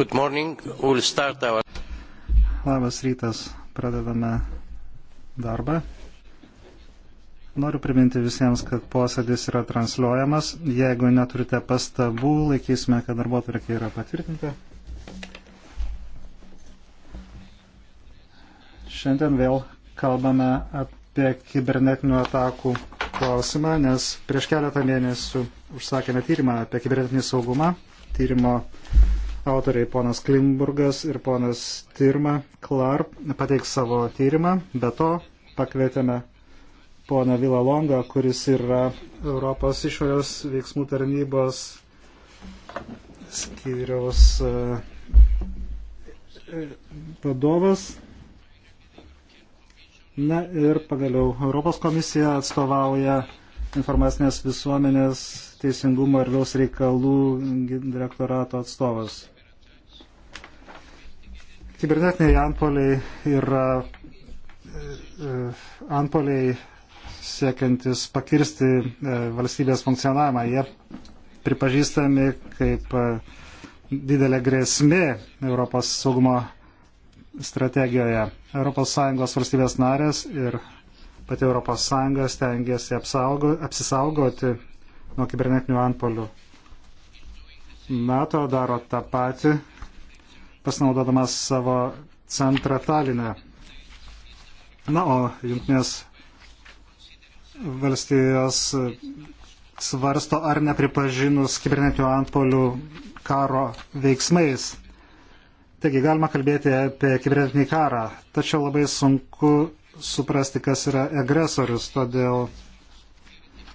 Good morning. We'll start our... Labas rytas. Pradedame darbą. Noriu priminti visiems, kad posėdis yra transliuojamas. Jeigu neturite pastabų, laikysime, kad darbo tvarkė yra patvirtinta. Šiandien vėl kalbame apie kibernetinių atakų klausimą, nes prieš keletą mėnesių užsakėme tyrimą apie kibernetinį saugumą. Tyrimo uh, Autoriai ponas Klimburgas ir ponas Tirma Klar pateiks savo tyrimą. Be to pakvietėme poną Vilą Longą, kuris yra Europos išorės veiksmų tarnybos skyriaus e, vadovas. Na ir pagaliau Europos komisija atstovauja informacinės visuomenės teisingumo ir vidaus reikalų direktorato atstovas. Kibernetiniai antpoliai yra e, e, antpoliai siekiantis pakirsti e, valstybės funkcionavimą. Jie pripažįstami kaip didelė grėsmė Europos saugumo strategijoje. ES valstybės narės ir pati ES stengiasi apsaugo, apsisaugoti nuo kibernetinių antpolių. NATO daro tą patį pasinaudodamas savo centrą Talinę. Na, o jungtinės valstijos svarsto, ar nepripažinus kibernetinių antpolių karo veiksmais. Taigi galima kalbėti apie kibernetinį karą, tačiau labai sunku suprasti, kas yra agresorius, todėl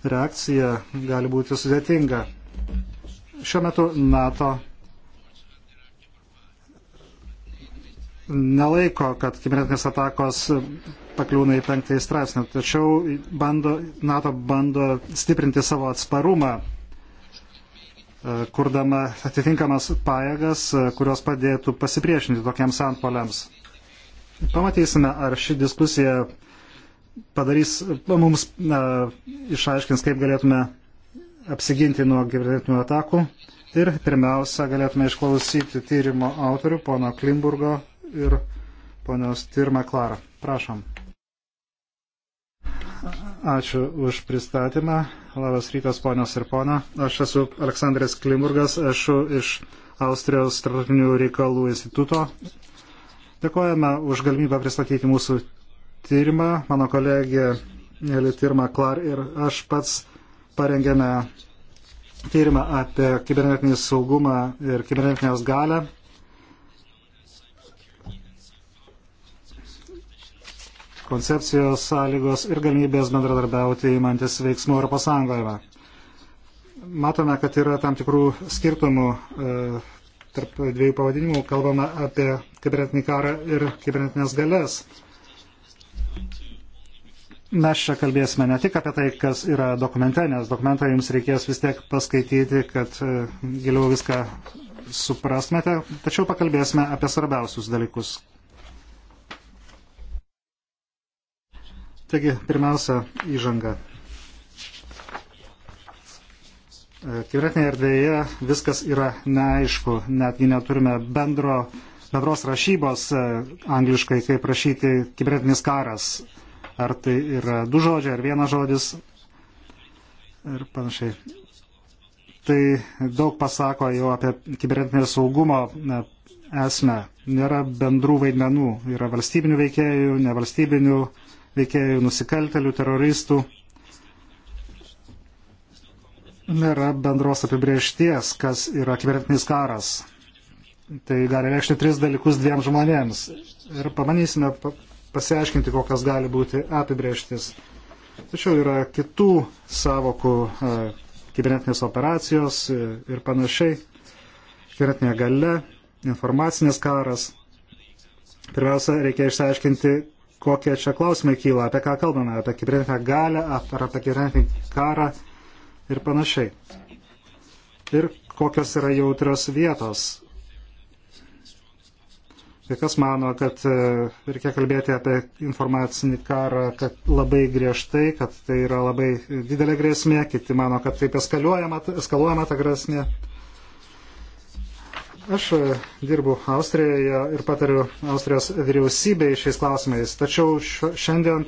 reakcija gali būti sudėtinga. Šiuo metu NATO nelaiko, kad kibernetinės atakos pakliūna į penktąjį straipsnį, tačiau bando, NATO bando stiprinti savo atsparumą, e, kurdama atitinkamas pajėgas, e, kurios padėtų pasipriešinti tokiems antpoliams. Pamatysime, ar ši diskusija padarys, mums na, e, išaiškins, kaip galėtume apsiginti nuo kibernetinių atakų. Ir pirmiausia, galėtume išklausyti tyrimo autorių, pono Klimburgo ir ponios Tirma Klara. Prašom. Ačiū už pristatymą. Labas rytas, ponios ir pona. Aš esu Aleksandras Klimurgas, esu iš Austrijos tarptautinių reikalų instituto. Dėkojame už galimybę pristatyti mūsų tyrimą. Mano kolegė Eli Tirma Klar ir aš pats parengėme tyrimą apie kibernetinį saugumą ir kibernetinės galę koncepcijos sąlygos ir galimybės bendradarbiauti įmantis veiksmų Europos Sąjungoje. Matome, kad yra tam tikrų skirtumų e, tarp dviejų pavadinimų. Kalbame apie kibernetinį karą ir kibernetinės galės. Mes čia kalbėsime ne tik apie tai, kas yra dokumente, nes dokumentą jums reikės vis tiek paskaityti, kad e, giliau viską suprastumėte, tačiau pakalbėsime apie svarbiausius dalykus, Taigi, pirmiausia, įžanga. Kibernetinėje erdvėje viskas yra neaišku, netgi neturime bendro, bendros rašybos e, angliškai, kaip rašyti kibernetinis karas. Ar tai yra du žodžiai, ar vienas žodis ir panašiai. Tai daug pasako jau apie kibernetinio saugumo e, esmę. Nėra bendrų vaidmenų, yra valstybinių veikėjų, nevalstybinių veikėjų veikėjų, nusikaltelių, teroristų. Nėra bendros apibriešties, kas yra kibernetinis karas. Tai gali reikšti tris dalykus dviem žmonėms. Ir pamanysime pasiaiškinti, kokias gali būti apibrieštis. Tačiau yra kitų savokų e, kibernetinės operacijos e, ir panašiai, kibernetinė gale, informacinis karas. Pirmiausia, reikia išsiaiškinti, kokie čia klausimai kyla, apie ką kalbame, apie kibernetinę galę, ar apie kibernetinį karą ir panašiai. Ir kokios yra jautrios vietos. Kai kas mano, kad e, reikia kalbėti apie informacinį karą kad labai griežtai, kad tai yra labai didelė grėsmė, kiti mano, kad taip eskaluojama, eskaluojama ta grėsmė. Aš e, dirbu Austrijoje ir patariu Austrijos vyriausybei šiais klausimais, tačiau šiandien e,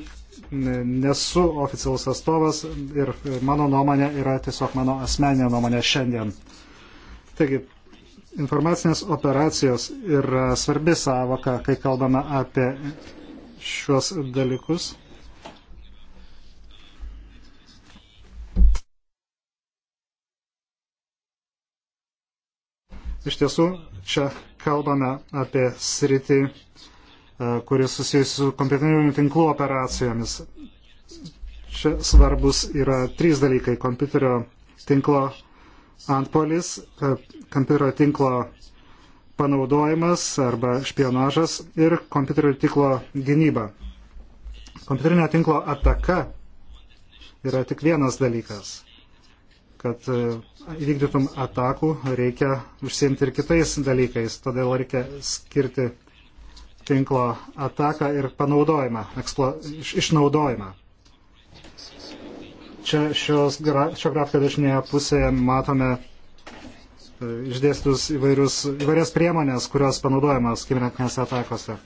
nesu oficialus atstovas ir e, mano nuomonė yra tiesiog mano asmeninė nuomonė šiandien. Taigi, informacinės operacijos yra svarbi savoka, kai kalbame apie šiuos dalykus. Iš tiesų, čia kalbame apie sritį, e, kuris susijusi su kompiuterinių tinklų operacijomis. Čia svarbus yra trys dalykai - kompiuterio tinklo antpolis, e, kompiuterio tinklo panaudojimas arba špionažas ir kompiuterio tinklo gynyba. Kompiuterinio tinklo ataka yra tik vienas dalykas kad e, įvykdytum atakų, reikia užsiimti ir kitais dalykais. Todėl reikia skirti tinklo ataką ir panaudojimą, eksplo, iš, išnaudojimą. Čia šios, šio grafiko dešinėje pusėje matome e, išdėstus įvairius, įvairias priemonės, kurios panaudojamas kibernetinėse atakose.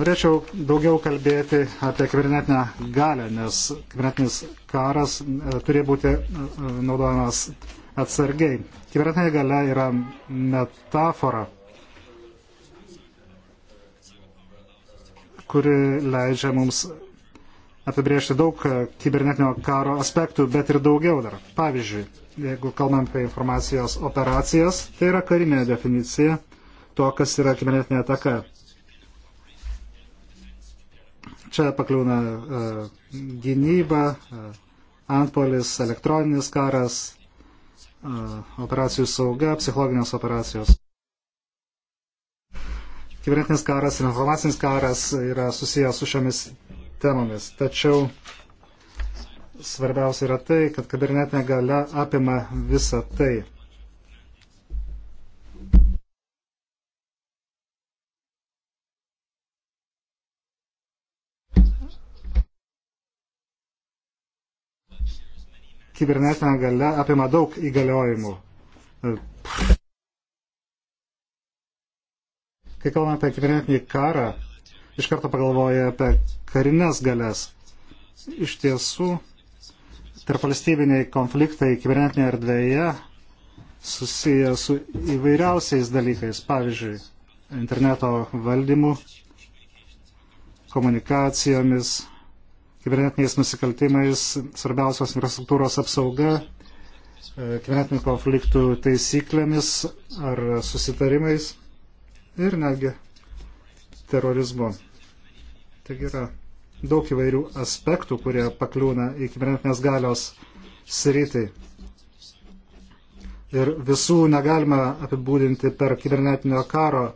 Norėčiau daugiau kalbėti apie kibernetinę galę, nes kibernetinis karas e, turi būti e, e, naudojamas atsargiai. Kibernetinė galia yra metafora, kuri leidžia mums apibriežti daug kibernetinio karo aspektų, bet ir daugiau dar. Pavyzdžiui, jeigu kalbam apie informacijos operacijas, tai yra karinė definicija to, kas yra kibernetinė ataka Čia pakliūna e, gynyba, e, antpolis, elektroninis karas, e, operacijų sauga, psichologinės operacijos. Kibernetinis karas ir informacinis karas yra susijęs su šiomis temomis. Tačiau svarbiausia yra tai, kad kibernetinė gale apima visą tai. kibernetinė gale apima daug įgaliojimų. Kai kalbame apie kibernetinį karą, iš karto pagalvoja apie karinės galės. Iš tiesų, tarp valstybiniai konfliktai kibernetinėje erdvėje susiję su įvairiausiais dalykais, pavyzdžiui, interneto valdymu, komunikacijomis, kibernetiniais nusikaltimais, svarbiausios infrastruktūros apsauga, e, kibernetinių konfliktų taisyklėmis ar susitarimais ir netgi terorizmu. Taigi yra daug įvairių aspektų, kurie pakliūna į kibernetinės galios sritį. Ir visų negalima apibūdinti per kibernetinio karo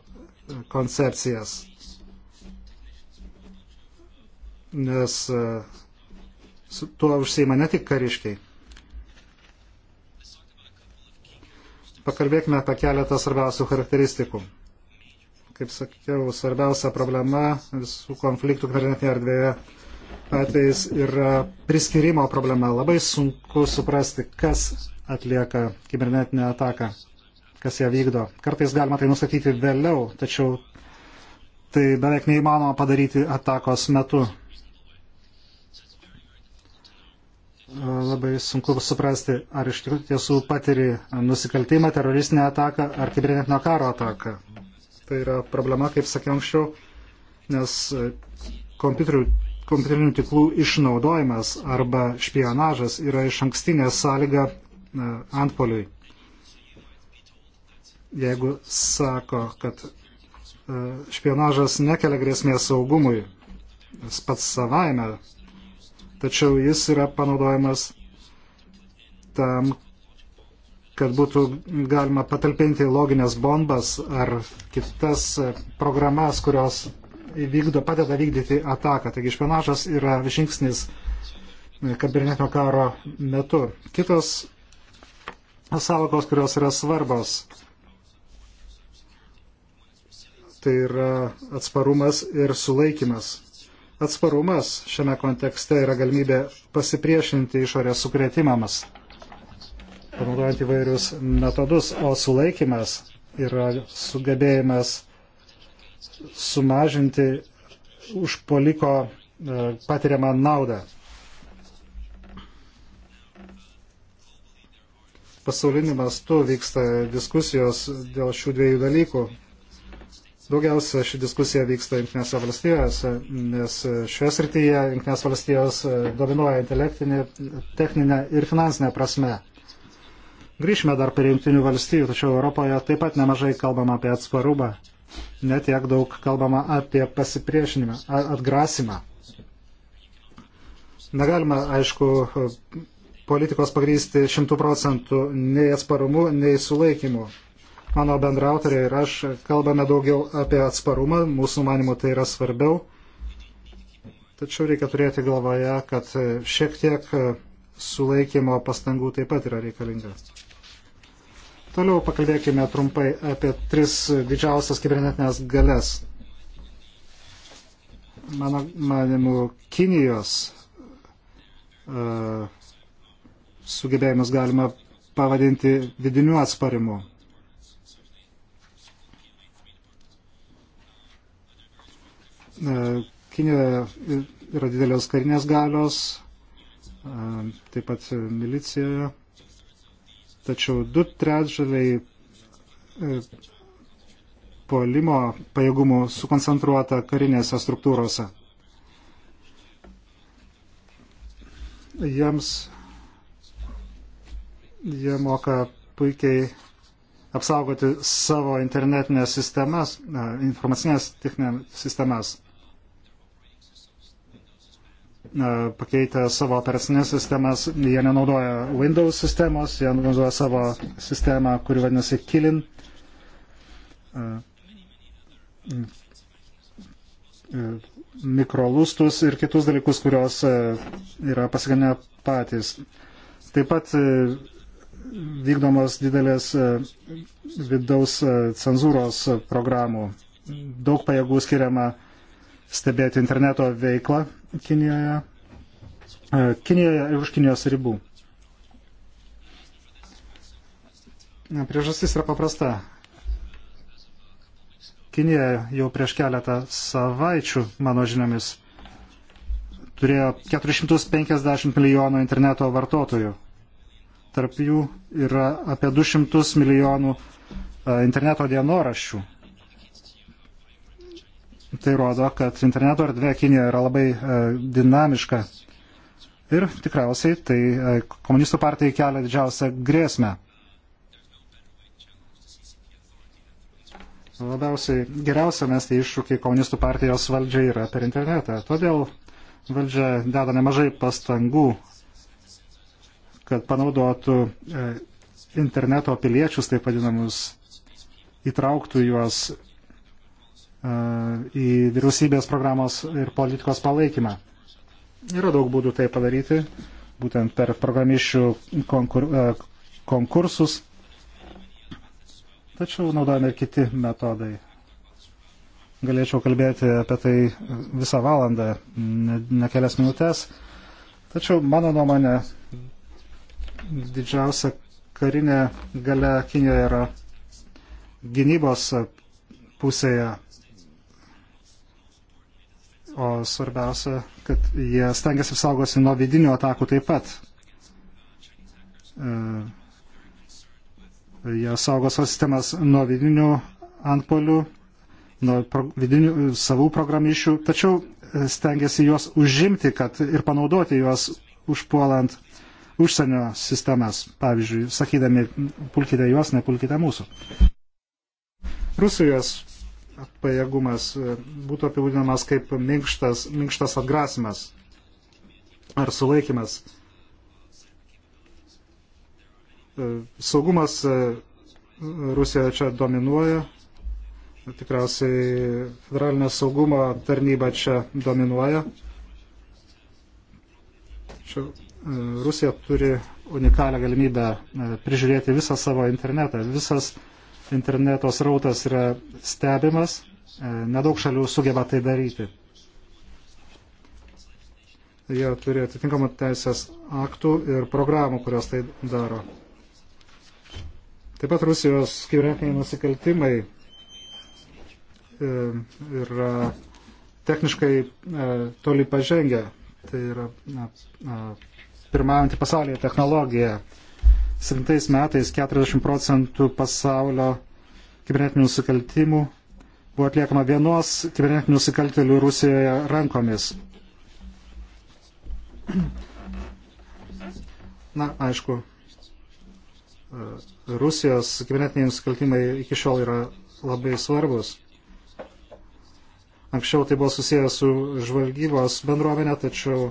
koncepcijas nes e, tuo užsieima ne tik kariškiai. Pakalbėkime apie keletą svarbiausių charakteristikų. Kaip sakiau, svarbiausia problema visų konfliktų kibernetinėje erdvėje atvejais yra priskirimo problema. Labai sunku suprasti, kas atlieka kibernetinę ataką, kas ją vykdo. Kartais galima tai nustatyti vėliau, tačiau tai beveik neįmanoma padaryti atakos metu. labai sunku suprasti, ar iš tiesų patiri nusikaltimą, teroristinę ataką ar kibernetinio karo ataką. Tai yra problema, kaip sakiau anksčiau, nes kompiuterinių tiklų išnaudojimas arba špionažas yra iš ankstinė sąlyga e, antpoliui. Jeigu sako, kad e, špionažas nekelia grėsmės saugumui, pats savaime tačiau jis yra panaudojamas tam, kad būtų galima patalpinti loginės bombas ar kitas programas, kurios vykdo, padeda vykdyti ataką. Taigi špionažas yra žingsnis kabinetinio karo metu. Kitos savokos, kurios yra svarbos, tai yra atsparumas ir sulaikimas. Atsparumas šiame kontekste yra galimybė pasipriešinti išorės sukretimams, panaudojant įvairius metodus, o sulaikimas yra sugebėjimas sumažinti užpoliko e, patiriamą naudą. Pasauliniu mastu vyksta diskusijos dėl šių dviejų dalykų Daugiausia ši diskusija vyksta Junktinėse valstijose, nes šioje srityje Junktinės valstijos e, dominuoja intelektinė, techninė ir finansinė prasme. Grįžime dar prie Junktinių valstijų, tačiau Europoje taip pat nemažai kalbama apie atsparumą, netiek daug kalbama apie pasipriešinimą, atgrasimą. Negalima, aišku, politikos pagrysti šimtų procentų nei atsparumu, nei sulaikimu mano bendrautorė ir aš kalbame daugiau apie atsparumą, mūsų manimų tai yra svarbiau. Tačiau reikia turėti galvoje, kad šiek tiek sulaikymo pastangų taip pat yra reikalinga. Toliau pakalbėkime trumpai apie tris didžiausias kibernetinės galės. Mano manimu, Kinijos uh, sugebėjimus galima pavadinti vidiniu atsparimu. E, Kinijoje yra didelios karinės galios, e, taip pat milicijoje. Tačiau du trečdaliai e, puolimo pajėgumų sukoncentruota karinėse struktūrose. Jiems jie moka puikiai apsaugoti savo internetinės sistemas, informacinės techninės sistemas. E, pakeitę savo operacinės sistemas, jie nenaudoja Windows sistemos, jie naudoja savo sistemą, kuri vadinasi Kilin. E, e, mikrolustus ir kitus dalykus, kurios yra pasigaminę patys. Taip pat vykdomos didelės vidaus cenzūros programų. Daug pajėgų skiriama stebėti interneto veiklą Kinijoje, e, Kinijoje ir už Kinijos ribų. Priežastis yra paprasta. Kinija jau prieš keletą savaičių, mano žiniomis, turėjo 450 milijonų interneto vartotojų. Tarp jų yra apie 200 milijonų e, interneto dienoraščių. Tai rodo, kad interneto erdvė Kinija yra labai e, dinamiška. Ir tikriausiai tai e, komunistų partijai kelia didžiausią grėsmę. Labiausiai geriausia mesti iššūkį komunistų partijos valdžiai yra per internetą. Todėl valdžia deda nemažai pastangų, kad panaudotų e, interneto piliečius, taip vadinamus, įtrauktų juos E, į vyriausybės programos ir politikos palaikymą. Yra daug būdų tai padaryti, būtent per programišių konkur, e, konkursus, tačiau naudojami ir kiti metodai. Galėčiau kalbėti apie tai visą valandą, ne, ne kelias minutės, tačiau mano nuomonė didžiausia karinė gale Kinijoje yra gynybos pusėje o svarbiausia, kad jie stengiasi apsaugosi nuo vidinių atakų taip pat. E, jie saugo savo sistemas nuo vidinių antpolių, nuo pro, vidinių e, savų programišių, tačiau e, stengiasi juos užimti kad, ir panaudoti juos užpuolant užsienio sistemas, pavyzdžiui, sakydami, pulkite juos, nepulkite mūsų. Rusijos pajėgumas e, būtų apibūdinamas kaip minkštas, minkštas atgrasimas ar sulaikimas. E, saugumas e, Rusijoje čia dominuoja, tikriausiai federalinė saugumo tarnyba čia dominuoja. Čia Rusija turi unikalią galimybę prižiūrėti visą savo internetą, visas interneto srautas yra stebimas, e, nedaug šalių sugeba tai daryti. Jie turi atitinkamų teisės aktų ir programų, kurios tai daro. Taip pat Rusijos kibernetiniai nusikaltimai e, yra techniškai e, toli pažengę. Tai yra pirmaujantį pasaulyje technologiją 2007 metais 40 procentų pasaulio kibernetinių nusikaltimų buvo atliekama vienos kibernetinių nusikaltelių Rusijoje rankomis. Na, aišku, e, Rusijos kibernetiniai nusikaltimai iki šiol yra labai svarbus. Anksčiau tai buvo susijęs su žvalgybos bendruomenė, tačiau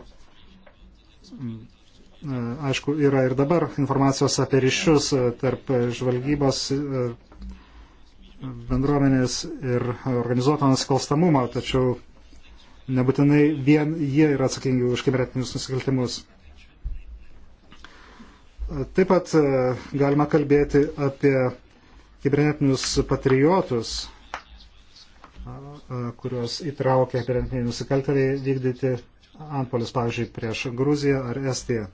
E, aišku, yra ir dabar informacijos apie ryšius e, tarp žvalgybos e, bendruomenės ir organizuoto nusikalstamumo, tačiau nebūtinai vien jie yra atsakingi už kibernetinius nusikaltimus. Taip pat galima kalbėti apie kibernetinius patriotus, kuriuos įtraukia kibernetiniai nusikaltėliai vykdyti antpolius, pavyzdžiui, prieš Gruziją ar Estiją.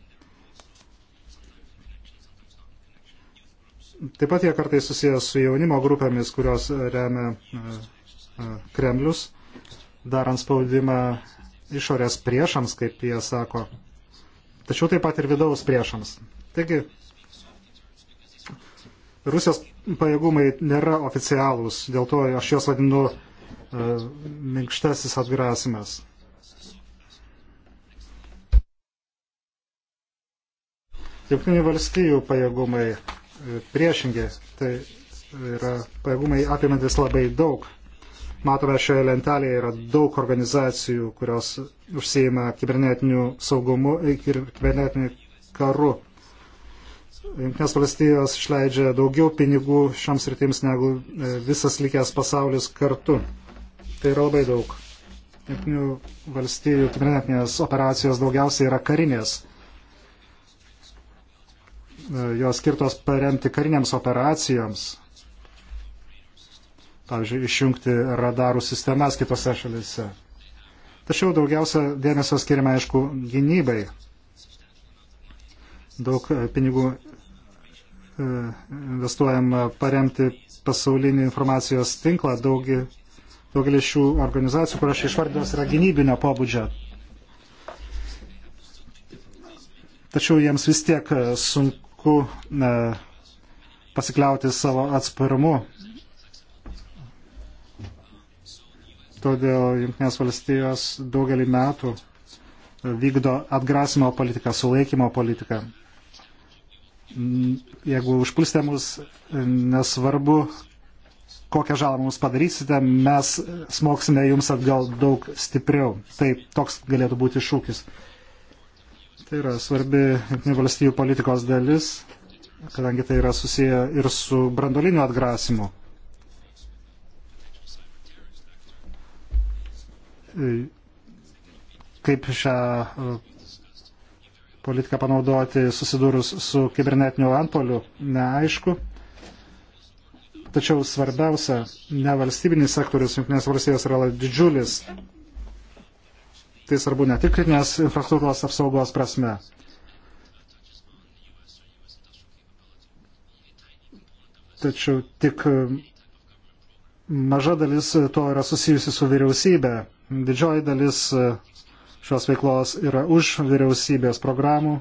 Taip pat jie kartais susijęs su jaunimo grupėmis, kurios remia e, e, Kremlius, darant spaudimą išorės priešams, kaip jie sako, tačiau taip pat ir vidaus priešams. Taigi, Rusijos pajėgumai nėra oficialūs, dėl to aš juos vadinu e, minkštasis atgrasimas. Junktinių valstybių pajėgumai priešingi. Tai yra pajėgumai apimantis labai daug. Matome šioje lentelėje yra daug organizacijų, kurios užsieima kibernetiniu saugumu ir kibernetiniu karu. Junktinės valstijos išleidžia daugiau pinigų šioms rytims negu e, visas likęs pasaulis kartu. Tai yra labai daug. Junktinių valstijų kibernetinės operacijos daugiausiai yra karinės jos skirtos paremti kariniams operacijoms, pavyzdžiui, išjungti radarų sistemas kitose šalise. Tačiau daugiausia dėmesio skiriame, aišku, gynybai. Daug e, pinigų e, investuojama paremti pasaulinį informacijos tinklą. Daugi, daugelis šių organizacijų, kur aš išvardinęs, yra gynybinio pobūdžio. Tačiau jiems vis tiek e, sunku sunku ne, pasikliauti savo atsparumu. Todėl Junktinės valstijos daugelį metų e, vykdo atgrasimo politiką, sulaikymo politiką. Jeigu užpulsite mus, e, nesvarbu, kokią žalą mums padarysite, mes smoksime jums atgal daug stipriau. Tai toks galėtų būti šūkis. Tai yra svarbi Junktinių valstybių politikos dalis, kadangi tai yra susiję ir su brandoliniu atgrasimu. Kaip šią e, politiką panaudoti susidūrus su kibernetiniu antpoliu, neaišku. Tačiau svarbiausia, nevalstybinis sektorius Junktinės valstijos yra didžiulis Tai svarbu ne tik kritinės infrastruktūros apsaugos prasme. Tačiau tik um, maža dalis to yra susijusi su vyriausybė. Didžioji dalis uh, šios veiklos yra už vyriausybės programų.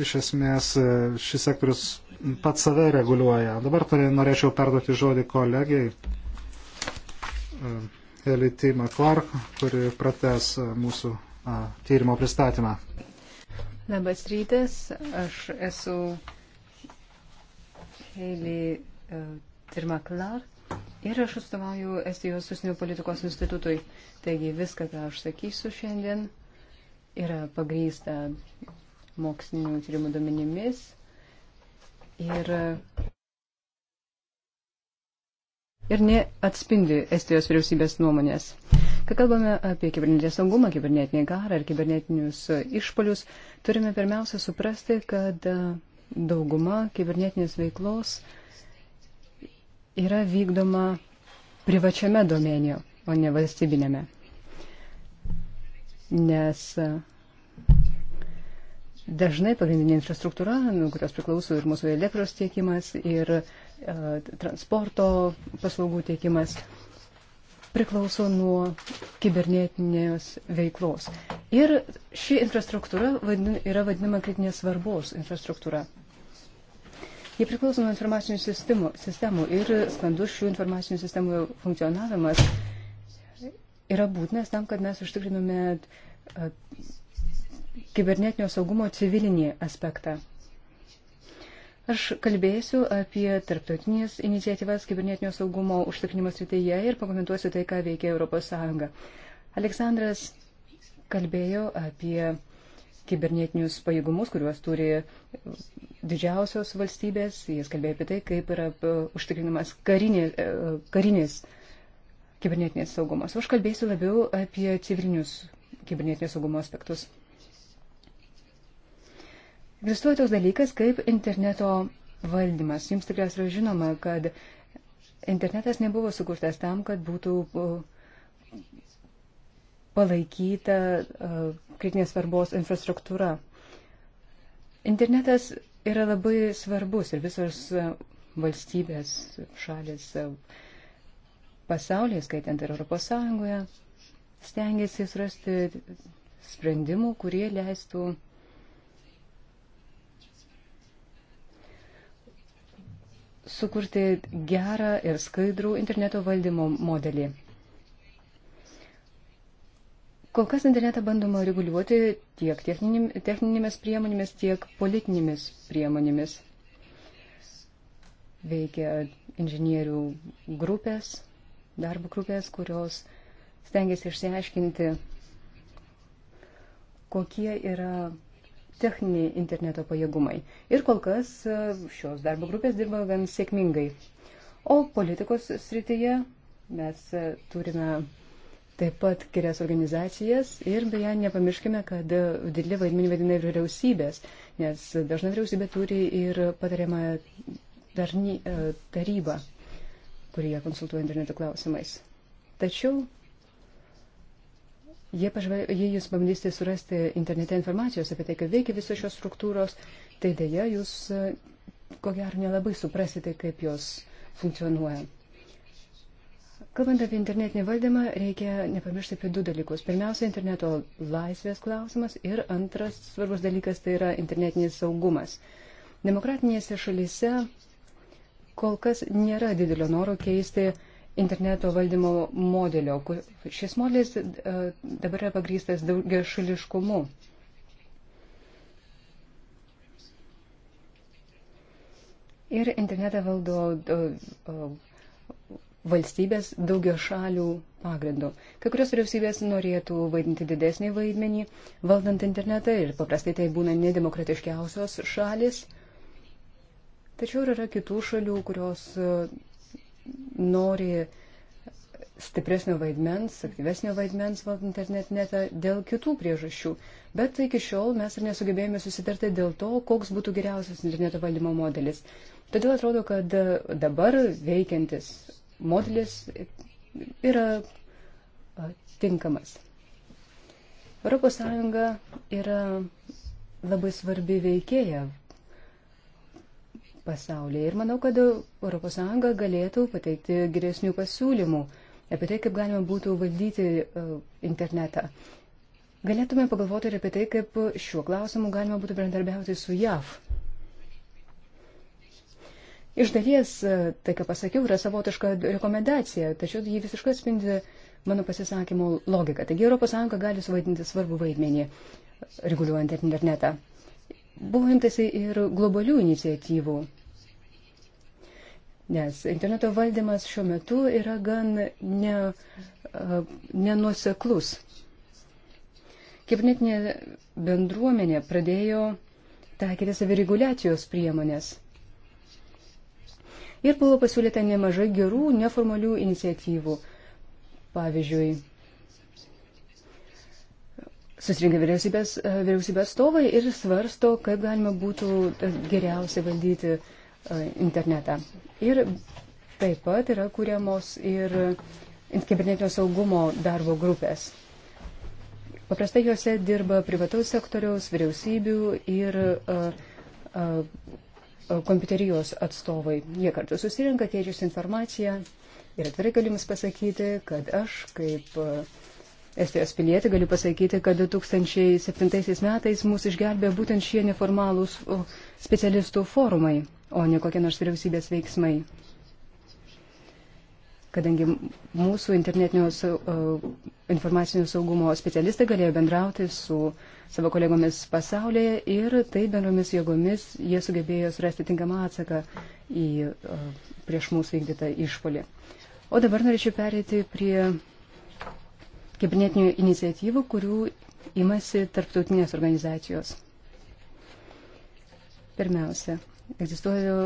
Iš esmės uh, šis sektorius pats save reguliuoja. Dabar norėčiau perduoti žodį kolegijai. Elity McClark, kuri prates e, mūsų e, tyrimo pristatymą. Labas rytas, aš esu Heili e, Tirmaklar ir aš atstovauju Estijos užsienio politikos institutui. Taigi viską, ką aš sakysiu šiandien, yra pagrysta mokslinių tyrimų duomenimis ir ir neatspindi Estijos vyriausybės nuomonės. Kai kalbame apie kibernetinį saugumą, kibernetinį karą ir kibernetinius e, išpolius, turime pirmiausia suprasti, kad e, dauguma kibernetinės veiklos yra vykdoma privačiame domenio, o ne valstybinėme. Nes e, dažnai pagrindinė infrastruktūra, nuo kurios priklauso ir mūsų elektros tiekimas, ir E, transporto paslaugų teikimas priklauso nuo kibernetinės veiklos. Ir ši infrastruktūra vadin, yra vadinama kritinės svarbos infrastruktūra. Jie priklauso nuo informacinių sistemų, sistemų ir sklandus šių informacinių sistemų funkcionavimas yra būtinas tam, kad mes užtikrinome e, kibernetinio saugumo civilinį aspektą. Aš kalbėsiu apie tarptautinės iniciatyvas kibernetinio saugumo užtikrinimo srityje ir pakomentuosiu tai, ką veikia ES. Aleksandras kalbėjo apie kibernetinius pajėgumus, kuriuos turi didžiausios valstybės. Jis kalbėjo apie tai, kaip yra e, užtikrinamas karinė, e, karinis kibernetinės saugumas. Aš kalbėsiu labiau apie civilinius kibernetinio saugumo aspektus. Egzistuoja toks dalykas kaip interneto valdymas. Jums tikriausiai yra žinoma, kad internetas nebuvo sukurtas tam, kad būtų uh, palaikyta uh, kritinės svarbos infrastruktūra. Internetas yra labai svarbus ir visos uh, valstybės, šalis pasaulyje, skaitant ir Europos Sąjungoje, stengiasi surasti sprendimų, kurie leistų sukurti gerą ir skaidrų interneto valdymo modelį. Kol kas internetą bandoma reguliuoti tiek techninėmis priemonėmis, tiek politinėmis priemonėmis. Veikia inžinierių grupės, darbo grupės, kurios stengiasi išsiaiškinti, kokie yra techniniai interneto pajėgumai. Ir kol kas e, šios darbo grupės dirba gan sėkmingai. O politikos srityje mes e, turime taip pat kelias organizacijas ir beje nepamirškime, kad e, didelį vaidmenį vadina ir vyriausybės, nes dažnai vyriausybė turi ir patariamą tarnį, tarybą, kurie konsultuoja interneto klausimais. Tačiau Jei, pažvelg, jei jūs bandysite surasti internete informacijos apie tai, kaip veikia visos šios struktūros, tai dėja jūs e, ko gero nelabai suprasite, kaip jos funkcionuoja. Kalbant apie internetinį valdymą, reikia nepamiršti apie du dalykus. Pirmiausia, interneto laisvės klausimas ir antras svarbus dalykas tai yra internetinis saugumas. Demokratinėse šalyse kol kas nėra didelio noro keisti uh, interneto valdymo modelio. Šis modelis e, dabar yra pagrystas daugia šališkumu. Ir internetą valdo e, e, valstybės daugia šalių pagrindų. Kai kurios vyriausybės norėtų vaidinti didesnį vaidmenį, valdant internetą ir paprastai tai būna nedemokratiškiausios šalis. Tačiau yra kitų šalių, kurios nori stipresnio vaidmens, aktyvesnio vaidmens valdant internetą dėl kitų priežasčių. Bet iki šiol mes ir nesugebėjome susitarti dėl to, koks būtų geriausias interneto valdymo modelis. Todėl atrodo, kad dabar veikiantis modelis yra tinkamas. ES yra labai svarbi veikėja pasaulyje. Ir manau, kad ES galėtų pateikti geresnių pasiūlymų apie tai, kaip galima būtų valdyti e, internetą. Galėtume pagalvoti ir apie tai, kaip šiuo klausimu galima būtų bendarbiauti su JAV. Iš dalies, e, tai ką pasakiau, yra savotiška rekomendacija, tačiau ji visiškai spindi mano pasisakymo logiką. Taigi ES gali suvaidinti svarbų vaidmenį reguliuojant internetą. Buvo imtasi ir globalių iniciatyvų, nes interneto valdymas šiuo metu yra gan ne, nenuoseklus. Kibernetinė bendruomenė pradėjo taikyti savireguliacijos priemonės. Ir buvo pasiūlyta nemažai gerų neformalių iniciatyvų. Pavyzdžiui, susirinkę vyriausybės, e, vyriausybės stovai ir svarsto, kaip galima būtų e, geriausiai valdyti e, internetą. Ir taip pat yra kūriamos ir kibernetinio saugumo darbo grupės. Paprastai juose dirba privataus sektoriaus, vyriausybių ir uh, uh, kompiuterijos atstovai. Jie kartu susirinka, keičiasi informaciją ir atvirai galiu Jums pasakyti, kad aš kaip uh, Estijos pilietį, galiu pasakyti, kad 2007 metais mūsų išgelbėjo būtent šie neformalūs specialistų forumai, o ne kokie nors vyriausybės veiksmai. Kadangi mūsų internetinio informacinio saugumo specialistai galėjo bendrauti su savo kolegomis pasaulyje ir tai bendromis jėgomis jie sugebėjo surasti tinkamą atsaką į prieš mūsų vykdytą išpolį. O dabar norėčiau perėti prie kibernetinių iniciatyvų, kurių imasi tarptautinės organizacijos. Pirmiausia, egzistuoja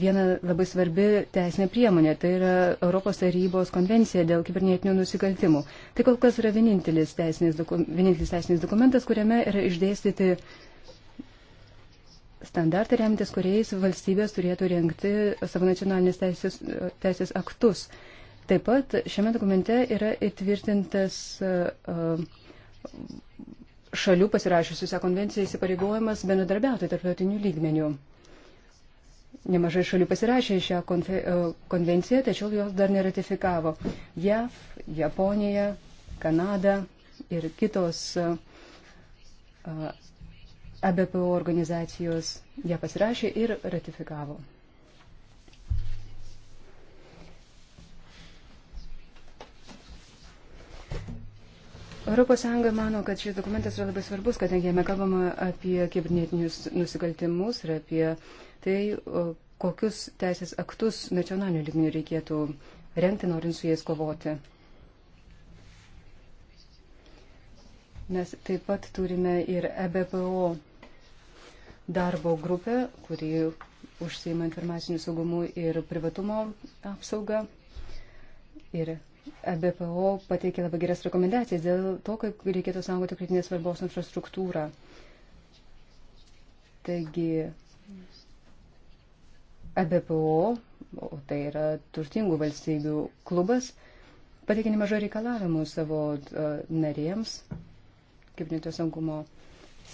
viena labai svarbi teisinė priemonė, tai yra Europos tarybos konvencija dėl kibernetinių nusikaltimų. Tai kol kas yra vienintelis teisinis, doku, vienintelis teisinis dokumentas, kuriame yra išdėstyti standartai remtis, kuriais valstybės turėtų rengti savo nacionalinės teisės, teisės aktus. Uh, Taip pat šiame dokumente yra įtvirtintas e, e, šalių pasirašiusių šią konvenciją įsipareigojimas bendradarbiauti tarptautinių lygmenių. Nemažai šalių pasirašė šią e, konvenciją, tačiau jos dar neratifikavo. JAV, Japonija, Kanada ir kitos ABPO organizacijos ją pasirašė ir ratifikavo. ES mano, kad šis dokumentas yra labai svarbus, kadangi jame kalbama apie kibernetinius nusikaltimus ir apie tai, kokius teisės aktus nacionaliniu lygmeniu reikėtų rengti, norint su jais kovoti. Mes taip pat turime ir EBPO darbo grupę, kuri užsieima informacinių saugumų ir privatumo apsaugą. Ir E BPO pateikė labai geras rekomendacijas dėl to, kaip reikėtų saugoti kritinės svarbos infrastruktūrą. Taigi, ABPO, e o tai yra turtingų valstybių klubas, pateikė nemažai reikalavimų savo uh, narėms, kaip neto saugumo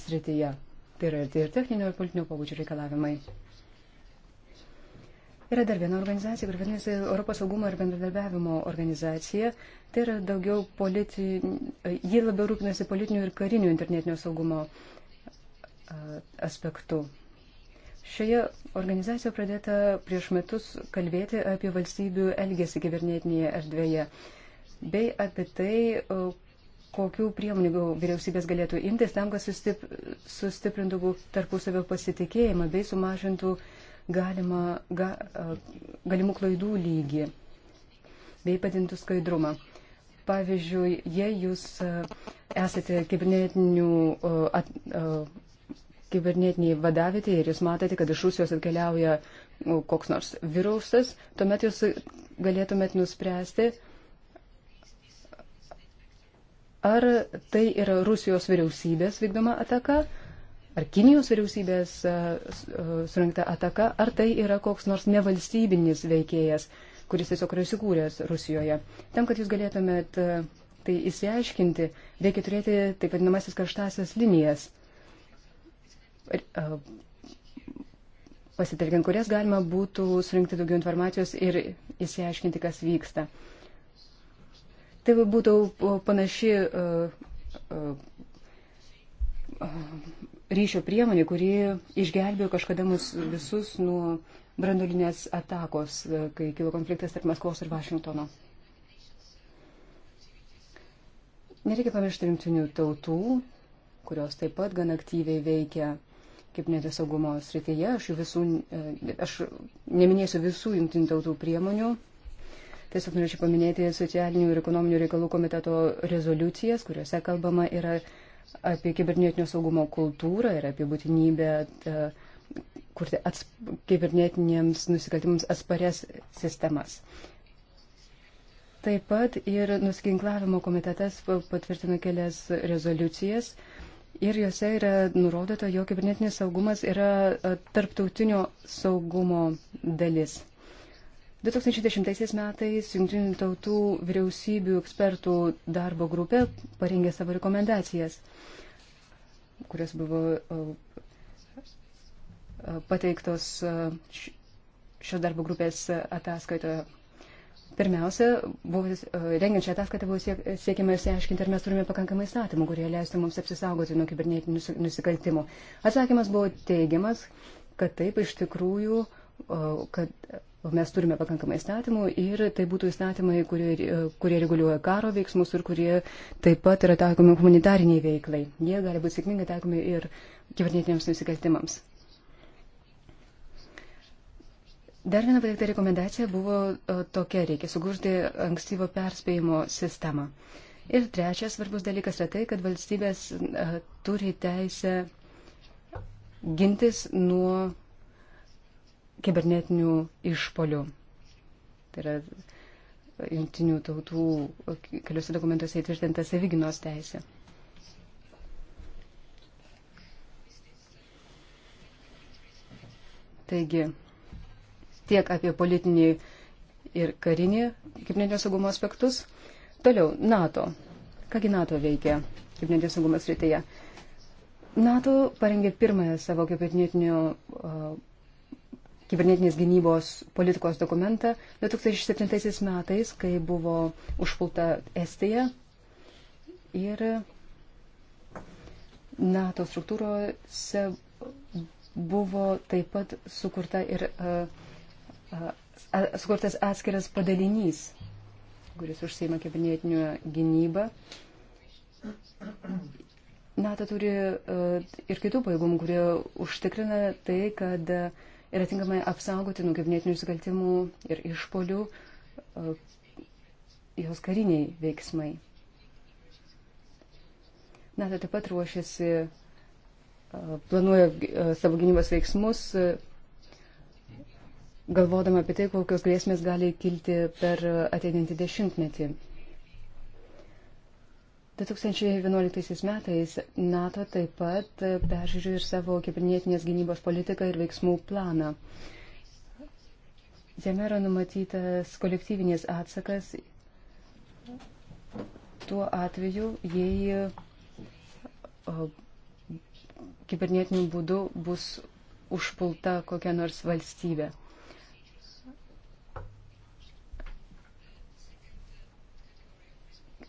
srityje. Tai yra tai ir techninio ir politinio pobūdžio reikalavimai. Yra dar viena organizacija, kuri vadinasi Europos saugumo ir bendradarbiavimo organizacija. Tai yra daugiau politi... Ji labiau rūpinasi politinių ir karinių internetinio saugumo aspektų. Šioje organizacijoje pradėta prieš metus kalbėti apie valstybių elgesį kibernetinėje erdvėje bei apie tai, kokių priemonių vyriausybės galėtų imtis tam, kad sustiprintų tarpusavio pasitikėjimą bei sumažintų uh, galima, ga, galimų klaidų lygį bei padintų skaidrumą. Pavyzdžiui, jei jūs esate kibernetinių at, kibernetiniai vadavitė ir jūs matote, kad iš Rusijos atkeliauja koks nors virusas, tuomet jūs galėtumėt nuspręsti, ar tai yra Rusijos vyriausybės vykdoma ataka, ar Kinijos vyriausybės e, e, surinkta ataka, ar tai yra koks nors nevalstybinis veikėjas, kuris tiesiog yra įsikūręs Rusijoje. Tam, kad jūs galėtumėt e, tai įsiaiškinti, reikia turėti taip vadinamasis karštasias linijas pasitelkiant kurias galima būtų surinkti daugiau informacijos ir įsiaiškinti, kas vyksta. Tai būtų panaši uh, uh, uh, ryšio priemonė, kuri išgelbėjo kažkada mus visus nuo brandulinės atakos, e, kai kilo konfliktas tarp Maskvos ir Vašingtono. Nereikia pamiršti rimtinių tautų, kurios taip pat gan aktyviai veikia kibernetinio saugumo srityje. Aš, visų, e, aš neminėsiu visų jungtinių tautų priemonių. Tiesiog norėčiau paminėti socialinių ir ekonominių reikalų komiteto rezoliucijas, kuriuose kalbama yra apie kibernetinio saugumo kultūrą ir apie būtinybę e, kurti ats, kibernetinėms nusikaltimams atsparias sistemas. Taip pat ir nusiginklavimo komitetas patvirtino kelias rezoliucijas ir juose yra nurodyta, jog kibernetinis saugumas yra e, tarptautinio saugumo dalis. 2010 metais Junktinių tautų vyriausybių ekspertų darbo grupė parengė savo rekomendacijas, kurios buvo e, e, pateiktos e, šios darbo grupės ataskaitoje. Pirmiausia, buvo, rengiant šią ataskaitą buvo siek, siekiama išsiaiškinti, ar mes turime pakankamai įstatymų, kurie leistų mums apsisaugoti nuo kibernetinių nusikaltimų. Atsakymas buvo teigiamas, kad taip iš tikrųjų kad O mes turime pakankamai įstatymų ir tai būtų įstatymai, kurie, kurie reguliuoja karo veiksmus ir kurie taip pat yra taikomi humanitariniai veiklai. Jie gali būti sėkmingai taikomi ir kibernetiniams nusikaltimams. Dar viena pateikta rekomendacija buvo tokia, reikia sugurti ankstyvo perspėjimo sistemą. Ir trečias svarbus dalykas yra tai, kad valstybės turi teisę gintis nuo kibernetinių išpolių. Tai yra jungtinių tautų keliuose dokumentuose įtvirtinta savigynos teisė. Taigi, tiek apie politinį ir karinį kibernetinio saugumo aspektus. Toliau, NATO. Kągi NATO veikia kibernetinio saugumo srityje? NATO parengė pirmąją savo kibernetinio kibernetinės gynybos politikos dokumentą 2007 metais, kai buvo užpulta Estija ir NATO struktūrose buvo taip pat sukurta ir, uh, uh, sukurtas atskiras padalinys, kuris užsieima kibernetinio gynybą. NATO turi uh, ir kitų pajėgumų, kurie užtikrina tai, kad uh, yra tinkamai apsaugoti nuo kibernetinių nusikaltimų ir išpolių e, jos kariniai veiksmai. NATO taip pat ruošiasi, e, planuoja e, savo gynybos veiksmus, galvodama apie tai, kokios grėsmės gali kilti per ateinantį dešimtmetį. 2011 metais NATO taip pat peržiūrėjo ir savo kibernetinės gynybos politiką ir veiksmų planą. Jame yra numatytas kolektyvinis atsakas tuo atveju, jei kibernetiniu būdu bus užpulta kokia nors valstybė.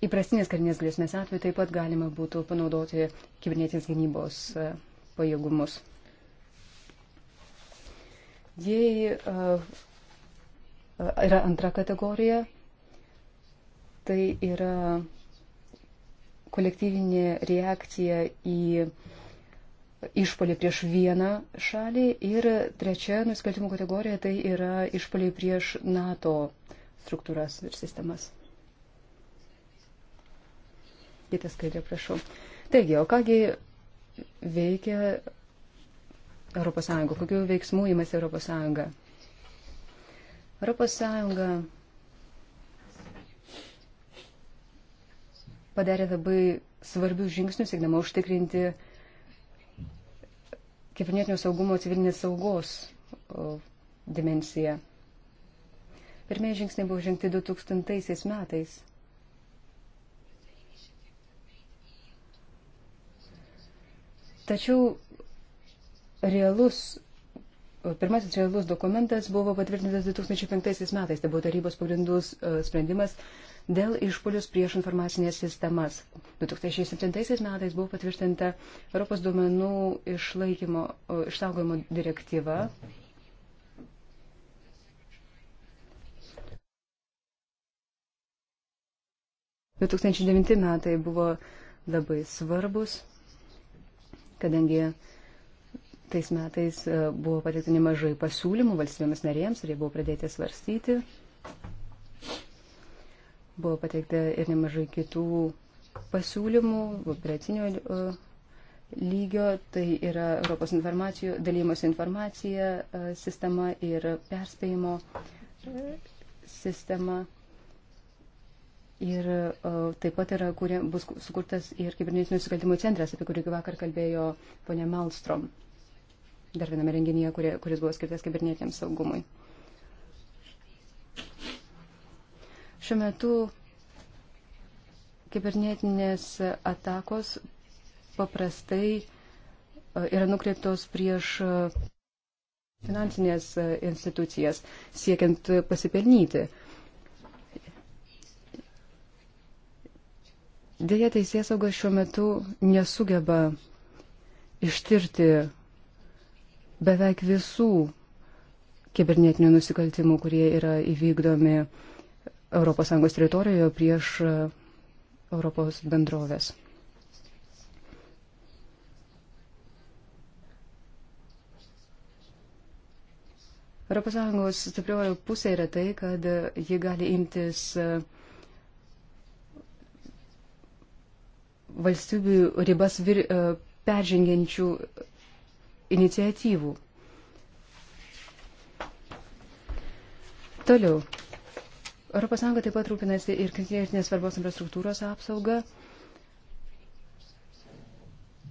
įprastinės karinės grėsmės atveju taip pat galima būtų panaudoti kibernetinės gynybos e, pajėgumus. Jei uh, yra antra kategorija, tai yra kolektyvinė reakcija į išpolį prieš vieną šalį ir trečia nusikaltimų kategorija tai yra išpolį prieš NATO struktūras ir sistemas. Kitą skaidrę, prašau. Taigi, o kągi veikia ES, kokiu veiksmu įmasi ES? ES padarė labai svarbių žingsnių, siekdama užtikrinti kibernetinio saugumo civilinės saugos dimensiją. Pirmieji žingsniai buvo žengti 2000 metais. Tačiau realus, pirmasis realus dokumentas buvo patvirtintas 2005 metais, tai buvo tarybos pagrindus e, sprendimas dėl išpolius prieš informacinės sistemas. 2007 metais buvo patvirtinta Europos duomenų išlaikymo, išsaugojimo direktyva. Du 2009 metai buvo labai svarbus kadangi tais metais e, buvo pateikta nemažai pasiūlymų valstybėms narėms ir jie buvo pradėti svarstyti. Buvo pateikta ir nemažai kitų pasiūlymų, operacinio e, lygio, tai yra Europos informacijų, dalymosi informacija e, sistema ir perspėjimo sistema. Ir e, taip pat yra, kurie, bus sukurtas ir kibernetinių nusikaltimų centras, apie kurį vakar kalbėjo ponė Malstrom, dar viename renginyje, kurie, kuris buvo skirtas kibernetiniam saugumui. Šiuo metu kibernetinės atakos paprastai e, yra nukreiptos prieš e, finansinės institucijas, siekiant pasipelnyti Deja, teisėsauga šiuo metu nesugeba ištirti beveik visų kibernetinių nusikaltimų, kurie yra įvykdomi ES teritorijoje prieš e, Europos bendrovės. ES stiprioji pusė yra tai, kad ji gali imtis uh, valstybių ribas vir, e, peržengiančių iniciatyvų. Toliau. ES taip pat rūpinasi ir kritinės svarbos infrastruktūros apsauga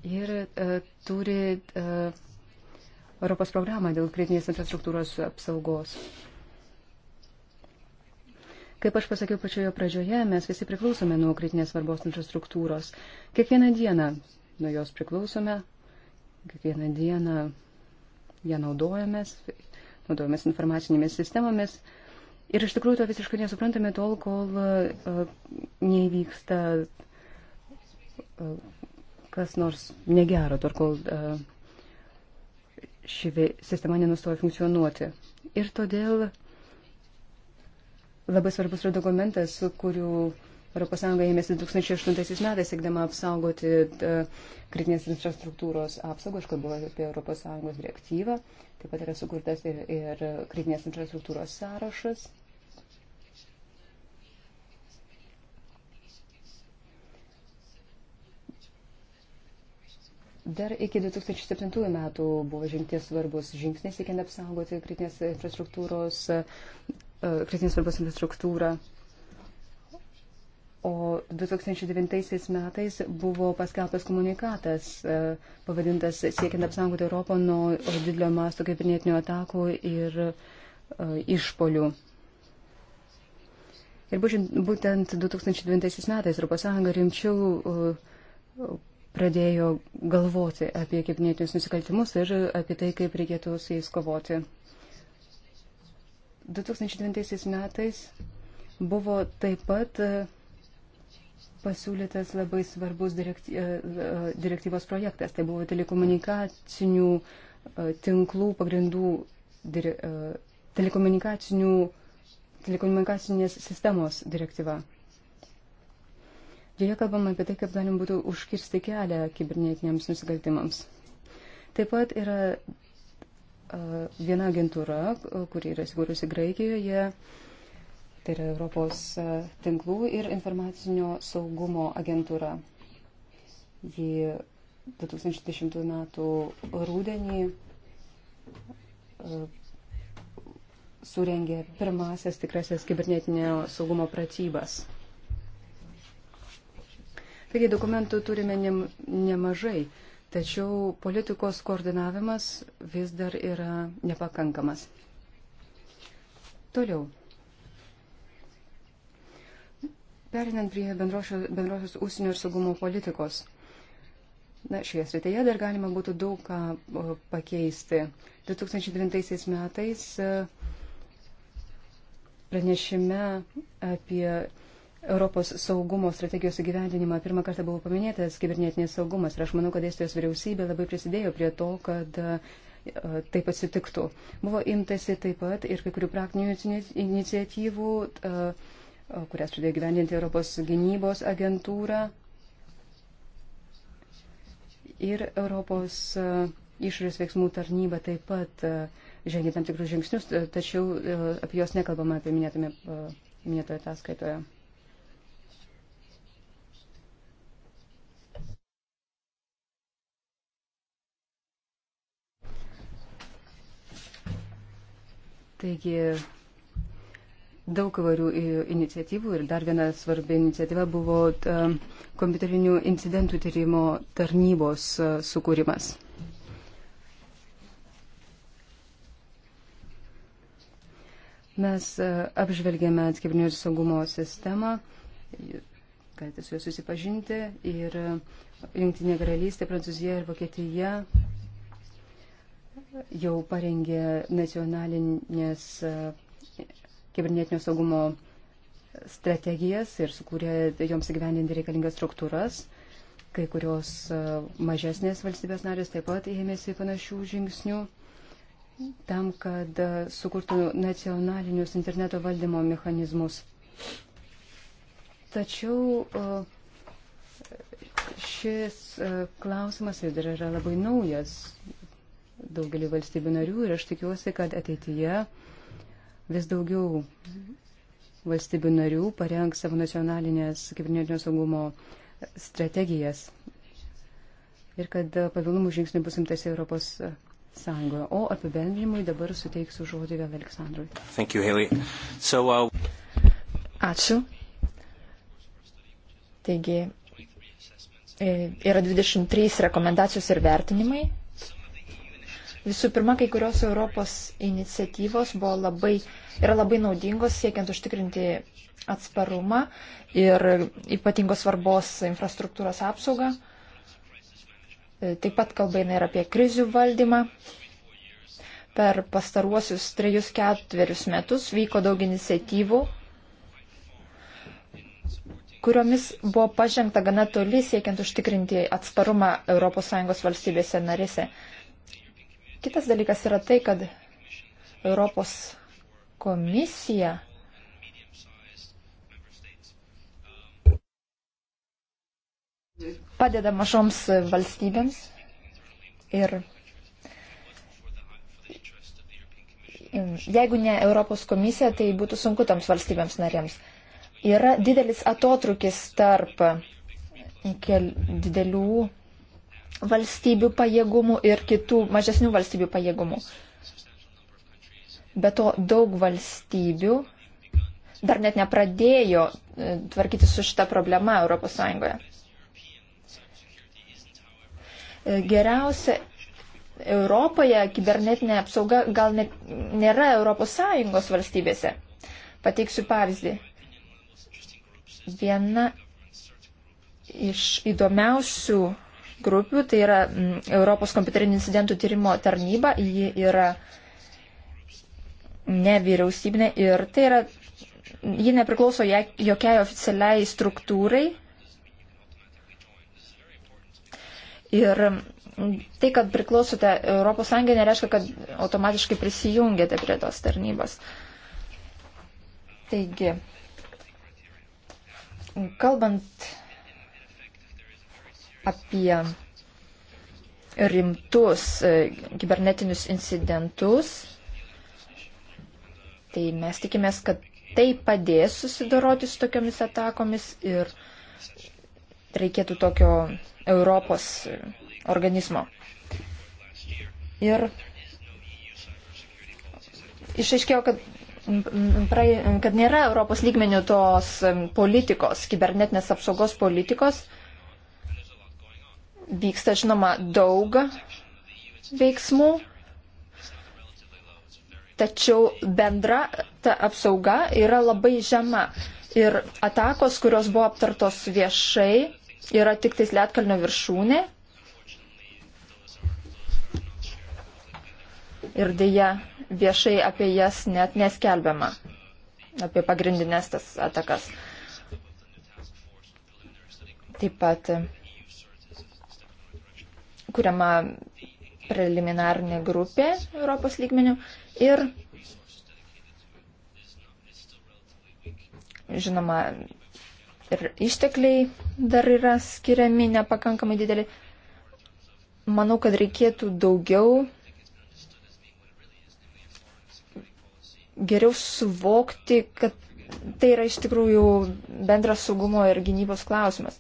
ir uh, turi uh, Europos programą dėl kritinės infrastruktūros apsaugos. Uh, Kaip aš pasakiau pačioje pradžioje, mes visi priklausome nuo kritinės svarbos infrastruktūros. Kiekvieną dieną nuo jos priklausome, kiekvieną dieną ją naudojamės, naudojamės informacinėmis sistemomis. Ir iš tikrųjų to visiškai nesuprantame tol, kol uh, neįvyksta uh, kas nors negero, tol, kol uh, ši sistema nenustoja funkcionuoti. Ir todėl uh, Labai svarbus yra dokumentas, kuriuo ES ėmėsi 2008 metais, siekdama apsaugoti e, kritinės infrastruktūros apsaugą, aš kalbu apie ES direktyvą, taip pat yra sukurtas ir, ir kritinės infrastruktūros sąrašas. Dar iki 2007 metų buvo žengti svarbus žingsnis, siekiant apsaugoti kritinės infrastruktūros E, kritinės svarbos infrastruktūrą. O 2009 metais buvo paskelbtas komunikatas, e, pavadintas siekiant apsaugoti Europą nuo didelio masto kibernetinių atakų ir e, išpolių. Ir būtent 2009 metais Europos Sąjunga rimčiau pradėjo galvoti apie kibernetinius nusikaltimus ir apie tai, kaip reikėtų su jais kovoti. 2009 metais buvo taip pat e, pasiūlytas labai svarbus e, e, direktyvos projektas. Tai buvo telekomunikacinių tinklų pagrindų, telekomunikacinių, telekomunikacinės sistemos direktyva. Joje kalbama apie tai, kaip galim būtų užkirsti kelią kibernetiniams nusikaltimams. Taip pat yra viena agentūra, e, kuri yra įsigūrusi Graikijoje, tai yra Europos e, tinklų ir informacinio saugumo agentūra. Ji 2010 m. rūdienį surengė pirmasias tikrasias kibernetinio saugumo pratybas. Taigi dokumentų turime nemažai. Ne Tačiau politikos koordinavimas vis dar yra nepakankamas. Toliau. Perinant prie bendrosios, bendrosios ūsinio ir saugumo politikos. Na, šioje srityje dar galima būtų daug ką pakeisti. 2009 metais e, pranešime apie Europos saugumo strategijos įgyvendinimą pirmą kartą buvo paminėtas kibernetinis saugumas ir aš manau, kad Estijos vyriausybė labai prisidėjo prie to, kad e, taip atsitiktų. Buvo imtasi taip pat ir kai kurių praktinių iniciatyvų, e, e, kurias pradėjo gyvendinti Europos gynybos agentūra ir Europos išorės veiksmų tarnyba taip pat žengė tam tikrus žingsnius, tačiau apie juos nekalbama apie minėtame, minėtoje ataskaitoje. Taigi daug įvairių iniciatyvų ir dar viena svarbi iniciatyva buvo kompiuterinių incidentų tyrimo tarnybos sukūrimas. Mes apžvelgėme atskirinių ir saugumo sistemą, galite su juo susipažinti ir Junktinė karalystė, Prancūzija ir Vokietija jau parengė nacionalinės e, kibernetinio saugumo strategijas ir sukūrė joms įgyvendinti reikalingas struktūras. Kai kurios e, mažesnės valstybės narės taip pat ėmėsi panašių žingsnių tam, kad e, sukurtų nacionalinius interneto valdymo mechanizmus. Tačiau šis klausimas vis dar yra labai naujas daugelį valstybių narių ir aš tikiuosi, kad ateityje vis daugiau valstybių narių parengs savo nacionalinės kibernetinio saugumo strategijas ir kad pavilumų žingsnių bus imtasi Europos Sąjungoje. O apibendrimui dabar suteiksiu žodį vėl Aleksandrui. Thank you, Haley. so, uh... Ačiū. Taigi, e, yra 23 rekomendacijos ir vertinimai. Visų pirma, kai kurios Europos iniciatyvos buvo labai, yra labai naudingos siekiant užtikrinti atsparumą ir ypatingos svarbos infrastruktūros apsaugą. E, taip pat kalba eina ir apie krizių valdymą. Per pastaruosius trejus ketverius metus vyko daug iniciatyvų, kuriomis buvo pažengta gana toli siekiant užtikrinti atsparumą ES valstybėse narėse. Kitas dalykas yra tai, kad Europos komisija padeda mažoms valstybėms ir jeigu ne Europos komisija, tai būtų sunku toms valstybėms narėms. Yra didelis atotrukis tarp kelių didelių valstybių pajėgumų ir kitų mažesnių valstybių pajėgumų. Be to, daug valstybių dar net nepradėjo e, tvarkyti su šita problema ES. E, geriausia Europoje kibernetinė apsauga gal net nėra ES valstybėse. Pateiksiu pavyzdį. Viena iš įdomiausių grupių, tai yra mm, Europos kompiuterinių incidentų tyrimo tarnyba, ji yra nevyriausybinė ir tai yra, ji nepriklauso jokiai oficialiai struktūrai. Ir mm, tai, kad priklausote ES, nereiškia, kad automatiškai prisijungiate prie tos tarnybos. Taigi, kalbant apie rimtus e, kibernetinius incidentus. Tai mes tikimės, kad tai padės susidoroti su tokiamis atakomis ir reikėtų tokio Europos organizmo. Ir išaiškėjo, kad, kad nėra Europos lygmenių tos politikos, kibernetinės apsaugos politikos. Vyksta, žinoma, daug veiksmų, tačiau bendra ta apsauga yra labai žema. Ir atakos, kurios buvo aptartos viešai, yra tik tais Lietkalnio viršūnė. Ir dėja, viešai apie jas net neskelbiama, apie pagrindinės tas atakas. Taip pat kuriama preliminarinė grupė Europos lygmenių ir, žinoma, ir ištekliai dar yra skiriami nepakankamai dideli. Manau, kad reikėtų daugiau geriau suvokti, kad tai yra iš tikrųjų bendras saugumo ir gynybos klausimas.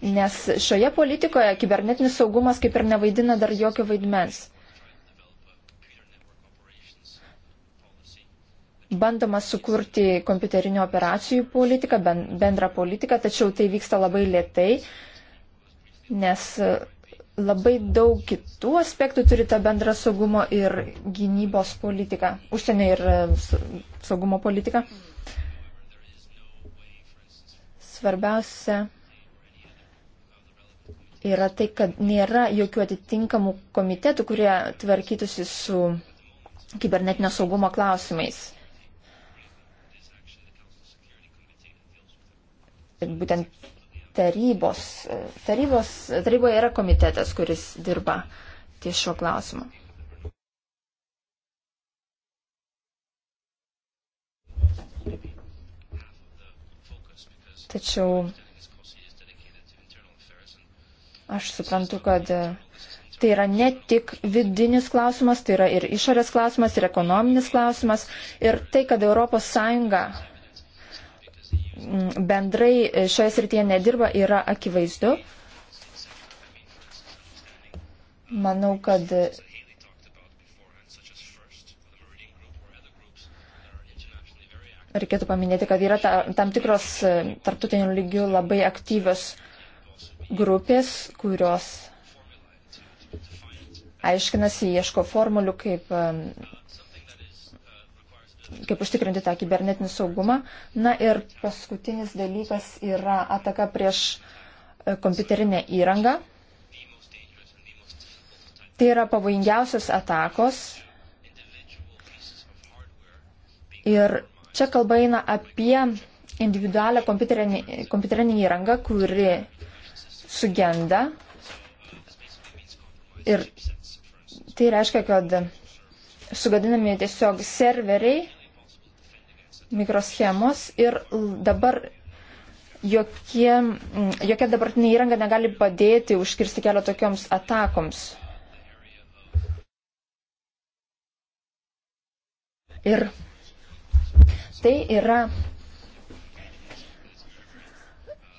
nes šioje politikoje kibernetinis saugumas kaip ir nevaidina dar jokio vaidmens. Bandoma sukurti kompiuterinių operacijų politiką, bendrą politiką, tačiau tai vyksta labai lietai, nes labai daug kitų aspektų turi ta bendra saugumo ir gynybos politika, užsienio ir e, saugumo politika. Svarbiausia yra tai, kad nėra jokių atitinkamų komitetų, kurie tvarkytųsi su kibernetinio saugumo klausimais. Ir būtent tarybos, tarybos, taryboje yra komitetas, kuris dirba ties šiuo klausimu. Tačiau Aš suprantu, kad e, tai yra ne tik vidinis klausimas, tai yra ir išorės klausimas, ir ekonominis klausimas. Ir tai, kad ES bendrai e, šioje srityje nedirba, yra akivaizdu. Manau, kad e, reikėtų paminėti, kad yra ta, tam tikros tarptautinių lygių labai aktyvios grupės, kurios aiškinasi, ieško formulių, kaip, kaip užtikrinti tą kibernetinį saugumą. Na ir paskutinis dalykas yra ataka prieš e, kompiuterinę įrangą. Tai yra pavojingiausios atakos. Ir čia kalba eina apie individualią kompiuterinį, kompiuterinį įrangą, kuri sugenda ir tai reiškia, kad sugadinami tiesiog serveriai, mikroschemos ir dabar jokie, mm, jokia dabartinė įranga negali padėti užkirsti kelio tokioms atakoms. Ir tai yra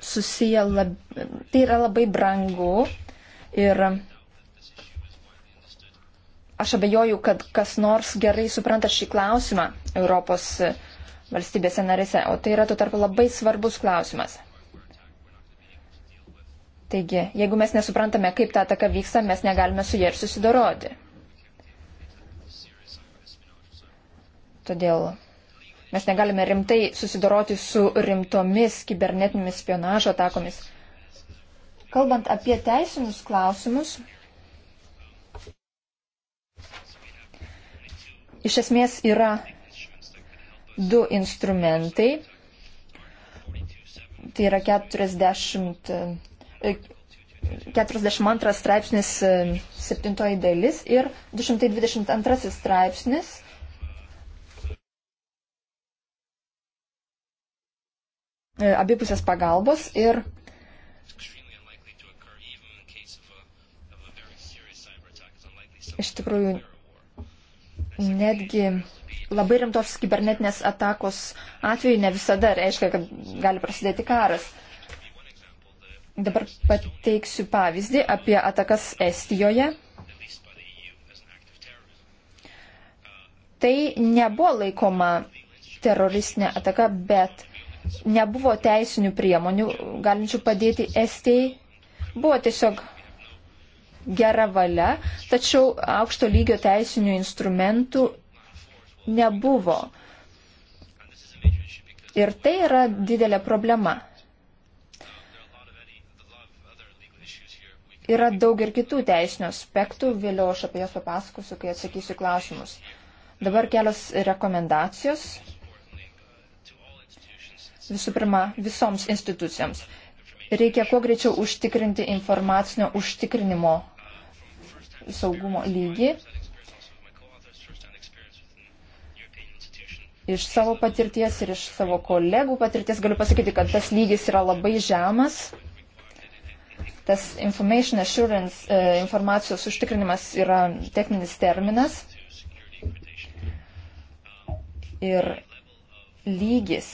susiję, lab, tai yra labai brangu ir aš abejoju, kad kas nors gerai supranta šį klausimą Europos valstybėse narėse, o tai yra tuo tarpu labai svarbus klausimas. Taigi, jeigu mes nesuprantame, kaip ta ataka vyksta, mes negalime su jie ir susidoroti. Todėl Mes negalime rimtai susidoroti su rimtomis kibernetinėmis spionažo atakomis. Kalbant apie teisinius klausimus, iš esmės yra du instrumentai. Tai yra 40, 42 e, straipsnis 7 e, dalis ir 222 straipsnis E, abipusės pagalbos ir iš tikrųjų netgi labai rimtos kibernetinės atakos atveju ne visada reiškia, kad gali prasidėti karas. Dabar pateiksiu pavyzdį apie atakas Estijoje. Tai nebuvo laikoma teroristinė ataka, bet nebuvo teisinių priemonių galinčių padėti Estijai. Buvo tiesiog gera valia, tačiau aukšto lygio teisinių instrumentų nebuvo. Ir tai yra didelė problema. Yra daug ir kitų teisinių aspektų, vėliau aš apie jas papasakosiu, kai atsakysiu klausimus. Dabar kelios rekomendacijos visų pirma visoms institucijoms. Reikia kuo greičiau užtikrinti informacinio užtikrinimo saugumo lygį. Iš savo patirties ir iš savo kolegų patirties galiu pasakyti, kad tas lygis yra labai žemas. Tas information assurance, e, informacijos užtikrinimas yra techninis terminas. Ir lygis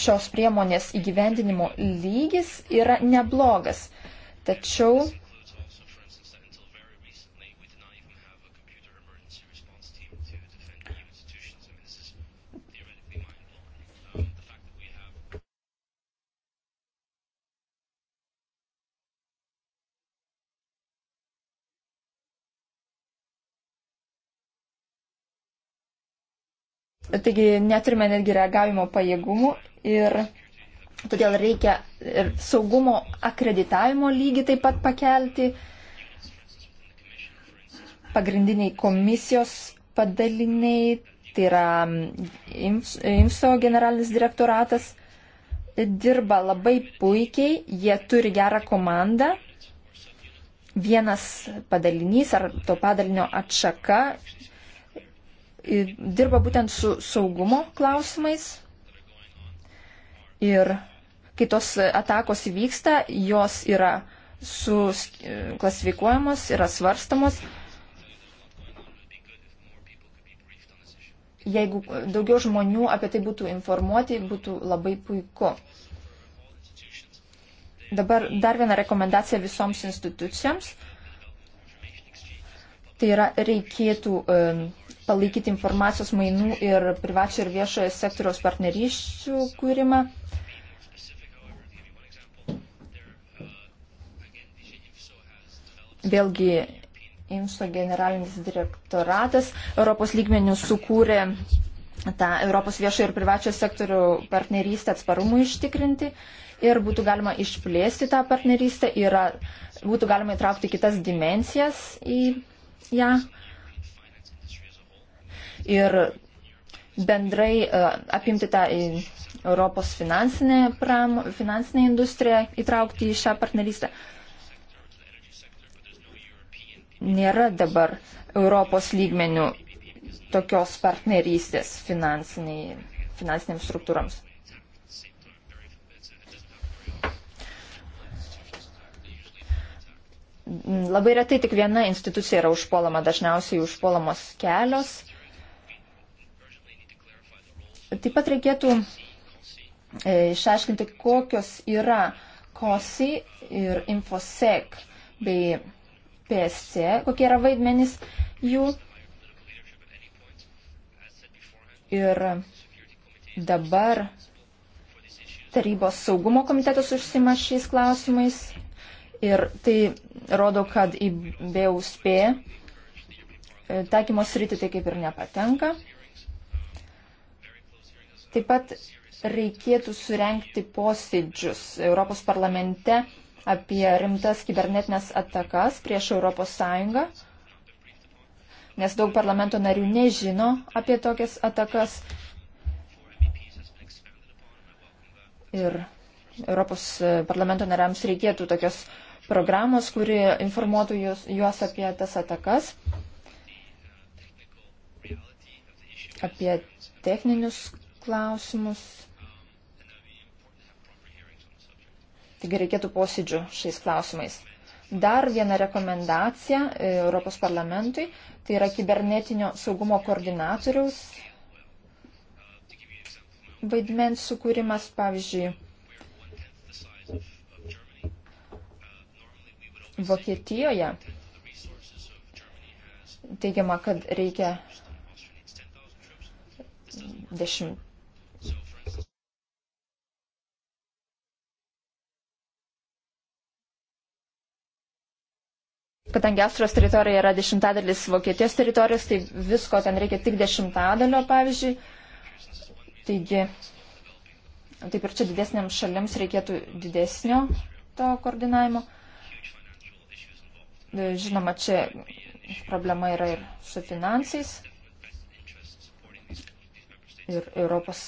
šios priemonės įgyvendinimo lygis yra neblogas. Tačiau Taigi neturime netgi reagavimo pajėgumų ir todėl reikia ir saugumo akreditavimo lygį taip pat pakelti. Pagrindiniai komisijos padaliniai, tai yra IMSO generalinis direktoratas, dirba labai puikiai, jie turi gerą komandą. Vienas padalinys ar to padalinio atšaka dirba būtent su saugumo klausimais. Ir kai tos atakos įvyksta, jos yra klasifikuojamos, yra svarstamos. Jeigu daugiau žmonių apie tai būtų informuoti, būtų labai puiku. Dabar dar viena rekomendacija visoms institucijoms. Tai yra reikėtų palaikyti informacijos mainų ir privačio ir viešojo sektoriaus partnerysčių kūrimą. Vėlgi, IMSO generalinis direktoratas Europos lygmenių sukūrė tą Europos viešo ir privačio sektorių partnerystę atsparumui ištikrinti ir būtų galima išplėsti tą partnerystę ir būtų galima įtraukti kitas dimencijas į ją. Ja ir bendrai e, apimti tą Europos finansinę, pram, finansinę industriją, įtraukti į šią partnerystę. Nėra dabar Europos lygmenių tokios partnerystės finansinėms struktūrams. Labai retai tik viena institucija yra užpuolama, dažniausiai užpuolamos kelios Taip pat reikėtų e, išaiškinti, kokios yra COSI ir InfoSec bei PSC, kokie yra vaidmenys jų. Ir dabar tarybos saugumo komitetas užsima šiais klausimais ir tai rodo, kad į BUSP taikymos rytį tai kaip ir nepatenka. Taip pat reikėtų surenkti posėdžius Europos parlamente apie rimtas kibernetinės atakas prieš Europos Sąjungą, nes daug parlamento narių nežino apie tokias atakas. Ir Europos parlamento nariams reikėtų tokios programos, kuri informuotų juos, juos apie tas atakas, apie techninius klausimus. Taigi reikėtų posėdžių šiais klausimais. Dar viena rekomendacija e, Europos parlamentui, tai yra kibernetinio saugumo koordinatoriaus vaidmens sukūrimas, pavyzdžiui, Vokietijoje teigiama, kad reikia dešimt Kadangi Austrijos teritorija yra dešimtadalis Vokietijos teritorijos, tai visko ten reikia tik dešimtadalio, pavyzdžiui. Taigi, taip ir čia didesniam šalims reikėtų didesnio to koordinavimo. E, žinoma, čia problema yra ir su finansais. Ir Europos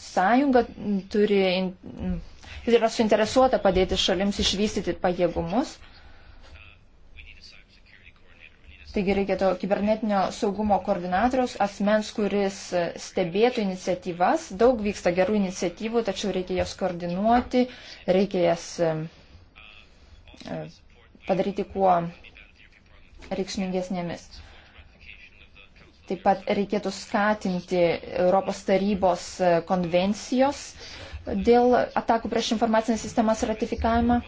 Sąjunga turi, yra suinteresuota padėti šalims išvystyti pajėgumus. Taigi reikėtų kibernetinio saugumo koordinatoriaus, asmens, kuris stebėtų iniciatyvas. Daug vyksta gerų iniciatyvų, tačiau reikia jas koordinuoti, reikia jas e, e, padaryti kuo reikšmingesnėmis. Taip pat reikėtų skatinti Europos tarybos e, konvencijos dėl atakų prieš informacinės sistemas ratifikavimą.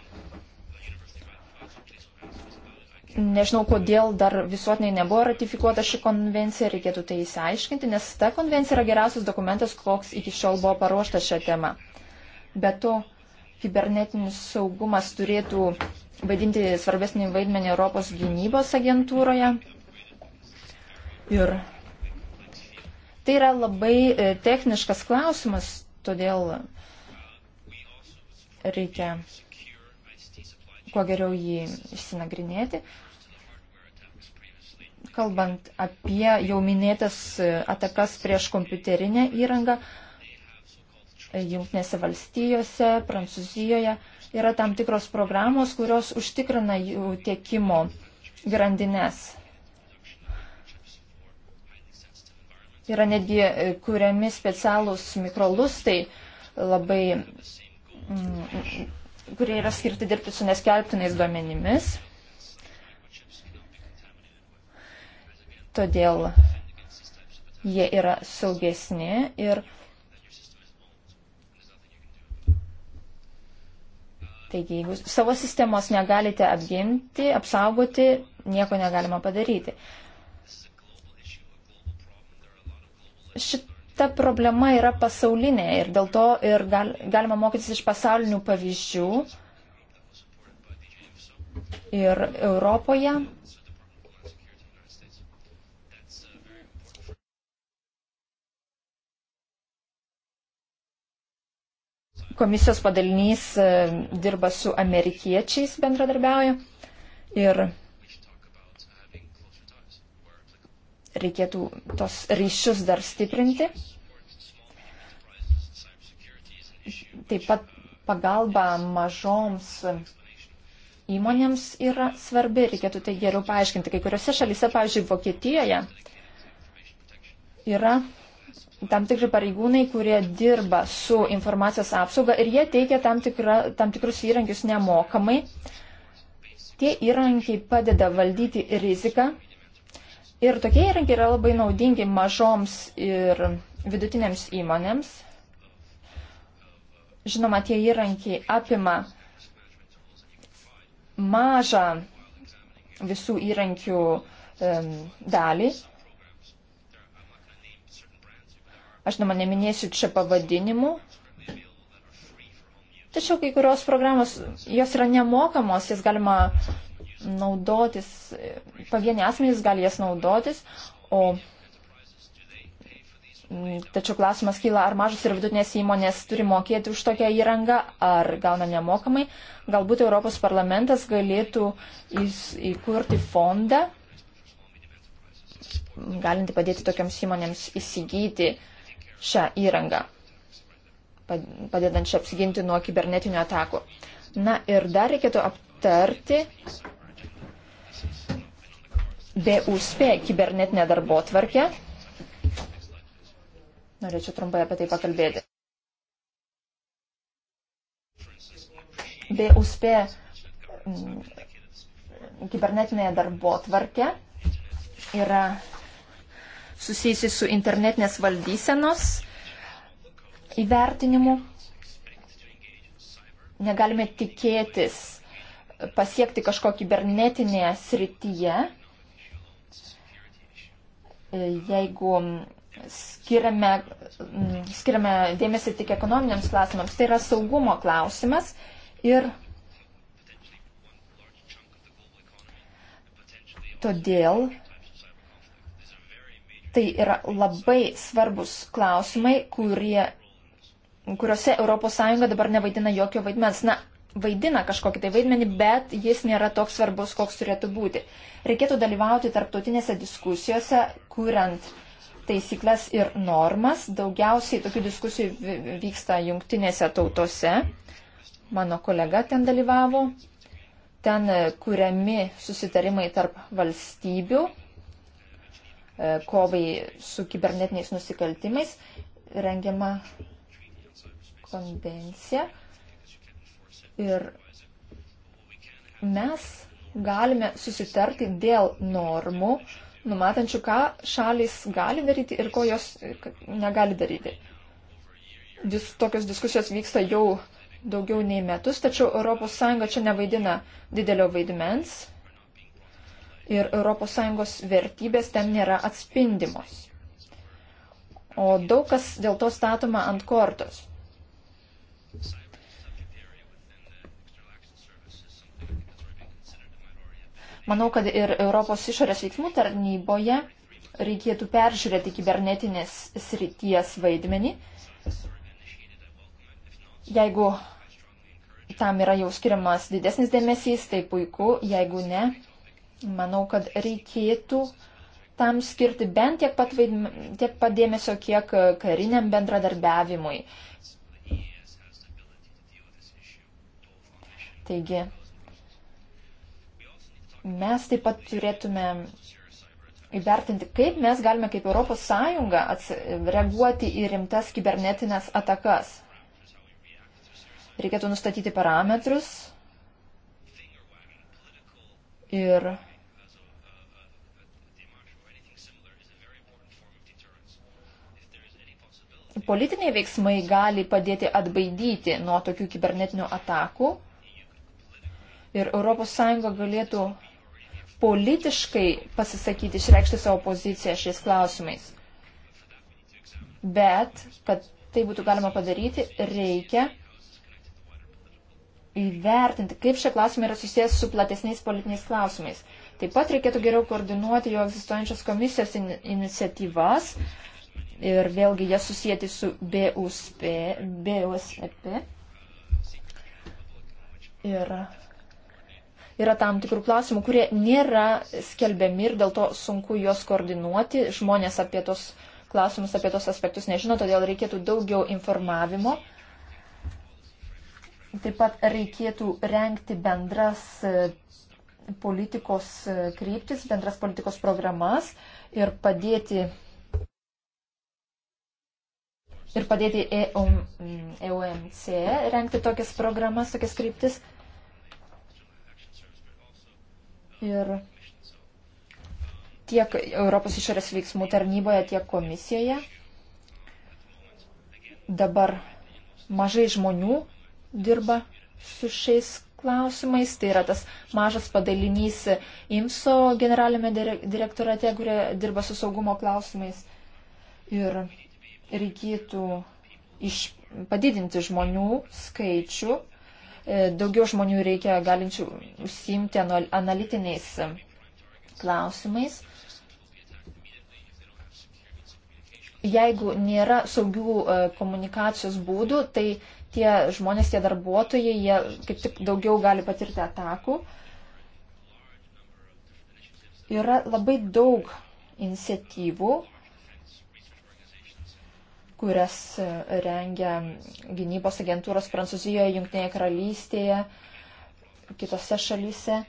Nežinau, kodėl dar visuotinai nebuvo ratifikuota ši konvencija, reikėtų tai įsiaiškinti, nes ta konvencija yra geriausias dokumentas, koks iki šiol buvo paruošta šią temą. Be to, kibernetinis saugumas turėtų vaidinti svarbesnį vaidmenį Europos gynybos agentūroje. Ir tai yra labai e, techniškas klausimas, todėl reikia kuo geriau jį išsinagrinėti. Kalbant apie jau minėtas e, atakas prieš kompiuterinę įrangą, e, Junktinėse valstijose, Prancūzijoje yra tam tikros programos, kurios užtikrina jų tiekimo grandinės. Yra netgi e, kuriami specialūs mikrolustai, labai, mm, kurie yra skirti dirbti su neskelbtinais duomenimis. todėl jie yra saugesni ir Taigi, jeigu savo sistemos negalite apginti, apsaugoti, nieko negalima padaryti. Šita problema yra pasaulinė ir dėl to ir gal, galima mokytis iš pasaulinių pavyzdžių. Ir Europoje Komisijos padalinys e, dirba su amerikiečiais bendradarbiauja ir reikėtų tos ryšius dar stiprinti. Taip pat pagalba mažoms įmonėms yra svarbi, reikėtų tai geriau paaiškinti. Kai kuriuose šalyse, pavyzdžiui, Vokietijoje yra tam tikri pareigūnai, kurie dirba su informacijos apsauga ir jie teikia tam, tikra, tam tikrus įrankius nemokamai. Tie įrankiai padeda valdyti riziką ir tokie įrankiai yra labai naudingi mažoms ir vidutinėms įmonėms. Žinoma, tie įrankiai apima mažą visų įrankių um, dalį Aš žinoma neminėsiu čia pavadinimų. Tačiau kai kurios programos, jos yra nemokamos, jas galima naudotis, pavieni asmenys gali jas naudotis, o mm, Tačiau klausimas kyla, ar mažos ir vidutinės įmonės turi mokėti už tokią įrangą, ar gauna nemokamai. Galbūt Europos parlamentas galėtų įkurti fondą, galinti padėti tokiams įmonėms įsigyti šią įrangą, padedančią apsiginti nuo kibernetinių atakų. Na ir dar reikėtų aptarti BUSP kibernetinę darbo tvarkę. Norėčiau trumpai apie tai pakalbėti. BUSP mm, kibernetinėje darbo tvarke yra susijusi su internetinės valdysenos įvertinimu. Negalime tikėtis pasiekti kažko kibernetinėje srityje, jeigu skiriame, skiriame dėmesį tik ekonominiams klausimams. Tai yra saugumo klausimas ir todėl Tai yra labai svarbus klausimai, kurie, kuriuose ES dabar nevaidina jokio vaidmens. Na, vaidina kažkokį tai vaidmenį, bet jis nėra toks svarbus, koks turėtų būti. Reikėtų dalyvauti tarptautinėse diskusijose, kuriant taisyklės ir normas. Daugiausiai tokių diskusijų vyksta jungtinėse tautose. Mano kolega ten dalyvavo. Ten e, kuriami susitarimai tarp valstybių E, kovai su kibernetiniais nusikaltimais rengiama konvencija. Ir mes galime susitarti dėl normų, numatančių, ką šalis gali daryti ir ko jos e, negali daryti. Dis, tokios diskusijos vyksta jau daugiau nei metus, tačiau ES čia nevaidina didelio vaidmens ir ES vertybės ten nėra atspindimos. O daug kas dėl to statoma ant kortos. Manau, kad ir Europos išorės veiksmų tarnyboje reikėtų peržiūrėti kibernetinės srities vaidmenį. Jeigu tam yra jau skiriamas didesnis dėmesys, tai puiku, jeigu ne, Manau, kad reikėtų tam skirti bent tiek pat, vaidme, tiek pat dėmesio, kiek e, kariniam bendradarbiavimui. Taigi, mes taip pat turėtume įvertinti, kaip mes galime kaip Europos Sąjunga reaguoti į rimtas kibernetinės atakas. Reikėtų nustatyti parametrus ir politiniai veiksmai gali padėti atbaidyti nuo tokių kibernetinių atakų ir ES galėtų politiškai pasisakyti, išreikšti savo poziciją šiais klausimais. Bet, kad tai būtų galima padaryti, reikia įvertinti, kaip šie klausimai yra susijęs su platesniais politiniais klausimais. Taip pat reikėtų geriau koordinuoti jo egzistuojančios komisijos in iniciatyvas, ir vėlgi jas susijęti su BUSP, BUSEP. Ir yra tam tikrų klausimų, kurie nėra skelbiami ir dėl to sunku juos koordinuoti. Žmonės apie tos klausimus, apie tos aspektus nežino, todėl reikėtų daugiau informavimo. Taip pat reikėtų renkti bendras e, politikos e, kryptis, bendras politikos programas ir padėti ir padėti EUMC mm, e renkti tokias programas, tokias kryptis. Ir tiek Europos išorės veiksmų tarnyboje, tiek komisijoje dabar mažai žmonių dirba su šiais klausimais. Tai yra tas mažas padalinys IMSO generalinėme direktorate, kurie dirba su saugumo klausimais. Ir reikėtų iš, padidinti žmonių skaičių, e, daugiau žmonių reikia galinčių užsiimti analitiniais klausimais. Jeigu nėra saugių e, komunikacijos būdų, tai tie žmonės, tie darbuotojai, jie kaip tik daugiau gali patirti atakų. Yra labai daug iniciatyvų, kurias e, rengia gynybos agentūros Prancūzijoje, Junktinėje karalystėje, kitose šalyse.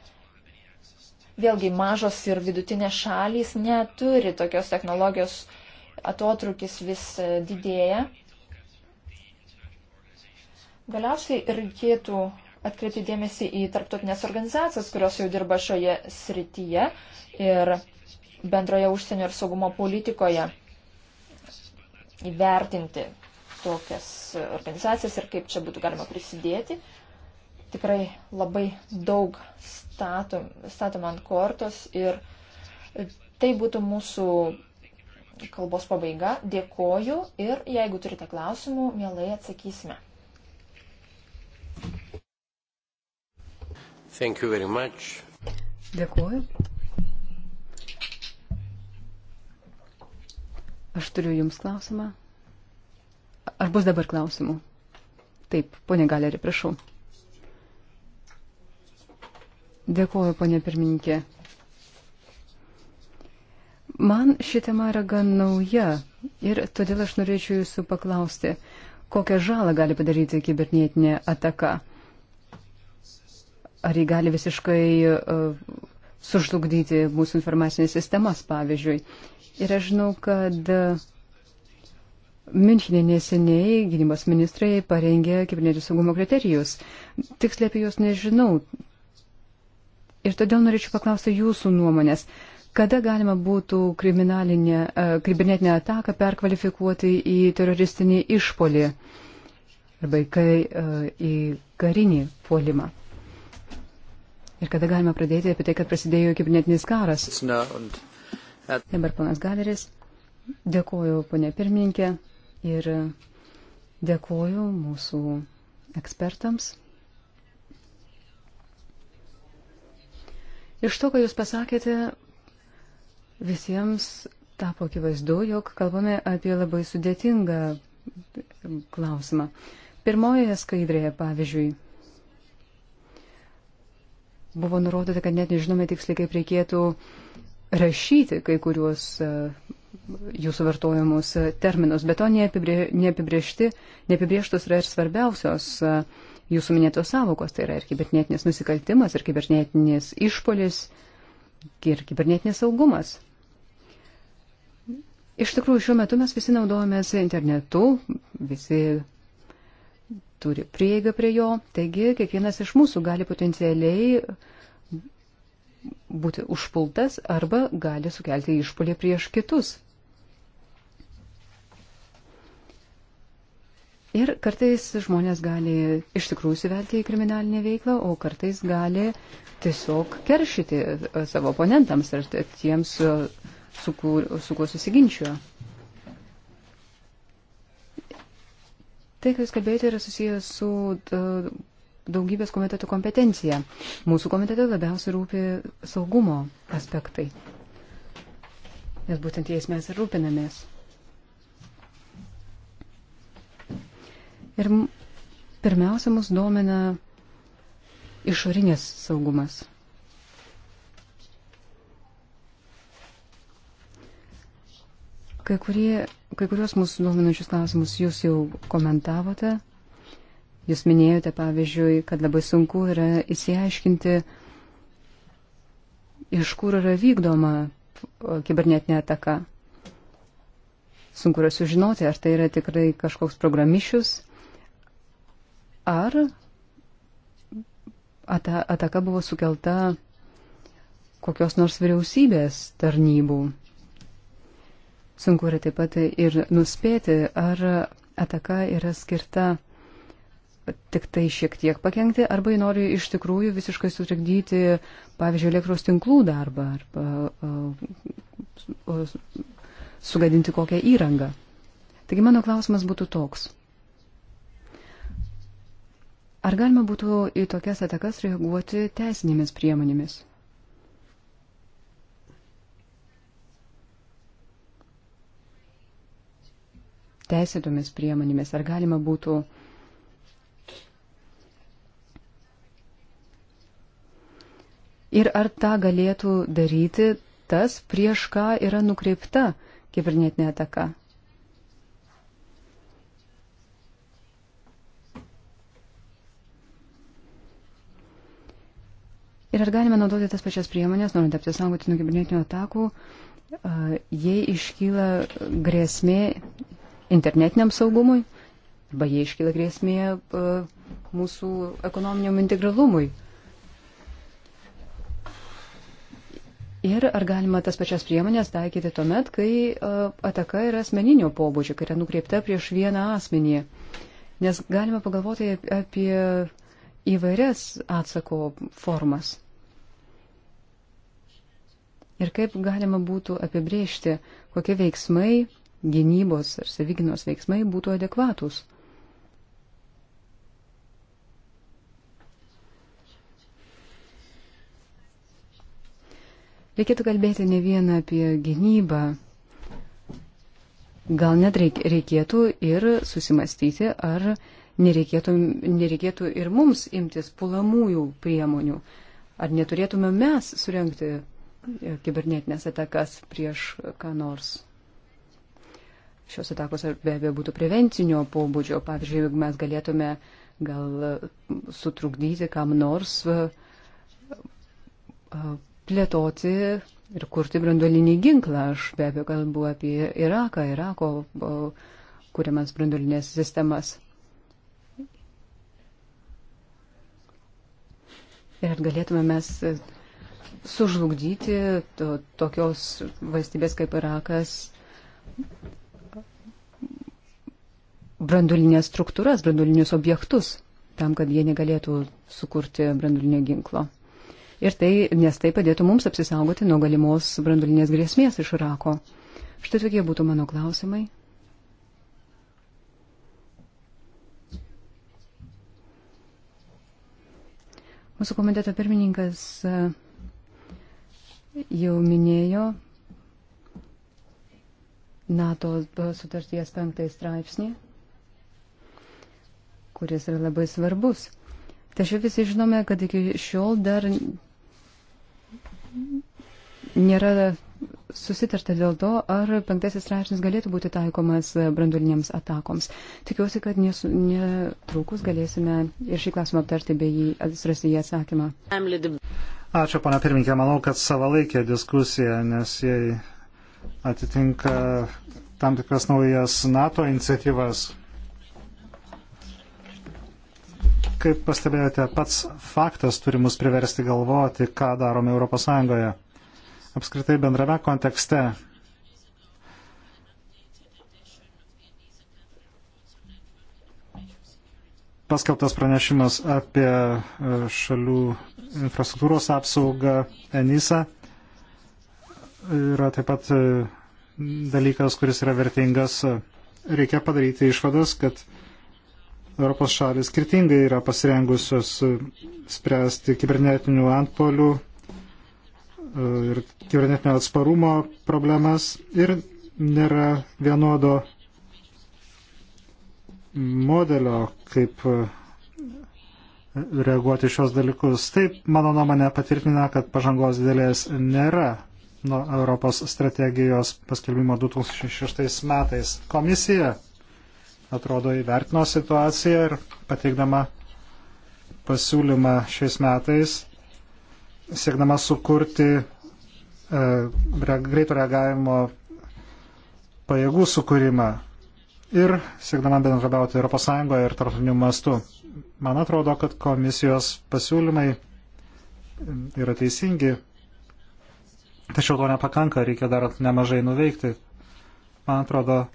Vėlgi mažos ir vidutinės šalys neturi tokios technologijos, atotrukis vis e, didėja. Galiausiai reikėtų atkreipti dėmesį į tarptautinės organizacijas, kurios jau dirba šioje srityje ir bendroje užsienio ir saugumo politikoje įvertinti tokias organizacijas ir kaip čia būtų galima prisidėti. Tikrai labai daug statom, statom ant kortos ir tai būtų mūsų kalbos pabaiga. Dėkoju ir jeigu turite klausimų, mielai atsakysime. Dėkuoju. Aš turiu Jums klausimą. Ar bus dabar klausimų? Taip, ponė Galerį, prašau. Dėkuoju, ponė pirmininkė. Man ši tema yra gan nauja ir todėl aš norėčiau Jūsų paklausti, kokią žalą gali padaryti kibernetinė ataka. Ar ji gali visiškai uh, sužlugdyti mūsų informacinės sistemas, pavyzdžiui. Uh, Ir aš žinau, kad Münchinė neseniai gynybos ministrai parengė kibernetinio saugumo kriterijus. Tiksliai apie juos nežinau. Ir todėl norėčiau paklausti jūsų nuomonės. Kada galima būtų e, kibernetinę ataką perkvalifikuoti į teroristinį išpolį arba į, kai, e, į karinį puolimą? Ir kada galima pradėti apie tai, kad prasidėjo kibernetinis karas? Na, und... Dabar panas Galeris. Dėkuoju, ponė pirmininkė, ir dėkuoju mūsų ekspertams. Iš to, ką Jūs pasakėte, visiems tapo akivaizdu, jog kalbame apie labai sudėtingą klausimą. Pirmojoje skaidrėje, pavyzdžiui, buvo nurodyta, kad net nežinome tiksliai, kaip reikėtų uh, rašyti kai kuriuos e, jūsų vartojamus e, terminus, bet to neapibrieštos yra ir svarbiausios e, jūsų minėtos savokos, tai yra ir kibernetinis nusikaltimas, ir kibernetinis išpolis, ir kibernetinis saugumas. Iš tikrųjų, šiuo metu mes visi naudojamės internetu, visi turi prieigą prie jo, taigi kiekvienas iš mūsų gali potencialiai uh, būti užpultas arba gali sukelti išpolį prieš kitus. Ir kartais žmonės gali iš tikrųjų įsivelti į kriminalinę veiklą, o kartais gali tiesiog keršyti e, savo oponentams ar tiems, e, su, kur, su kuo susiginčio. Tai, ką jūs kalbėjote, yra susijęs su e, daugybės komitetų kompetencija. Mūsų komitete labiausiai rūpi saugumo aspektai. Nes būtent jais mes ir rūpinamės. Ir pirmiausia, mus domina išorinės saugumas. Kai, kurie, kai kurios mūsų dominančius klausimus jūs jau komentavote. Jūs minėjote, pavyzdžiui, kad labai sunku yra įsiaiškinti, iš kur yra vykdoma kibernetinė ataka. Sunku yra sužinoti, ar tai yra tikrai kažkoks programišius, ar ata ataka buvo sukelta kokios nors vyriausybės tarnybų. Sunku yra taip pat ir nuspėti, ar ataka yra skirta tik tai šiek tiek pakengti, arba jį nori iš tikrųjų visiškai sutrikdyti, pavyzdžiui, elektros tinklų darbą arba sugadinti kokią įrangą. Taigi mano klausimas būtų toks. Ar galima būtų į tokias atakas reaguoti teisinėmis priemonėmis? Teisėtomis priemonėmis. Ar galima būtų uh, ir ar tą galėtų daryti tas, prieš ką yra nukreipta kibernetinė ataka. Ir ar galime naudoti tas pačias priemonės, norint apsisaugoti nuo kibernetinių atakų, jei iškyla grėsmė internetiniam saugumui, arba jei iškyla grėsmė mūsų ekonominiam integralumui. Ir ar galima tas pačias priemonės taikyti tuomet, kai e, ataka yra asmeninio pobūdžio, kai yra nukreipta prieš vieną asmenį. Nes galima pagalvoti apie įvairias atsako formas. Ir kaip galima būtų apibrėžti, kokie veiksmai, gynybos ar savyginos veiksmai būtų adekvatus. Reikėtų kalbėti ne vieną apie gynybą. Gal net reikėtų ir susimastyti, ar nereikėtų, nereikėtų ir mums imtis pulamųjų priemonių. Ar neturėtume mes surenkti e, kibernetinės atakas prieš ką nors. Šios atakos be abejo būtų prevencinio pobūdžio. Pavyzdžiui, jeigu mes galėtume gal sutrukdyti kam nors e, plėtoti ir kurti branduolinį ginklą. Aš be abejo kalbu apie Iraką, Irako kūriamas branduolinės sistemas. Ir ar galėtume mes sužlugdyti to, tokios valstybės kaip Irakas brandulinės struktūras, brandulinius objektus, tam, kad jie negalėtų sukurti brandulinio ginklo ir tai, nes tai padėtų mums apsisaugoti nuo galimos brandulinės grėsmės iš Irako. Štai tokie būtų mano klausimai. Mūsų komiteto pirmininkas e, jau minėjo NATO sutarties penktąjį straipsnį, kuris yra labai svarbus. Tačiau visi žinome, kad iki šiol dar nėra susitarta dėl to, ar penktasis straipsnis galėtų būti taikomas brandulinėms atakoms. Tikiuosi, kad netrukus galėsime ir šį klausimą aptarti bei atrasti jį atsakymą. Ačiū, pana pirmininkė. Manau, kad savalaikė diskusija, nes jai atitinka tam tikras naujas NATO iniciatyvas Kaip pastebėjote, pats faktas turi mus priversti galvoti, ką darome ES. Apskritai bendrame kontekste. Paskelbtas pranešimas apie e, šalių infrastruktūros apsaugą ENISA yra taip pat e, dalykas, kuris yra vertingas. Reikia padaryti išvadas, kad Europos šalis skirtingai yra pasirengusios e, spręsti kibernetinių antpolių e, ir kibernetinio atsparumo problemas ir nėra vienodo modelio, kaip e, reaguoti šios dalykus. Taip, mano nuomonė patvirtina, kad pažangos didelės nėra nuo Europos strategijos paskelbimo 2006 metais. Komisija atrodo, įvertino situaciją ir pateikdama pasiūlymą šiais metais, siekdama sukurti e, greito reagavimo pajėgų sukūrimą ir siekdama bendrabiauti ES ir tarptautiniu mastu. Man atrodo, kad komisijos pasiūlymai yra teisingi, tačiau to nepakanka, reikia dar nemažai nuveikti. Man atrodo,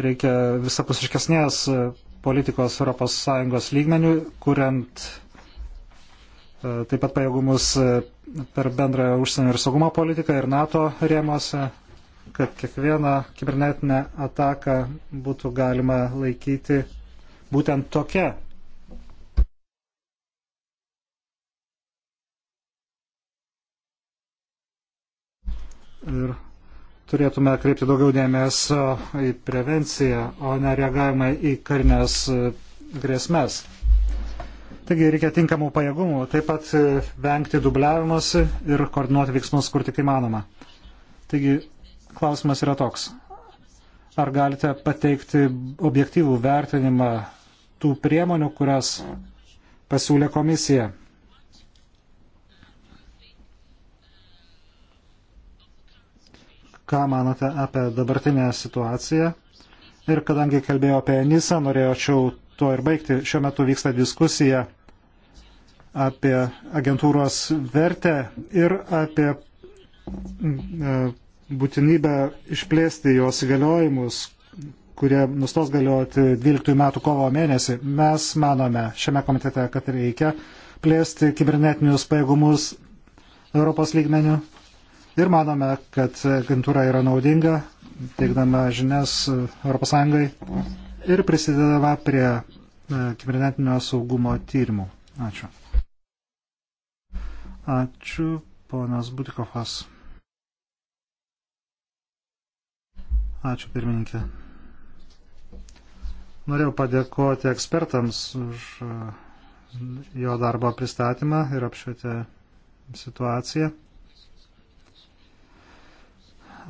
Reikia visapusiškesnės e, politikos ES lygmenių, kuriant e, taip pat pajėgumus e, per bendrą užsienio ir saugumo politiką ir NATO rėmose, kad kiekvieną kibernetinę ataką būtų galima laikyti būtent tokia. Ir turėtume kreipti daugiau dėmesio į prevenciją, o ne reagavimą į karinės e, grėsmės. Taigi reikia tinkamų pajėgumų, taip pat e, vengti dubliavimuose ir koordinuoti veiksmus, kur tik įmanoma. Taigi klausimas yra toks. Ar galite pateikti objektyvų vertinimą tų priemonių, kurias pasiūlė komisija? ką manote apie dabartinę situaciją. Ir kadangi kalbėjau apie Nisą, norėčiau tuo ir baigti. Šiuo metu vyksta diskusija apie agentūros vertę ir apie mm, e, būtinybę išplėsti jos įgaliojimus, kurie nustos galioti 12 metų kovo mėnesį. Mes manome šiame komitete, kad reikia plėsti kibernetinius pajėgumus Europos lygmenių ir manome, kad agentūra yra naudinga, teikdama žinias ES ir prisidedama prie e, kibernetinio saugumo tyrimų. Ačiū. Ačiū, ponas Butikovas. Ačiū, pirmininkė. Norėjau padėkoti ekspertams už e, jo darbo pristatymą ir apšvietę situaciją.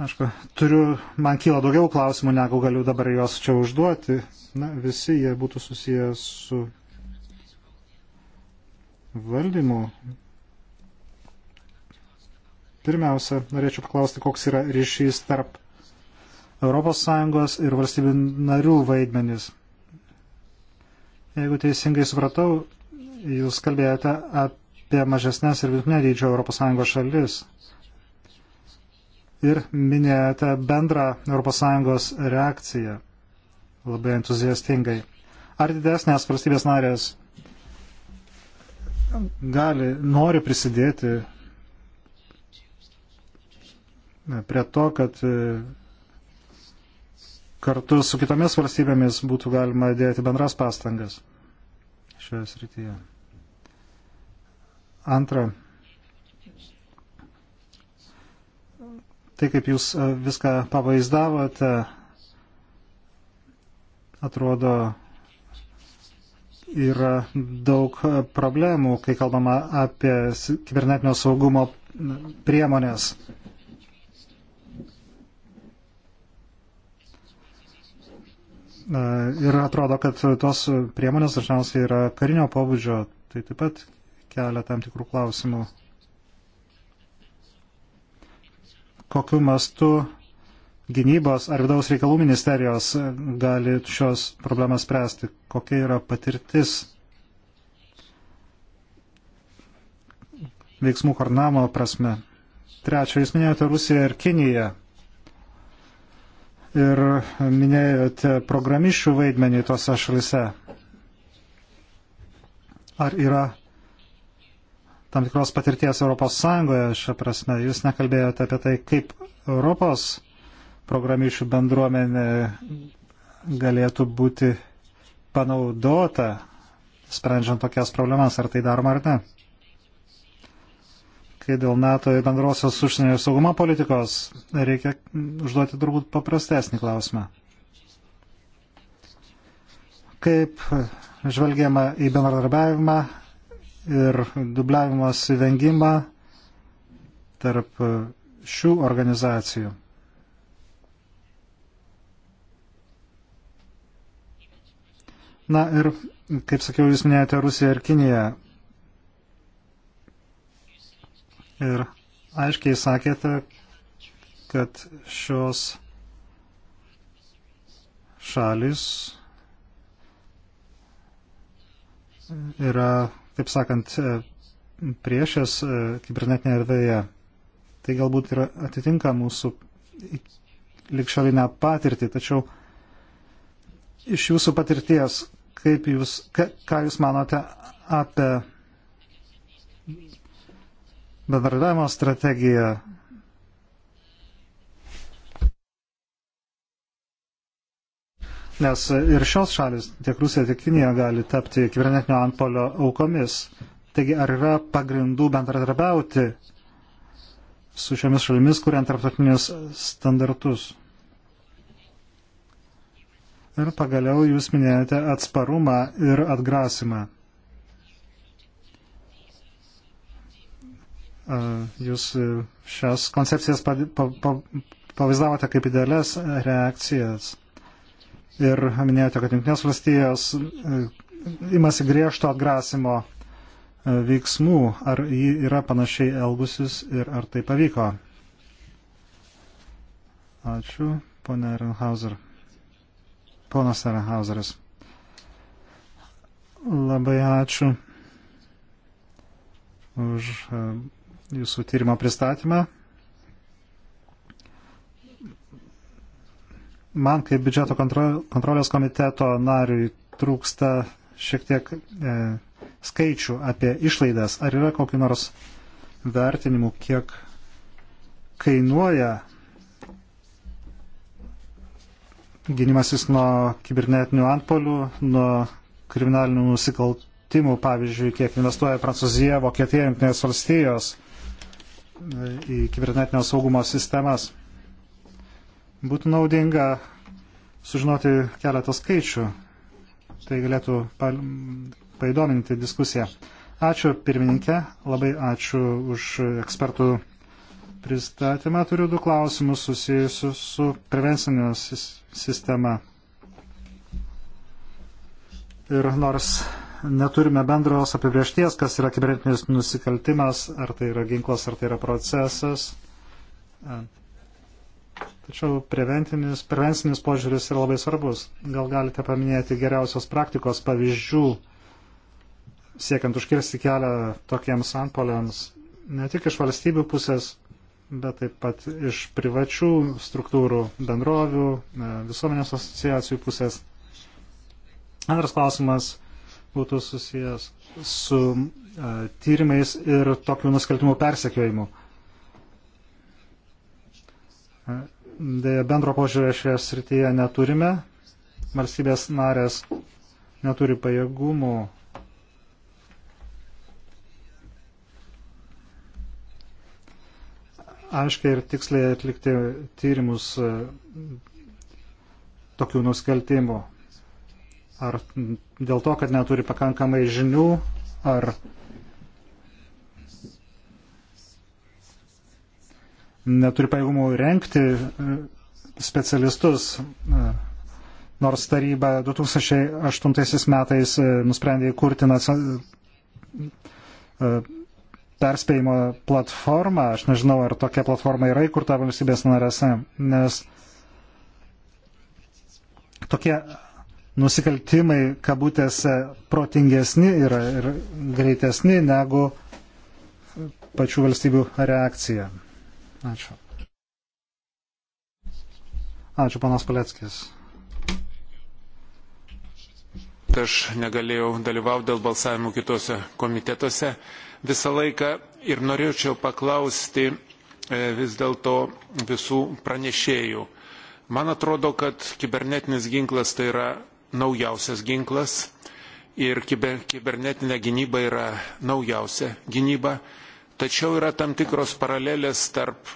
Aš turiu, man kyla daugiau klausimų, negu galiu dabar juos čia užduoti. Na, visi jie būtų susiję su valdymu. Pirmiausia, norėčiau paklausti, koks yra ryšys tarp ES ir valstybių narių vaidmenys. Jeigu teisingai supratau, jūs kalbėjote apie mažesnės ir vidutinio dydžio ES šalis ir minėjote bendrą ES reakciją labai entuziastingai. Ar didesnės valstybės narės gali, nori prisidėti prie to, kad e, kartu su kitomis valstybėmis būtų galima dėti bendras pastangas šioje srityje. Antra, Tai kaip jūs e, viską pavaizdavote, atrodo, yra daug problemų, kai kalbama apie kibernetinio saugumo priemonės. E, ir atrodo, kad tos priemonės dažniausiai yra karinio pobūdžio, tai taip pat kelia tam tikrų klausimų. kokiu mastu gynybos ar vidaus reikalų ministerijos gali šios problemas spręsti, kokia yra patirtis veiksmų koordinavimo prasme. Trečia, jūs minėjote Rusiją ir Kiniją. Ir minėjote programišių vaidmenį tose šalise. Ar yra tam tikros patirties Europos Sąjungoje šią prasme. Jūs nekalbėjote apie tai, kaip Europos programišių bendruomenė galėtų būti panaudota, sprendžiant tokias problemas, ar tai daroma ar ne. Kai dėl NATO ir bendrosios užsienio ir saugumo politikos reikia užduoti turbūt paprastesnį klausimą. Kaip žvelgiama į bendradarbiavimą ir dubliavimas įvengimą tarp šių organizacijų. Na ir, kaip sakiau, jūs minėjote Rusiją ir Kiniją. Ir aiškiai sakėte, kad šios šalis yra taip sakant, e, priešės e, kibernetinėje erdvėje. Tai galbūt ir atitinka mūsų likšalinę patirtį, tačiau iš jūsų patirties, kaip jūs, ka, ką jūs manote apie bendradavimo strategiją nes ir šios šalis, tiek Rusija, tiek Kinija, gali tapti kibernetinio antpolio aukomis. Taigi, ar yra pagrindų bendradarbiauti su šiomis šalimis, kuriant tarptautinius standartus? Ir pagaliau jūs minėjote atsparumą ir atgrasimą. Jūs šias koncepcijas pavaizdavote kaip idealias reakcijas ir minėjote, kad Junktinės valstijos e, imasi griežto atgrasimo e, veiksmų. Ar jį yra panašiai elgusis ir ar tai pavyko? Ačiū, ponė Renhauser. Ponas Renhauseris. Labai ačiū už e, jūsų tyrimo pristatymą. man kaip biudžeto kontrolės komiteto nariui trūksta šiek tiek e, skaičių apie išlaidas. Ar yra kokiu nors vertinimu, kiek kainuoja gynimasis nuo kibernetinių antpolių, nuo kriminalinių nusikaltimų, pavyzdžiui, kiek investuoja Prancūzija, Vokietija, Junktinės valstijos e, į kibernetinio saugumo sistemas. Būtų naudinga sužinoti keletą skaičių. Tai galėtų paįdominti diskusiją. Ačiū pirmininkė, labai ačiū už ekspertų pristatymą. Turiu du klausimus susijusius su prevencinio sistema. Ir nors neturime bendros apibriešties, kas yra kibernetinis nusikaltimas, ar tai yra ginklas, ar tai yra procesas, Tačiau prevencinis, prevencinis požiūris yra labai svarbus. Gal galite paminėti geriausios praktikos pavyzdžių, siekiant užkirsti kelią tokiems antpoliams, ne tik iš valstybių pusės, bet taip pat iš privačių struktūrų, bendrovių, e, visuomenės asociacijų pusės. Antras klausimas būtų susijęs su uh, tyrimais ir tokių nusikaltimų persekiojimu. Uh, Dėja, bendro požiūrio šioje srityje neturime. Valstybės narės neturi pajėgumų. Aiškiai ir tiksliai atlikti tyrimus e, tokių nusikaltimų. Ar dėl to, kad neturi pakankamai žinių, ar neturi pajėgumų renkti e, specialistus, e, nors taryba 2008 metais e, nusprendė įkurti perspėjimo platformą. Aš nežinau, ar tokia platforma yra įkurta valstybės narėse, nes tokie nusikaltimai, kabutėse, protingesni yra ir greitesni negu pačių valstybių reakcija. Ačiū. Ačiū, panas Paleckis. Aš negalėjau dalyvauti dėl balsavimų kitose komitetuose visą laiką ir norėčiau paklausti e, vis dėlto visų pranešėjų. Man atrodo, kad kibernetinis ginklas tai yra naujausias ginklas ir kiber, kibernetinė gynyba yra naujausia gynyba tačiau yra tam tikros paralelės tarp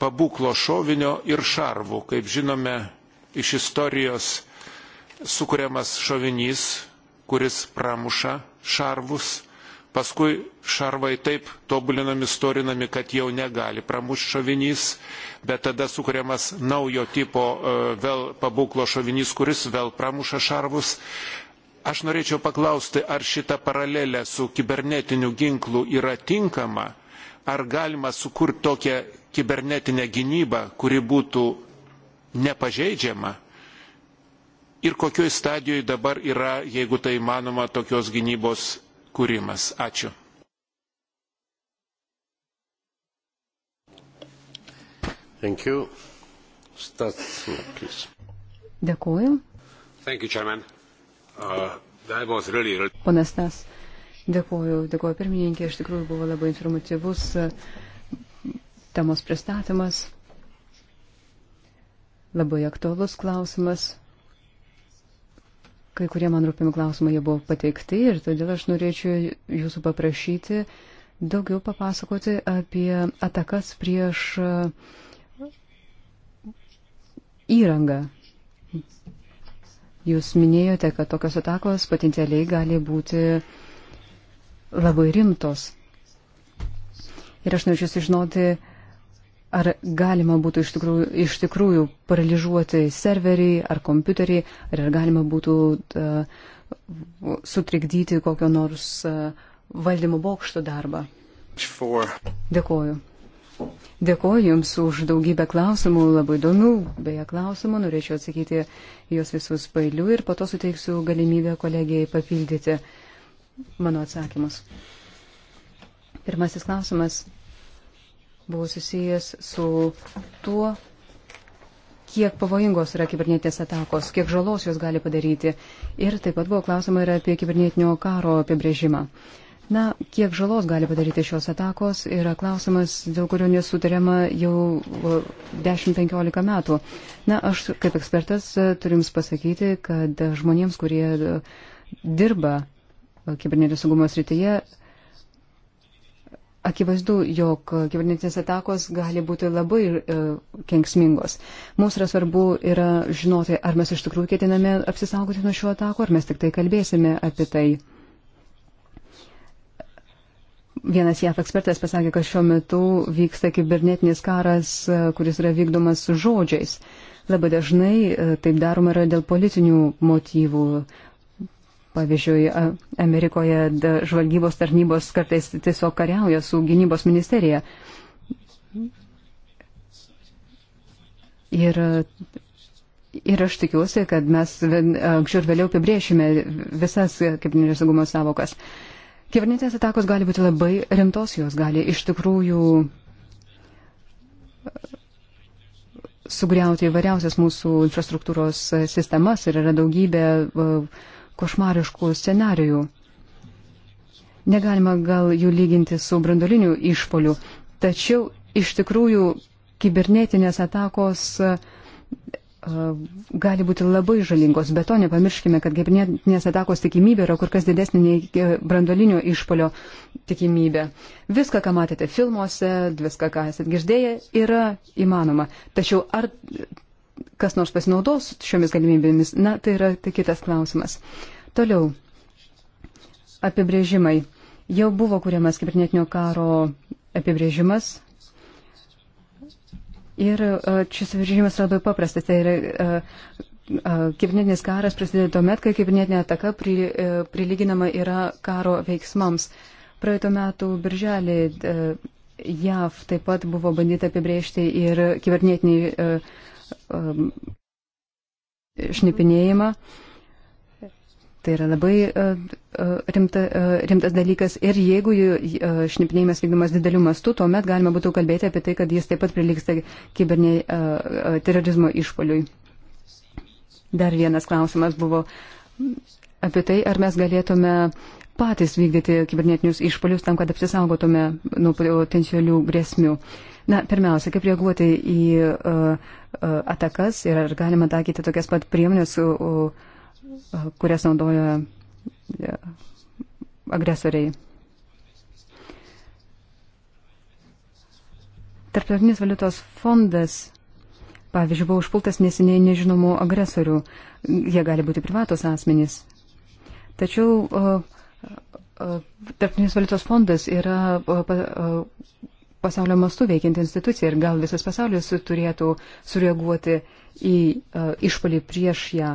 pabūklo šovinio ir šarvų. Kaip žinome iš istorijos, sukuriamas šovinys, kuris pramuša šarvus, paskui šarvai taip tobulinami, storinami, kad jau negali pramušti šovinys, bet tada sukuriamas naujo tipo e, vėl pabūklo šovinys, kuris vėl pramuša šarvus. Aš norėčiau paklausti, ar šita paralelė su kibernetiniu ginklu yra tinkama ar galima sukurti tokią kibernetinę gynybą, kuri būtų nepažeidžiama ir kokioj stadijoje dabar yra, jeigu tai manoma, tokios gynybos kūrimas. Ačiū. Thank you. Stasna, please. Dėkuoju. Thank you, Chairman. Uh, that was really... Ponas Tas. Dėkuoju, dėkuoju pirmininkė, iš tikrųjų buvo labai informatyvus e, temos pristatymas, labai aktualus klausimas. Kai kurie man rūpimi klausimai jie buvo pateikti ir todėl aš norėčiau jūsų paprašyti daugiau papasakoti apie atakas prieš e, įrangą. Jūs minėjote, kad tokios atakos potencialiai gali būti uh, labai rimtos. Ir aš norėčiau sužinoti, ar galima būtų iš tikrųjų, iš tikrųjų paralyžuoti serverį ar kompiuterį, ar galima būtų uh, sutrikdyti kokio nors uh, valdymo bokšto darbą. Dėkoju. Dėkoju Jums už daugybę klausimų, labai įdomių, beje, klausimų. Norėčiau atsakyti juos visus pailiu ir po to suteiksiu galimybę kolegijai papildyti. Uh, mano atsakymus. Pirmasis klausimas buvo susijęs su tuo, kiek pavojingos yra kibernetinės atakos, kiek žalos jos gali padaryti. Ir taip pat buvo klausima ir apie kibernetinio karo apibrėžimą. Na, kiek žalos gali padaryti šios atakos yra klausimas, dėl kurio nesutariama jau 10-15 metų. Na, aš kaip ekspertas e, turiu Jums pasakyti, kad žmonėms, kurie e, dirba kibernetinio saugumo srityje, akivaizdu, jog kibernetinės atakos gali būti labai e, kenksmingos. Mums yra svarbu yra žinoti, ar mes iš tikrųjų ketiname apsisaugoti nuo šio atako, ar mes tik tai kalbėsime apie tai. Vienas JAF ekspertas pasakė, kad šiuo metu vyksta kibernetinis karas, e, kuris yra vykdomas žodžiais. Labai dažnai e, taip daroma yra dėl politinių motyvų. Pavyzdžiui, Amerikoje žvalgybos tarnybos kartais tiesiog kariauja su gynybos ministerija. Ir, ir aš tikiuosi, kad mes anksčiau ir vėliau apibriešime visas kibernetinio saugumo savokas. Kibernetinės atakos gali būti labai rimtos, jos gali iš tikrųjų sugriauti įvairiausias mūsų infrastruktūros sistemas ir yra daugybė uh, košmariškų scenarijų. Negalima gal jų lyginti su brandoliniu išpoliu, tačiau iš tikrųjų kibernetinės atakos e, gali būti labai žalingos. Be to nepamirškime, kad kibernetinės atakos tikimybė yra kur kas didesnė nei e, brandolinio išpolio tikimybė. Viską, ką matėte filmuose, viską, ką esate girdėję, yra įmanoma. Tačiau ar kas nors pasinaudos šiomis galimybėmis, na, tai yra tai kitas klausimas. Toliau, apibrėžimai. Jau buvo kuriamas kibernetinio karo apibrėžimas. Ir e, šis apibrėžimas yra labai paprastas. Tai yra e, e, kibernetinis karas prasideda tuomet, kai kibernetinė ataka prilyginama yra karo veiksmams. Praeitų metų birželį JAV taip pat buvo bandyta apibrėžti ir kibernetinį Um, šnipinėjimą. Tai yra labai uh, uh, rimta, uh, rimtas dalykas ir jeigu šnipinėjimas vykdomas dideliu mastu, tuomet galima būtų kalbėti apie tai, kad jis taip pat priliksta kiberniai terorizmo išpoliui. Dar vienas klausimas buvo apie tai, ar mes galėtume patys vykdyti kibernetinius išpolius tam, kad apsisaugotume nuo potencialių grėsmių. Na, pirmiausia, kaip reaguoti į uh, E, atakas ir ar galima taikyti tokias pat priemonės, e, kurias naudoja e, agresoriai. Tarptautinis valiutos fondas, pavyzdžiui, buvo užpultas neseniai nežinomų agresorių. Jie gali būti privatos asmenys. Tačiau Tarptautinis valiutos fondas yra pasaulio mastu veikianti institucija ir gal visas pasaulis turėtų sureaguoti į uh, e, išpolį prieš ją.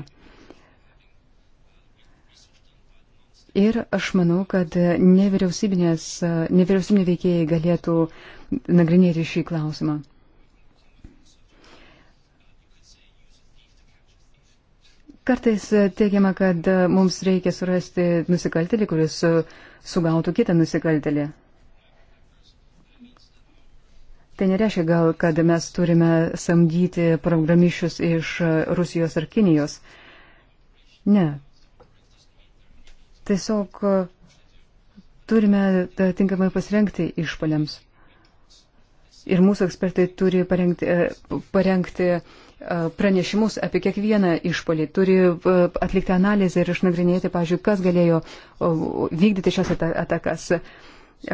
Ir aš manau, kad nevyriausybinės, e, nevyriausybinė veikėjai galėtų nagrinėti šį klausimą. Kartais teigiama, kad mums reikia surasti nusikaltelį, kuris sugautų kitą nusikaltelį. Tai nereiškia gal, kad mes turime samdyti programišius iš Rusijos ar Kinijos. Ne. Tiesiog e, turime e, tinkamai pasirengti išpaliams. Ir mūsų ekspertai turi parengti, e, parengti pranešimus apie kiekvieną išpolį, turi atlikti analizę ir išnagrinėti, pažiūrėjau, kas galėjo vykdyti šias atakas,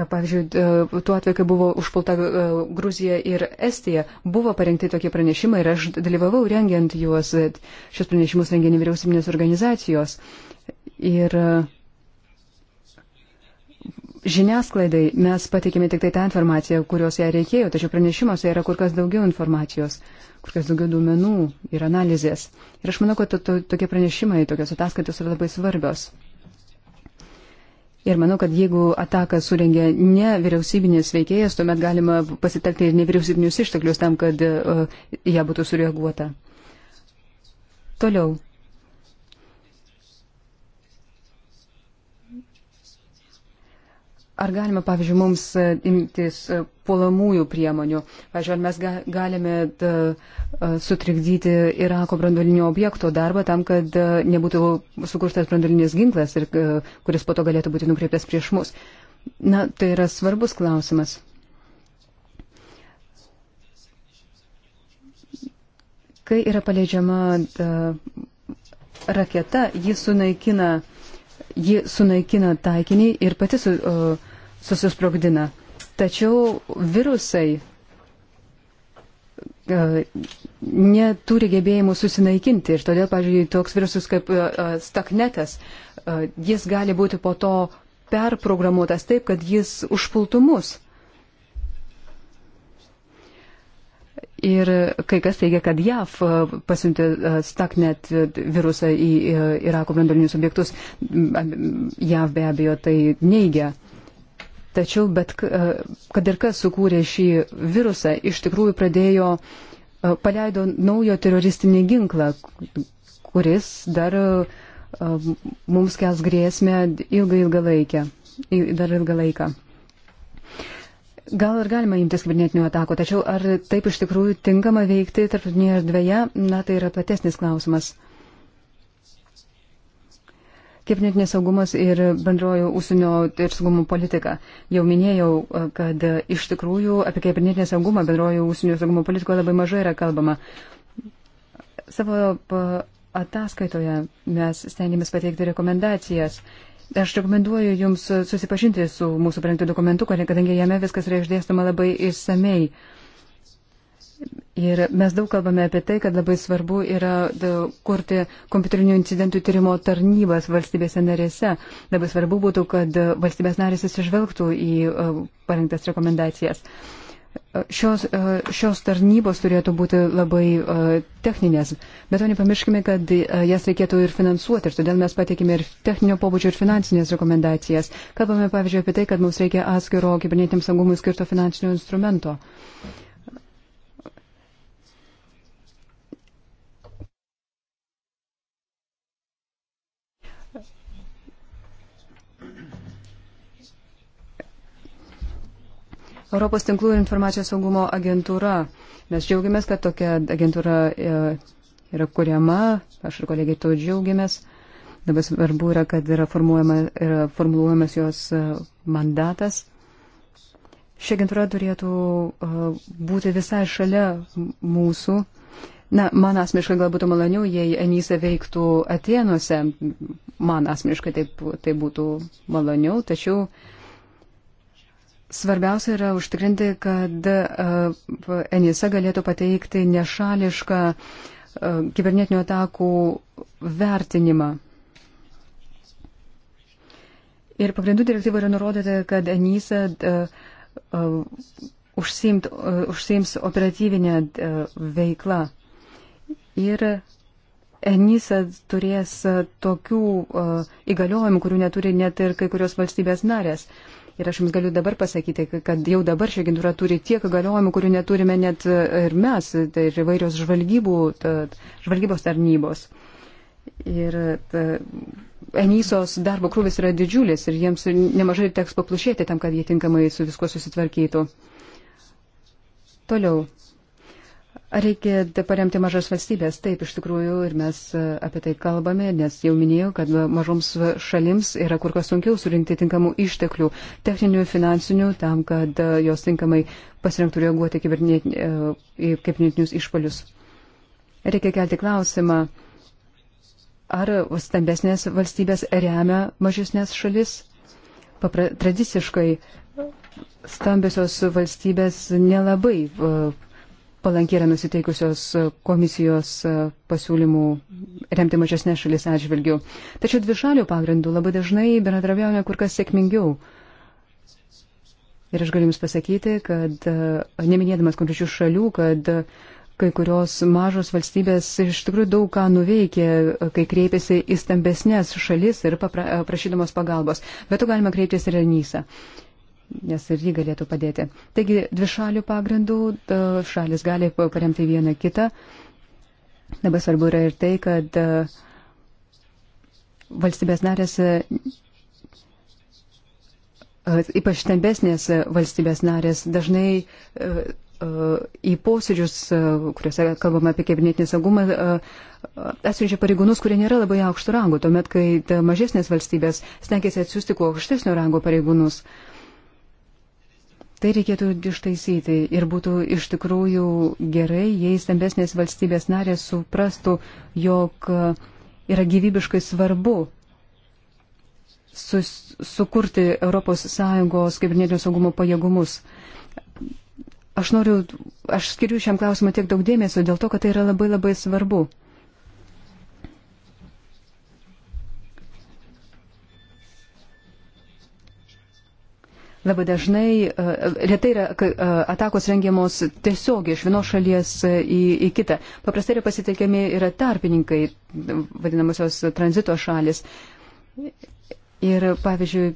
Pavyzdžiui, e, tuo atveju, kai buvo užpulta e, Gruzija ir Estija, buvo parengti tokie pranešimai ir aš dalyvavau rengiant juos. E, šios pranešimus rengė nevyriausybinės organizacijos. Ir žiniasklaidai mes pateikėme tik tai tą informaciją, kurios ją reikėjo, tačiau pranešimuose yra kur kas daugiau informacijos, kur kas daugiau duomenų ir analizės. Ir aš manau, kad to, to, tokie pranešimai, tokios ataskaitos yra labai svarbios. Ir manau, kad jeigu ataką surengė ne vyriausybinės veikėjas, tuomet galima pasitelkti ir nevyriausybinius išteklius tam, kad uh, ją būtų sureaguota. Toliau. ar galima, pavyzdžiui, mums e, imtis e, puolamųjų priemonių? Pavyzdžiui, ar mes galime da, e, sutrikdyti Irako brandolinio objekto darbą tam, kad nebūtų sukurtas brandolinis ginklas, ir, kuris po to galėtų būti nukreiptas prieš mus? Na, tai yra svarbus klausimas. Kai yra paleidžiama da, raketa, ji sunaikina ji sunaikina taikinį ir pati su, uh, susisprogdina. Tačiau virusai e, neturi gebėjimų susinaikinti ir todėl, pavyzdžiui, toks virusas kaip e, e, staknetas, jis gali būti po to perprogramuotas taip, kad jis užpultų mus. Ir kai kas teigia, kad JAV pasiuntė staknet virusą į Irako brandolinius objektus, JAV be abejo tai neigia. Tačiau, bet, e, kad ir kas sukūrė šį virusą, iš tikrųjų pradėjo, e, paleido naujo teroristinį ginklą, kuris dar e, mums kels grėsmę ilgą, ilgą laikę. Dar ilgą laiką. Gal ir galima imtis kibernetinių atakų, tačiau ar taip iš tikrųjų tinkama veikti tarptautinėje erdvėje, na tai yra platesnis klausimas. Kibernetinės saugumas ir bendrojo užsienio ir saugumo politika. Jau minėjau, kad iš tikrųjų apie kibernetinę saugumą bendrojo užsienio saugumo politikoje labai mažai yra kalbama. Savo ataskaitoje mes stengiamės pateikti rekomendacijas. Aš rekomenduoju Jums susipažinti su mūsų parengtu dokumentu, kadangi jame viskas yra išdėstama labai išsamei. Ir Ir mes daug kalbame apie tai, kad labai svarbu yra kurti kompiuterinių incidentų tyrimo tarnybas valstybėse narėse. Labai svarbu būtų, kad valstybės narės atsižvelgtų į parinktas rekomendacijas. Šios, šios tarnybos turėtų būti labai techninės, bet to nepamirškime, kad jas reikėtų ir finansuoti, ir todėl mes pateikime ir techninio pobūdžio, ir finansinės rekomendacijas. Kalbame, pavyzdžiui, apie tai, kad mums reikia atskiro kibernetiniam saugumui skirto finansinio instrumento. Uh, Europos tinklų ir informacijos saugumo agentūra. Mes džiaugiamės, kad tokia agentūra e, yra kuriama, aš ir kolegiai to džiaugiamės. Dabar svarbu yra, kad yra, formuojama, yra formuluojamas jos e, mandatas. Ši agentūra turėtų e, būti visai šalia mūsų. Na, man asmeniškai gal būtų maloniau, jei Anysa veiktų Atenuose. Man asmeniškai taip, tai būtų maloniau, tačiau uh, Svarbiausia yra užtikrinti, kad e, Enisa galėtų pateikti nešališką e, kibernetinių atakų vertinimą. Ir pagrindų direktyva yra nurodyta, kad Enisa užsiimt, e, užsiims operatyvinę veiklą. Ir Enisa turės tokių įgaliojimų, kurių neturi net ir kai kurios valstybės narės. Ir aš jums galiu dabar pasakyti, kad jau dabar ši agentūra turi tiek galiojimų, kurių neturime net e, ir mes, tai ir įvairios žvalgybų, ta, žvalgybos tarnybos. Ir ta, Enisos darbo krūvis yra didžiulis ir jiems nemažai teks paplušėti tam, kad jie tinkamai su viskuo susitvarkytų. Toliau, Ar reikia paremti mažas valstybės? Taip, iš tikrųjų, ir mes e, apie tai kalbame, nes jau minėjau, kad mažoms šalims yra kur kas sunkiau surinkti tinkamų išteklių, techninių, finansinių, tam, kad e, jos tinkamai pasirinktų reaguoti į e, kibernetinius išpalius. Reikia kelti klausimą, ar stambesnės valstybės remia mažesnės šalis? Papra tradiciškai stambiosios valstybės nelabai. Uh, palankiai yra nusiteikusios komisijos pasiūlymų remti mažesnės šalis atžvilgių. Tačiau dvišalių pagrindų labai dažnai bendradarbiaujame kur kas sėkmingiau. Ir aš galiu Jums pasakyti, kad e, neminėdamas konkrečių šalių, kad kai kurios mažos valstybės iš tikrųjų daug ką nuveikė, e, kai kreipėsi į stambesnės šalis ir prašydamos pagalbos. Bet to galima kreiptis ir į Nysą nes ir ji galėtų padėti. Taigi dvišalių pagrindų šalis gali paremti vieną kitą. Labai svarbu yra ir tai, kad valstybės narės, ypač stambesnės valstybės narės, dažnai į posėdžius, kuriuose kalbame apie kibernetinį saugumą, atsiunčia pareigūnus, kurie nėra labai aukšto rango, tuomet, kai mažesnės valstybės stengiasi atsiųsti kuo aukštesnio rango pareigūnus. Uh, Tai reikėtų ištaisyti ir būtų iš tikrųjų gerai, jei stambesnės valstybės narės suprastų, jog e, yra gyvybiškai svarbu sus, sukurti ES kibernetinio saugumo pajėgumus. Aš noriu, aš skiriu šiam klausimui tiek daug dėmesio dėl to, kad tai yra labai labai svarbu. Labai dažnai, retai e, yra e, atakos rengiamos tiesiog iš vienos šalies e, į, į kitą. Paprastai yra pasitelkiami yra tarpininkai, vadinamosios tranzito šalis. Ir pavyzdžiui,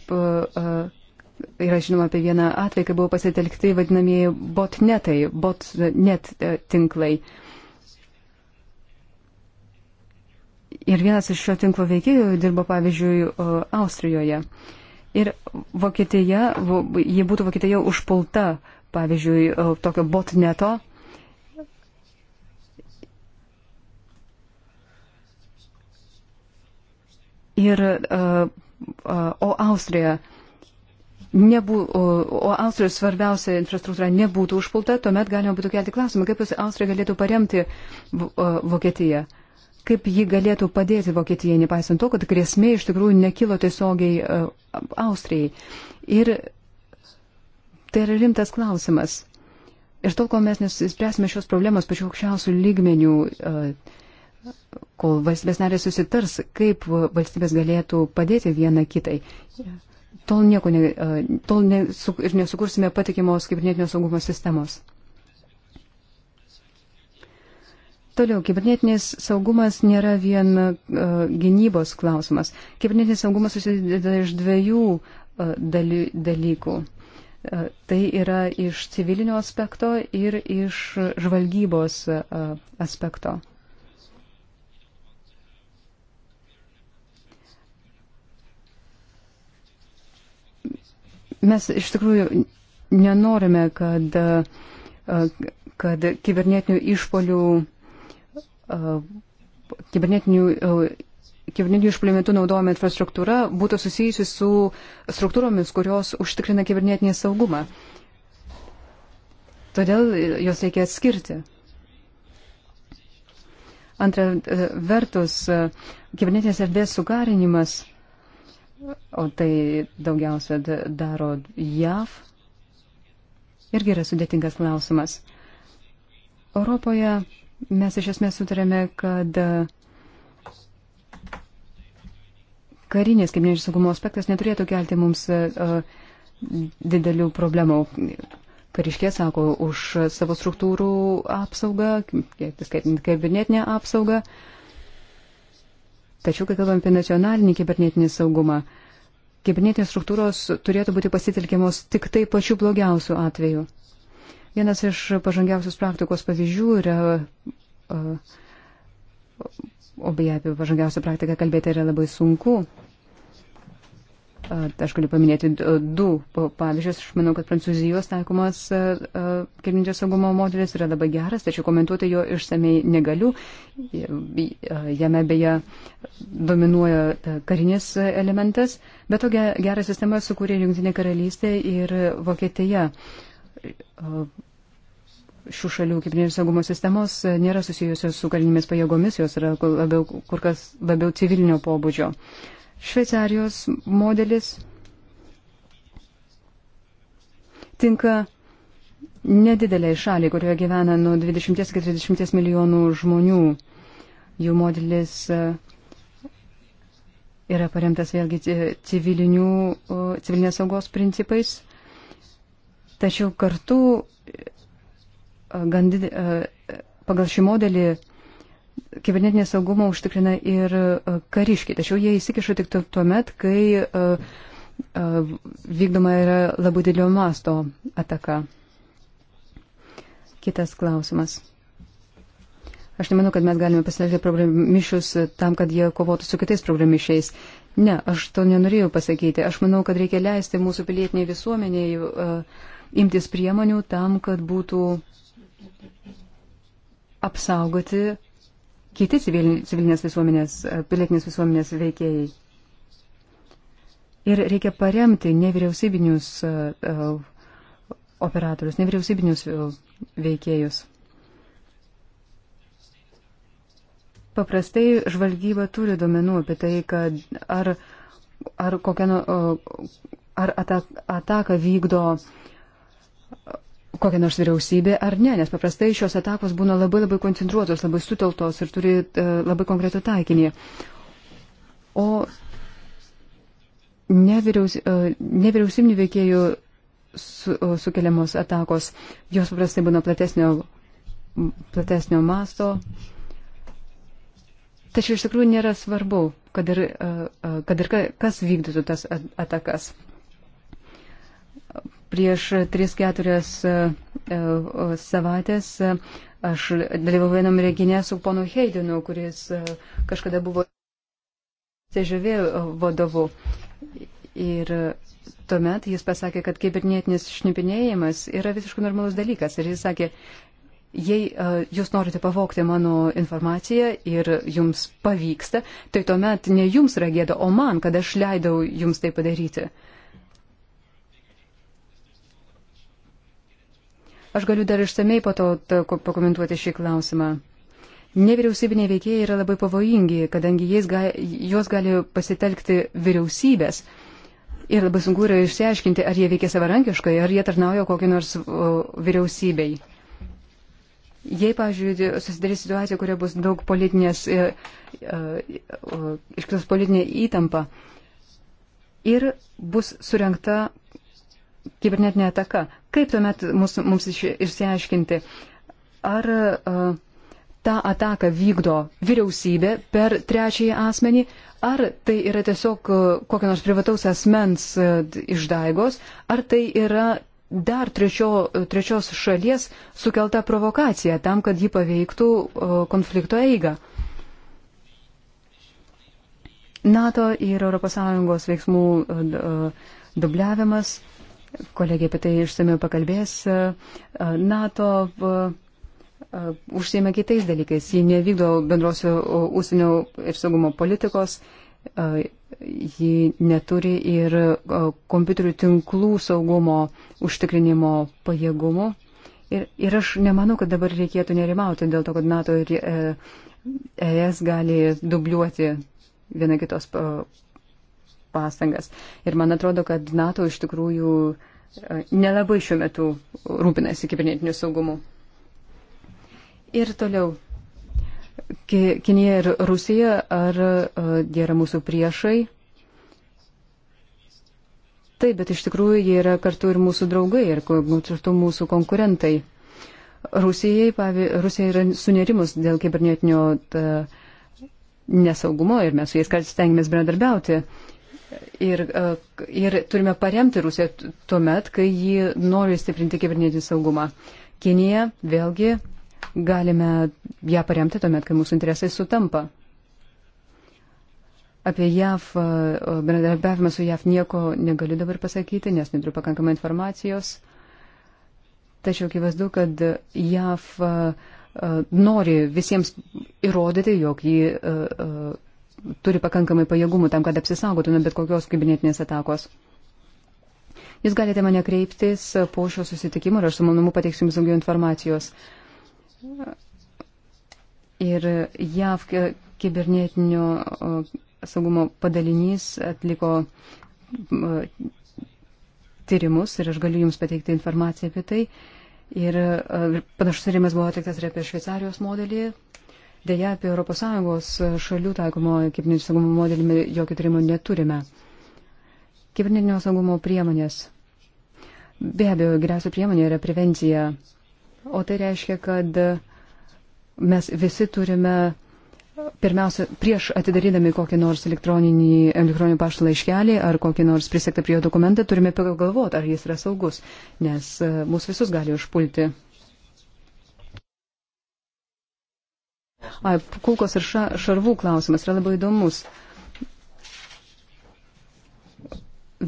yra žinoma apie vieną atvejį, kai buvo pasitelkti vadinamieji botnetai, botnet tinklai. Ir vienas iš šio tinklo veikėjų dirbo, pavyzdžiui, Austrijoje. Ir Vokietija, jei būtų Vokietija užpulta, pavyzdžiui, e, tokio botneto, ir, e, e, o Austrija nebū, o Austrijos svarbiausia infrastruktūra nebūtų užpulta, tuomet galima būtų kelti klausimą, kaip Austrija galėtų paremti Vokietiją. Uh, kaip ji galėtų padėti Vokietijai, nepaisant to, kad grėsmė iš tikrųjų nekilo tiesiogiai e, Austrijai. Ir tai yra rimtas klausimas. Ir tol, kol mes nesispręsime šios problemos pačiu aukščiausių lygmenių, e, kol valstybės narės susitars, kaip valstybės galėtų padėti viena kitai, tol, nieko ne, e, tol nesu, ir nesukursime patikimos kibernetinio saugumo sistemos. Toliau, kibernetinis saugumas nėra vien uh, gynybos klausimas. Kibernetinis saugumas susideda iš dviejų uh, e, daly, dalykų. Uh, tai yra iš civilinio aspekto ir iš žvalgybos uh, aspekto. Mes iš tikrųjų nenorime, kad, uh, kad kibernetinių išpolių kibernetinių, kibernetinių išpolių metu naudojama infrastruktūra būtų susijusi su struktūromis, kurios užtikrina kibernetinį saugumą. Todėl jos reikia atskirti. Antra e, vertus, e, kibernetinės erdvės sugarinimas, o tai daugiausia daro JAV, irgi yra sudėtingas klausimas. Europoje Mes iš esmės sutarėme, kad e, karinės kaimynės saugumo aspektas neturėtų kelti mums e, e, didelių problemų. Kariškė sako už savo struktūrų apsaugą, skaitant kibernetinę apsaugą. Tačiau, kai kalbam apie nacionalinį kibernetinį saugumą, kibernetinės struktūros turėtų būti pasitelkiamos tik tai pačiu blogiausiu atveju. Vienas iš pažangiausios praktikos pavyzdžių yra, o beje, apie pažangiausią praktiką kalbėti yra labai sunku. Aš galiu paminėti du pavyzdžius. Aš manau, kad Prancūzijos taikomas kilminčio saugumo modelis yra labai geras, tačiau komentuoti jo išsamei negaliu. Jame beje dominuoja karinis elementas, bet tokia gera sistema sukūrė Junktinė karalystė ir Vokietija šių šalių kibernetinio saugumo sistemos nėra susijusios su karinėmis pajėgomis, jos yra labiau, kur kas labiau civilinio pobūdžio. Šveicarijos modelis tinka nedideliai šaliai, kurioje gyvena nuo 20 iki 30 milijonų žmonių. Jų modelis e, yra paremtas vėlgi civilinės saugos principais. Tačiau kartu gan did, e, pagal šį modelį kibernetinį saugumą užtikrina ir e, kariškiai, tačiau jie įsikiša tik tuo met, kai e, vykdoma yra labai didelio masto ataka. Kitas klausimas. Aš nemanau, kad mes galime pasitelkti programišius tam, kad jie kovotų su kitais programišiais. Ne, aš to nenorėjau pasakyti. Aš manau, kad reikia leisti mūsų pilietiniai visuomeniai uh, imtis priemonių tam, kad būtų uh, apsaugoti kiti civilinės visuomenės, e, pilietinės visuomenės veikėjai. Ir reikia paremti nevyriausybinius e, e, operatorius, nevyriausybinius veikėjus. Paprastai žvalgyba turi duomenų apie tai, kad ar, ar, kokia, nu, ar ataka vykdo kokią nors vyriausybę ar ne, nes paprastai šios atakos būna labai labai koncentruotos, labai suteltos ir turi uh, labai konkretų taikinį. O nevyriaus, uh, nevyriausybinių veikėjų su, uh, sukeliamos atakos, jos paprastai būna platesnio, platesnio masto. Tačiau iš tikrųjų nėra svarbu, kad ir, uh, kad ir kas vykdytų tas atakas. At Prieš 3-4 e, e, savaitės e, aš dalyvau vienam renginė su ponu Heidinu, kuris kažkada buvo CŽV vadovu. Ir tuomet jis pasakė, kad kibernetinis šnipinėjimas yra visiškai normalus dalykas. Ir jis sakė, jei uh, jūs norite pavokti mano informaciją ir jums pavyksta, tai tuomet ne jums yra gėda, o man, kad aš leidau jums tai padaryti. Uh, Aš galiu dar išsamei po to pakomentuoti šį klausimą. Nevyriausybiniai veikėjai yra labai pavojingi, kadangi gali, jos gali pasitelkti vyriausybės. Ir labai sunku yra išsiaiškinti, ar jie veikia savarankiškai, ar jie tarnauja kokiai nors o, vyriausybei. Jei, pavyzdžiui, susidarys situacija, kurioje bus daug politinės, e, e, iškils politinė įtampa ir bus surinkta kibernetinė ataka. Kaip tuomet mus, mums išsiaiškinti, ar uh, tą ataką vykdo vyriausybė per trečiąjį asmenį, ar tai yra tiesiog uh, kokio nors privataus asmens uh, išdaigos, ar tai yra dar trečio, trečios šalies sukelta provokacija tam, kad ji paveiktų konflikto eigą. NATO ir ES veiksmų dubliavimas. Uh, Kolegė apie tai išsamiau pakalbės. NATO užsieima kitais dalykais. Ji nevykdo bendrosio užsienio ir saugumo politikos. Ji neturi ir kompiuterių tinklų saugumo užtikrinimo pajėgumų. Ir, ir aš nemanau, kad dabar reikėtų nerimauti dėl to, kad NATO ir ES e gali dubliuoti viena kitos pastangas. Ir man atrodo, kad NATO iš tikrųjų e, nelabai šiuo metu rūpinasi kibernetiniu saugumu. Ir toliau. Kinija ir Rusija, ar e, jie yra mūsų priešai? Taip, bet iš tikrųjų jie yra kartu ir mūsų draugai, ir kartu mūsų konkurentai. Rusijai, pavy, Rusija yra sunerimus dėl kibernetinio ta, nesaugumo ir mes su jais kartais stengiamės bendradarbiauti. Ir, e, ir turime paremti Rusiją tuomet, kai ji nori stiprinti kibernetinį saugumą. Kinija vėlgi galime ją paremti tuomet, kai mūsų interesai sutampa. Apie JAV, e, bendradarbiavimą su JAV nieko negaliu dabar pasakyti, nes neturiu pakankamai informacijos. Tačiau akivaizdu, kad JAV e, nori visiems įrodyti, jog ji turi pakankamai pajėgumų tam, kad apsisaugotų nuo bet kokios kibernetinės atakos. Jūs galite mane kreiptis po šio susitikimo ir aš su malonumu pateiksiu jums daugiau informacijos. Ir JAV kibernetinio saugumo padalinys atliko tyrimus ir aš galiu jums pateikti informaciją apie tai. Ir panašus tyrimas buvo atliktas ir apie Šveicarijos modelį, Deja, apie ES šalių taikomo kibernetinio saugumo modelį jokių tyrimų neturime. Kibernetinio saugumo priemonės. Be abejo, geriausia priemonė yra prevencija. O tai reiškia, kad mes visi turime pirmiausia, prieš atidarydami kokį nors elektroninį, elektroninį paštą laiškelį ar kokį nors prisektą prie jo dokumentą, turime pagalvoti, ar jis yra saugus, nes e, mūsų visus gali užpulti Ai, kulkos ir ša, šarvų klausimas yra labai įdomus.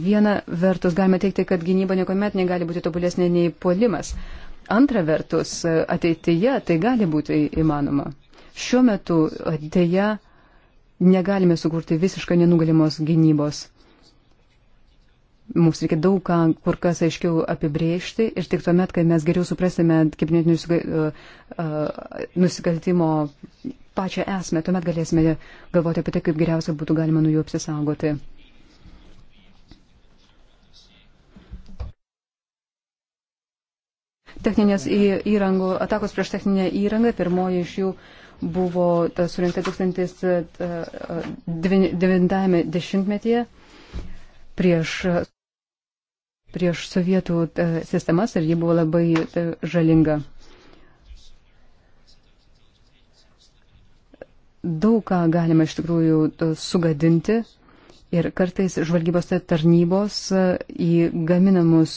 Viena vertus galime teikti, kad gynyba niekuomet negali būti tobulesnė nei polimas. Antra vertus, ateityje tai gali būti įmanoma. Šiuo metu ateityje negalime sukurti visiškai nenugalimos gynybos. Mums reikia daug ką kur kas aiškiau apibriežti ir tik tuomet, kai mes geriau suprasime kibernetinių uh, uh, nusikaltimo pačią esmę, tuomet galėsime galvoti apie tai, kaip geriausia būtų galima nuo jų apsisaugoti. Techninės įrangų, atakos prieš techninę įrangą, pirmoji iš jų buvo surinkta 1990-metyje prieš prieš sovietų e, sistemas ir ji buvo labai e, žalinga. Daug ką galima iš tikrųjų e, sugadinti ir kartais žvalgybos tarnybos į gaminamus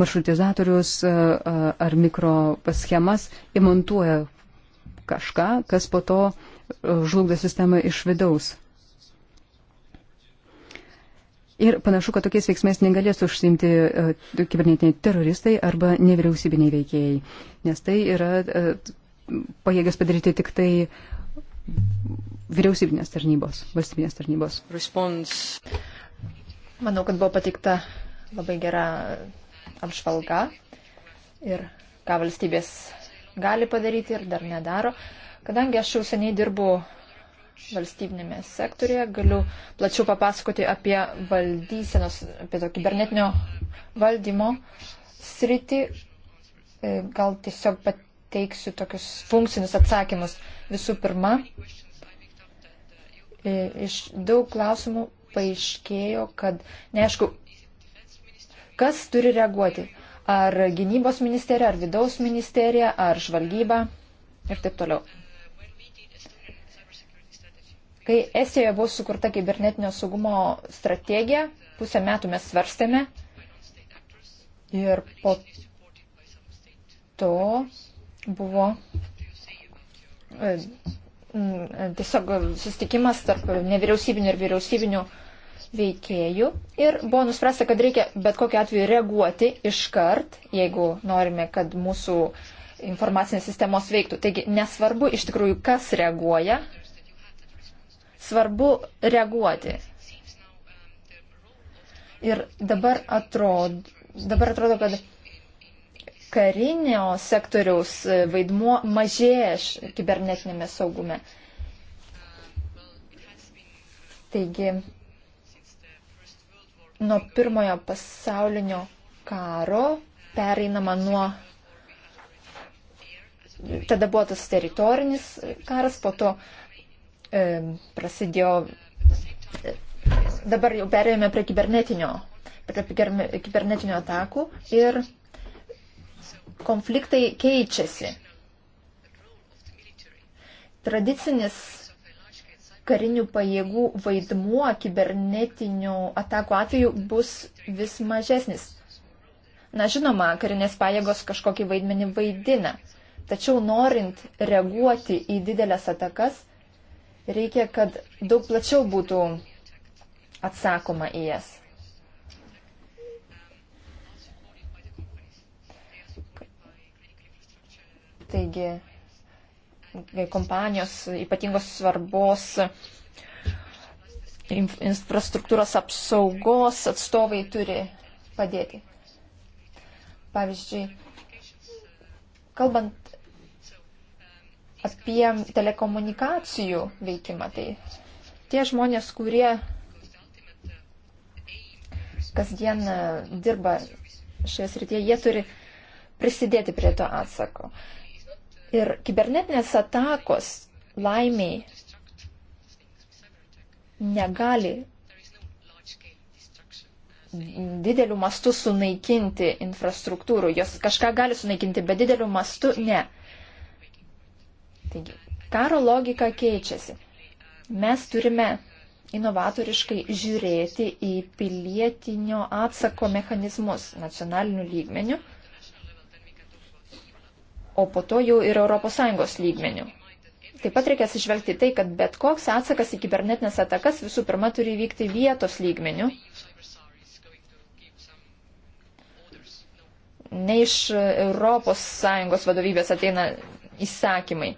maršrutizatorius ar mikroschemas įmontuoja kažką, kas po to žlugdo sistemą iš vidaus. Ir panašu, kad tokiais veiksmais negalės užsimti uh, kibernetiniai teroristai arba nevyriausybiniai veikėjai, nes tai yra uh, e, pajėgas padaryti tik tai vyriausybinės tarnybos, valstybinės tarnybos. Response. Manau, kad buvo patikta labai gera apžvalga ir ką valstybės gali padaryti ir dar nedaro. Kadangi aš jau seniai dirbu valstybinėme sektorėje. Galiu plačiau papasakoti apie valdysenos, apie to kibernetinio valdymo sritį. E, gal tiesiog pateiksiu tokius funkcinius atsakymus. Visų pirma, e, iš daug klausimų paaiškėjo, kad neaišku, kas turi reaguoti. Ar gynybos ministerija, ar vidaus ministerija, ar žvalgyba ir taip toliau. Kai Estijoje buvo sukurta kibernetinio saugumo strategija, pusę metų mes svarstėme ir po to buvo e, tiesiog susitikimas tarp nevyriausybinių ir vyriausybinių veikėjų ir buvo nuspręsta, kad reikia bet kokiu atveju reaguoti iškart, jeigu norime, kad mūsų informacinės sistemos veiktų. Taigi nesvarbu iš tikrųjų, kas reaguoja, svarbu reaguoti. Ir dabar atrodo, dabar atrodo kad karinio sektoriaus vaidmuo mažėja kibernetinėme saugume. Taigi, nuo pirmojo pasaulinio karo pereinama nuo. Tada buvo tas teritorinis karas, po to E, prasidėjo. E, dabar jau perėjome prie kibernetinio, prie kibernetinio atakų ir konfliktai keičiasi. Tradicinis karinių pajėgų vaidmuo kibernetinių atakų atveju bus vis mažesnis. Na žinoma, karinės pajėgos kažkokį vaidmenį vaidina, tačiau norint reaguoti į didelės atakas, Reikia, kad daug plačiau būtų atsakoma į jas. Taigi, kompanijos ypatingos svarbos infrastruktūros apsaugos atstovai turi padėti. Pavyzdžiui, kalbant apie telekomunikacijų veikimą. Tai tie žmonės, kurie kasdien e, dirba šioje srityje, jie turi prisidėti prie to atsako. Ir kibernetinės atakos laimiai negali dideliu mastu sunaikinti infrastruktūrų. Jos kažką gali sunaikinti, bet dideliu mastu ne. Taigi, karo logika keičiasi. Mes turime inovatoriškai žiūrėti į pilietinio atsako mechanizmus nacionalinių lygmenių, o po to jau ir ES lygmenių. Taip pat reikia atsižvelgti tai, kad bet koks atsakas į kibernetinės atakas visų pirma turi vykti vietos lygmenių, ne iš ES vadovybės ateina įsakymai.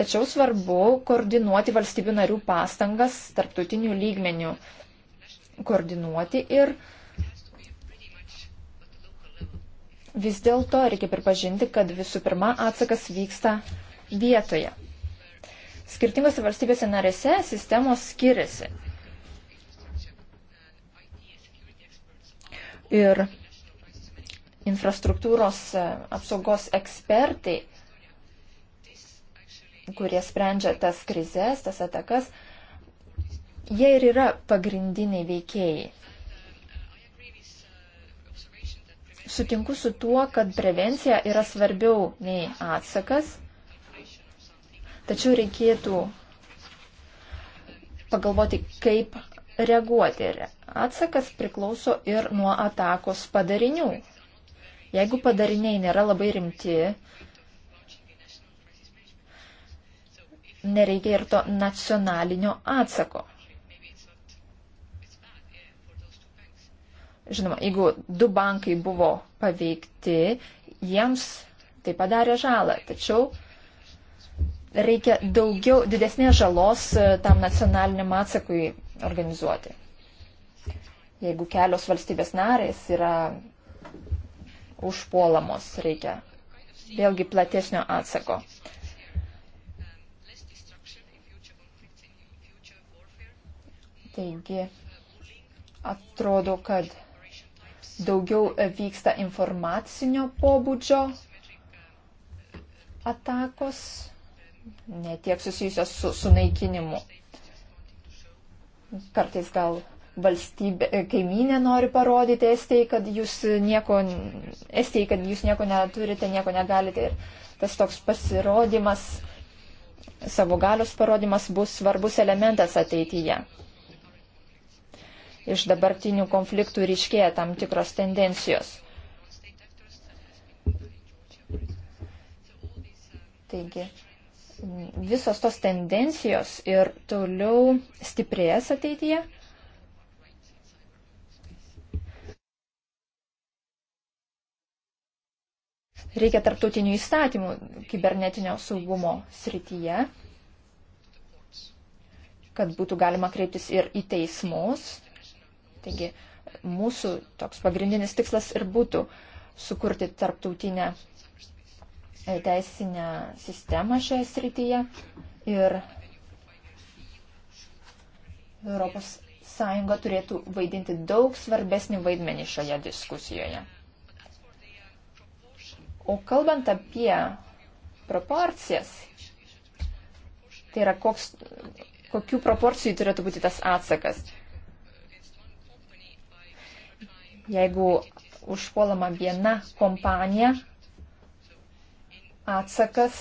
Tačiau svarbu koordinuoti valstybių narių pastangas tarptautinių lygmenių, koordinuoti ir vis dėlto reikia pripažinti, kad visų pirma atsakas vyksta vietoje. Skirtingose valstybėse narėse sistemos skiriasi. Ir infrastruktūros e, apsaugos ekspertai kurie sprendžia tas krizės, tas atakas, jie ir yra pagrindiniai veikėjai. Sutinku su tuo, kad prevencija yra svarbiau nei atsakas, tačiau reikėtų pagalvoti, kaip reaguoti. Atsakas priklauso ir nuo atakos padarinių. Jeigu padariniai nėra labai rimti, nereikia ir to nacionalinio atsako. Žinoma, jeigu du bankai buvo paveikti, jiems tai padarė žalą, tačiau reikia daugiau, didesnės žalos e, tam nacionaliniam atsakui organizuoti. Jeigu kelios valstybės narės yra užpuolamos, reikia vėlgi platesnio atsako. Taigi, atrodo, kad daugiau vyksta informacinio pobūdžio atakos, netiek susijusios su sunaikinimu. Kartais gal valstybė, kaiminė nori parodyti Estijai, kad jūs nieko, Estijai, kad jūs nieko neturite, nieko negalite. Ir tas toks pasirodymas, savo galios parodimas bus svarbus elementas ateityje iš dabartinių konfliktų ryškėja tam tikros tendencijos. Taigi, visos tos tendencijos ir toliau stiprės ateityje. Reikia tarptautinių įstatymų kibernetinio saugumo srityje, kad būtų galima kreiptis ir į teismus, Taigi mūsų toks pagrindinis tikslas ir būtų sukurti tarptautinę e, teisinę sistemą šioje srityje ir Europos Sąjunga turėtų vaidinti daug svarbesnį vaidmenį šioje diskusijoje. O kalbant apie proporcijas, tai yra koks, kokių proporcijų turėtų būti tas atsakas. Jeigu užpuolama viena kompanija, atsakas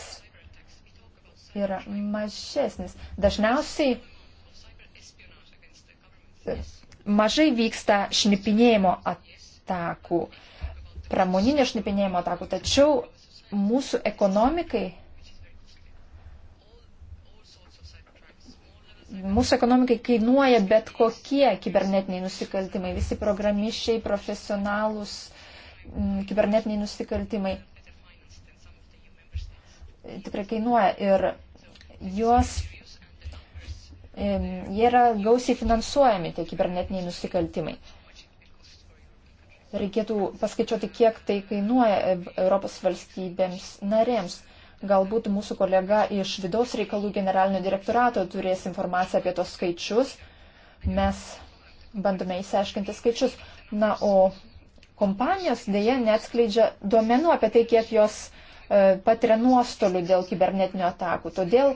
yra mažesnis. Dažniausiai e, mažai vyksta šnipinėjimo atakų, pramoninio šnipinėjimo atakų, tačiau mūsų ekonomikai mūsų ekonomikai kainuoja bet kokie kibernetiniai nusikaltimai, visi programišiai, profesionalūs mm, kibernetiniai nusikaltimai. Tikrai kainuoja ir juos, jie yra gausiai finansuojami, tie kibernetiniai nusikaltimai. Reikėtų paskaičiuoti, kiek tai kainuoja e, Europos valstybėms narėms. Galbūt mūsų kolega iš vidaus reikalų generalinio direktorato turės informaciją apie tos skaičius. Mes bandome įsiaiškinti skaičius. Na, o kompanijos dėje neatskleidžia duomenų apie tai, kiek jos e, patiria nuostolių dėl kibernetinių atakų. Todėl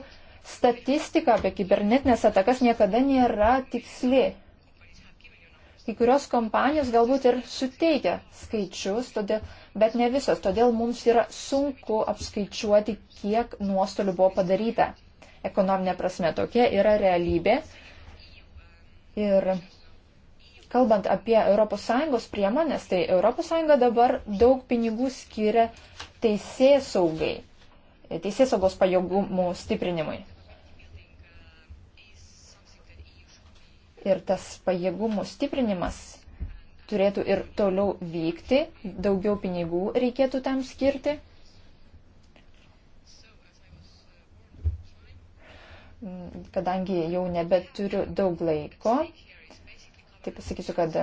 statistika apie kibernetinės atakas niekada nėra tiksli. Kai kurios kompanijos galbūt ir suteikia skaičius, todėl, bet ne visos. Todėl mums yra sunku apskaičiuoti, kiek nuostolių buvo padaryta. Ekonominė prasme tokia yra realybė. Ir kalbant apie ES priemonės, tai ES dabar daug pinigų skiria teisės saugai, teisės saugos pajėgumų stiprinimui. ir tas pajėgumų stiprinimas turėtų ir toliau vykti, daugiau pinigų reikėtų tam skirti. Kadangi jau nebeturiu daug laiko, tai pasakysiu, kad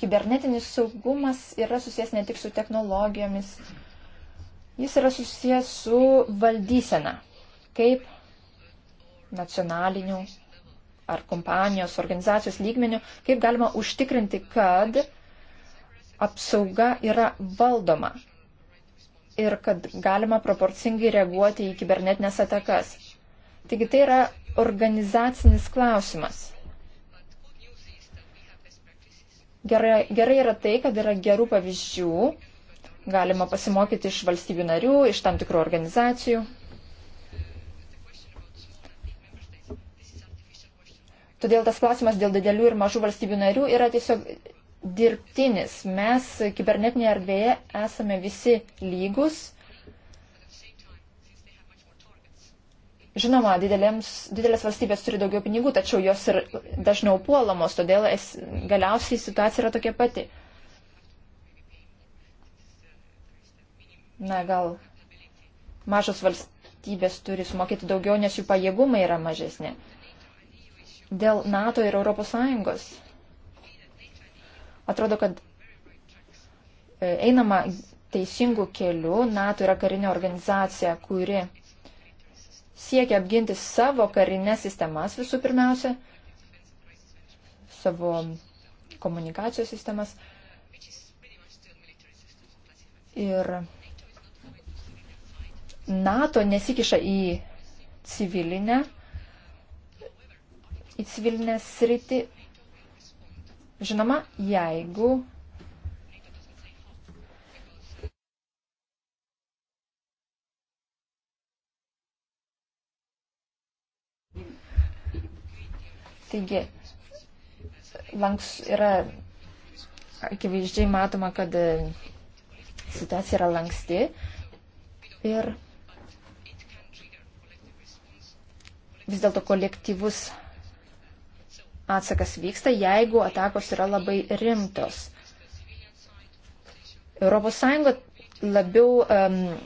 kibernetinis saugumas yra susijęs ne tik su technologijomis, jis yra susijęs su valdysena, kaip nacionalinių ar kompanijos, organizacijos lygmenių, kaip galima užtikrinti, kad apsauga yra valdoma ir kad galima proporcingai reaguoti į kibernetinės atakas. Taigi tai yra organizacinis klausimas. Gerai, gerai yra tai, kad yra gerų pavyzdžių, galima pasimokyti iš valstybių narių, iš tam tikrų organizacijų. Todėl tas klausimas dėl didelių ir mažų valstybių narių yra tiesiog dirbtinis. Mes kibernetinėje erdvėje esame visi lygus. Žinoma, didelėms, didelės valstybės turi daugiau pinigų, tačiau jos ir dažniau puolamos, todėl es, galiausiai situacija yra tokia pati. Na, gal mažos valstybės turi sumokėti daugiau, nes jų pajėgumai yra mažesni dėl NATO ir ES. Atrodo, kad e, einama teisingų kelių. NATO yra karinė organizacija, kuri siekia apginti savo karinės sistemas visų pirmiausia, savo komunikacijos sistemas. Ir NATO nesikiša į civilinę į civilinę sritį. Žinoma, jeigu Taigi, lanks yra akivaizdžiai matoma, kad situacija yra lanksti ir vis dėlto kolektyvus atsakas vyksta, jeigu atakos yra labai rimtos. ES labiau um,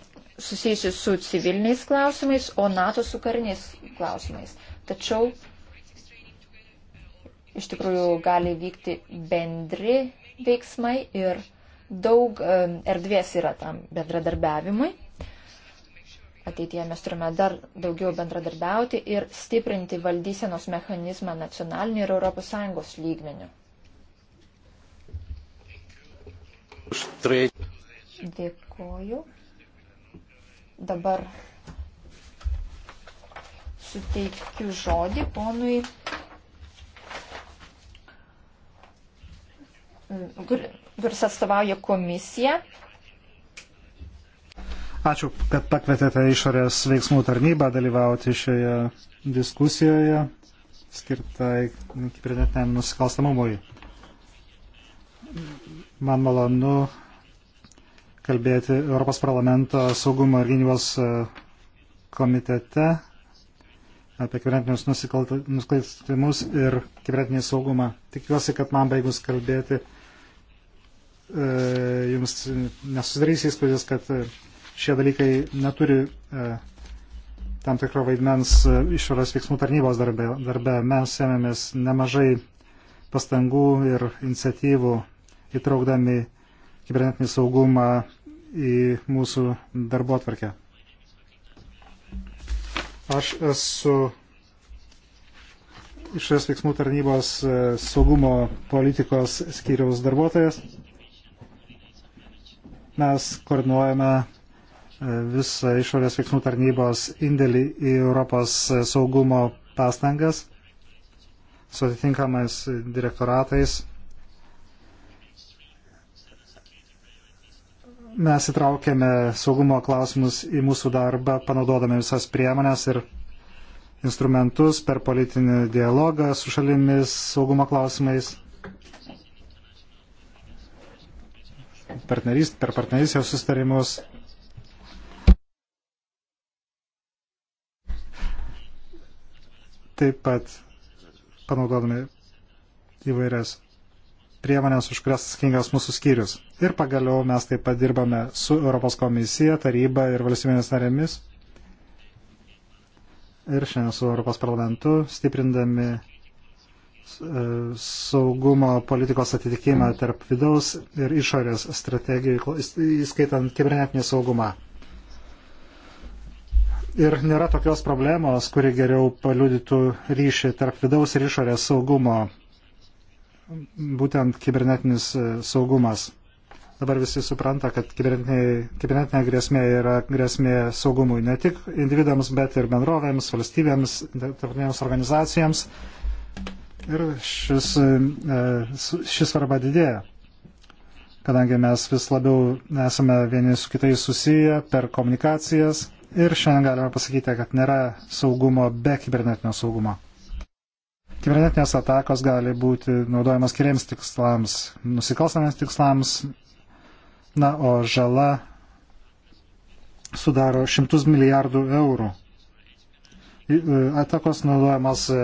susijusi su civiliniais klausimais, o NATO su kariniais klausimais. Tačiau iš tikrųjų gali vykti bendri veiksmai ir daug um, erdvės yra tam bendradarbiavimui. Ateityje mes turime dar daugiau bendradarbiauti ir stiprinti valdysenos mechanizmą nacionalinį ir ES lygmenių. Dėkoju. Dabar suteikiu žodį ponui kuris atstovauja komisiją, Ačiū, kad pakvietėte išorės veiksmų tarnybą dalyvauti šioje diskusijoje skirtai kibernetiniam nusikalstamumui. Man malonu kalbėti Europos parlamento saugumo ir gynybos e, komitete apie kibernetinius nusikaltimus ir kibernetinį saugumą. Tikiuosi, kad man baigus kalbėti, e, jums nesusidarys įspūdis, kad e, šie dalykai neturi e, tam tikro vaidmens e, išorės veiksmų tarnybos darbe. darbe. Mes ėmėmės nemažai pastangų ir iniciatyvų įtraukdami kibernetinį saugumą į mūsų darbo atvarkę. Aš esu išorės veiksmų tarnybos e, saugumo politikos skyriaus darbuotojas. Mes koordinuojame visą išorės veiksmų tarnybos indėlį į Europos saugumo pastangas su atitinkamais direktoratais. Mes įtraukėme saugumo klausimus į mūsų darbą, panaudodami visas priemonės ir instrumentus per politinį dialogą su šalimis saugumo klausimais. Partnerys, per partnerystės sustarimus taip pat panaudodami įvairias priemonės, už kurias atsakingas mūsų skyrius. Ir pagaliau mes taip pat dirbame su Europos komisija, taryba ir valstybėmis narėmis. Ir šiandien su Europos parlamentu stiprindami e, saugumo politikos atitikimą tarp vidaus ir išorės strategijų, įskaitant kibernetinį saugumą ir nėra tokios problemos, kuri geriau paliudytų ryšį tarp vidaus ir išorės saugumo, būtent kibernetinis e, saugumas. Dabar visi supranta, kad kibernetinė grėsmė yra grėsmė saugumui ne tik individams, bet ir bendrovėms, valstybėms, tarptautinėms organizacijoms. Ir šis, e, šis svarba didėja kadangi mes vis labiau esame vieni su kitais susiję per komunikacijas, ir šiandien galime pasakyti, kad nėra saugumo be kibernetinio saugumo. Kibernetinės atakos gali būti naudojamos keliams tikslams, nusikalstamiems tikslams, na, o žala sudaro šimtus milijardų eurų. E, atakos naudojamas e,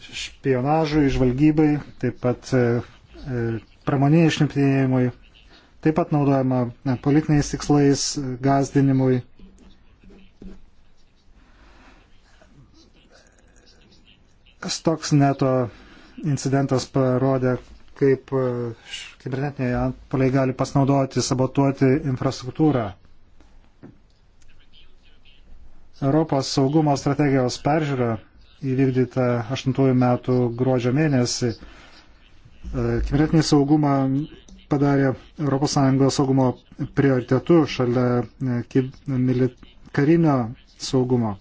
špionažui, žvalgybai, taip pat e, pramoniniai išnipinėjimui, taip pat naudojama politiniais tikslais, gazdinimui, Stoks neto incidentas parodė, kaip e, kibernetiniai antpoliai gali pasinaudoti, sabotuoti infrastruktūrą. Europos saugumo strategijos peržiūra įvykdyta 8 metų gruodžio mėnesį. E, kibernetinį saugumą padarė ES saugumo prioritetu šalia e, karinio saugumo.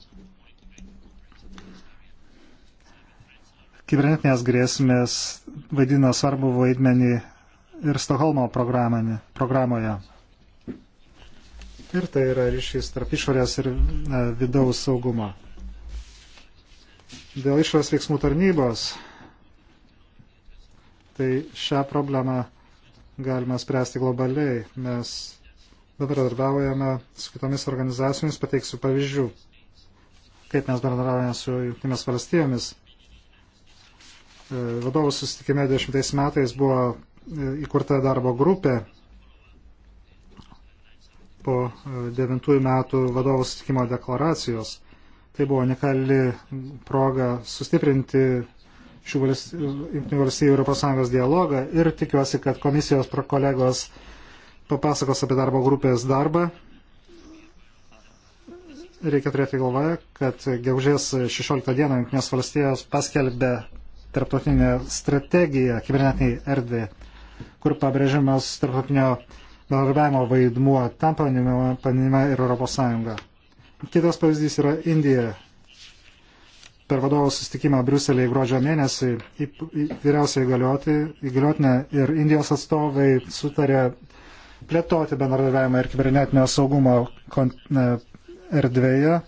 kibernetinės grėsmės vaidina svarbu vaidmenį ir Stokholmo programoje. Ir tai yra ryšys tarp išorės ir e, vidaus saugumo. Dėl išorės veiksmų tarnybos, tai šią problemą galima spręsti globaliai. Mes bendradarbiaujame su kitomis organizacijomis, pateiksiu pavyzdžių, kaip mes bendradarbiaujame su Junktinėmis valstijomis E, vadovų susitikime 10 metais buvo e, įkurta darbo grupė po 9 e, metų vadovų susitikimo deklaracijos. Tai buvo unikali proga sustiprinti šių jungtinių valstybių Europos Sąjungos dialogą ir tikiuosi, kad komisijos kolegos papasakos apie darbo grupės darbą. Reikia turėti galvoje, kad gegužės 16 dieną Junktinės valstijos paskelbė tarptautinė strategija kibernetiniai erdvė, kur pabrėžiamas tarptautinio bendradarbiavimo vaidmuo, tam paminima ir Europos Sąjunga. Kitas pavyzdys yra Indija. Per vadovų sustikimą Briuselėje gruodžio mėnesį vyriausiai įgaliotinė ir Indijos atstovai sutarė plėtoti bendradarbiavimą ir kibernetinio saugumo e, erdvėje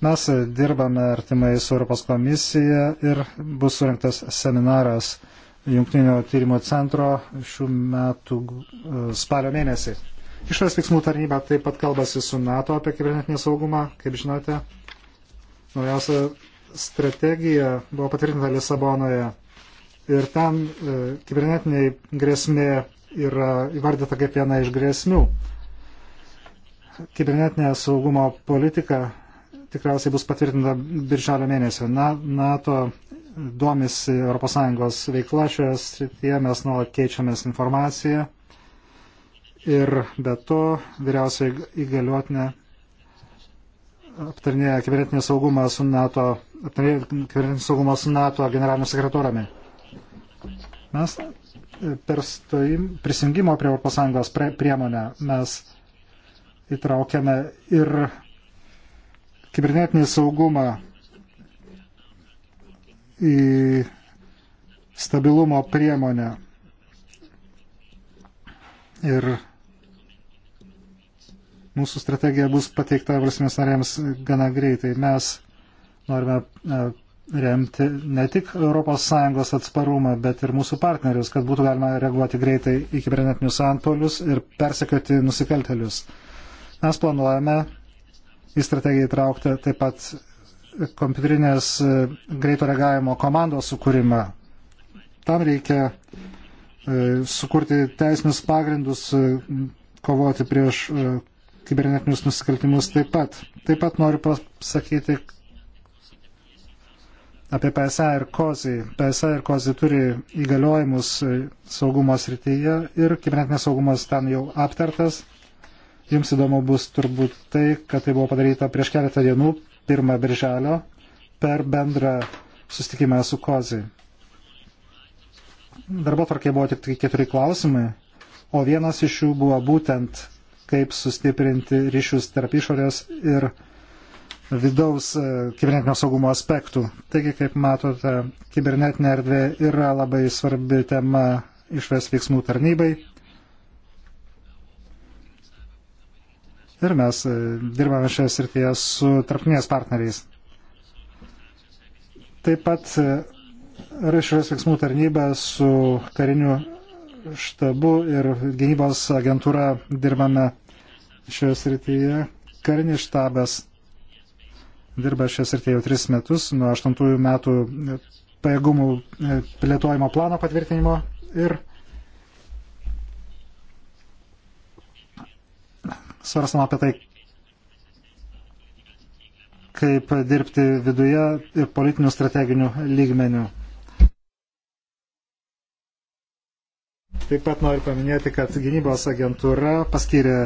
Mes dirbame artimai su Europos komisija ir bus surinktas seminaras Junktinio tyrimo centro šių metų e, spalio mėnesį. Išorės veiksmų tarnyba taip pat kalbasi su NATO apie kibernetinį saugumą, kaip žinote. Naujausia strategija buvo patvirtinta Lisabonoje ir ten e, kibernetiniai grėsmė yra įvardyta kaip viena iš grėsmių. Kibernetinė saugumo politika tikriausiai bus patvirtinta birželio mėnesio. Na, NATO domisi ES veikla šioje srityje, mes nuolat keičiamės informaciją. Ir be to vyriausiai įgaliotinė aptarnėja kibernetinį saugumą su NATO, kibernetinį saugumą su NATO generaliniu sekretoriumi. Mes e, per stojim, prisijungimo prie ES priemonę mes įtraukiame ir kibernetinį saugumą į stabilumo priemonę. Ir mūsų strategija bus pateikta valstybės narėms gana greitai. Mes norime e, remti ne tik ES atsparumą, bet ir mūsų partnerius, kad būtų galima reaguoti greitai į kibernetinius antpolius ir persekioti nusikaltelius. Mes planuojame į strategiją įtraukti taip pat kompiuterinės e, greito reagavimo komandos sukūrimą. Tam reikia e, sukurti teisinius pagrindus, e, kovoti prieš kibernetinius nusikaltimus taip pat. Taip pat noriu pasakyti apie PSA ir COZI. PSA ir COZI turi įgaliojimus saugumo srityje ir kibernetinės saugumas ten jau aptartas. Jums įdomu bus turbūt tai, kad tai buvo padaryta prieš keletą dienų, 1 birželio, per bendrą sustikimą su Kozi. Darbo tvarkiai buvo tik keturi klausimai, o vienas iš jų buvo būtent, kaip sustiprinti ryšius tarp išorės ir vidaus e, kibernetinio saugumo aspektų. Taigi, kaip matote, kibernetinė erdvė yra labai svarbi tema išvės veiksmų tarnybai ir mes e, dirbame šioje srityje su tarptautinės partneriais. Taip pat e, Išorės veiksmų tarnyba su kariniu štabu ir gynybos agentūra dirbame šioje srityje. Karinis štabas dirba šioje srityje jau tris metus, nuo aštuntųjų metų pajėgumų e, plėtojimo plano patvirtinimo ir svarstama apie tai, kaip dirbti viduje ir politinių strateginių lygmenių. Taip pat noriu paminėti, kad gynybos agentūra paskyrė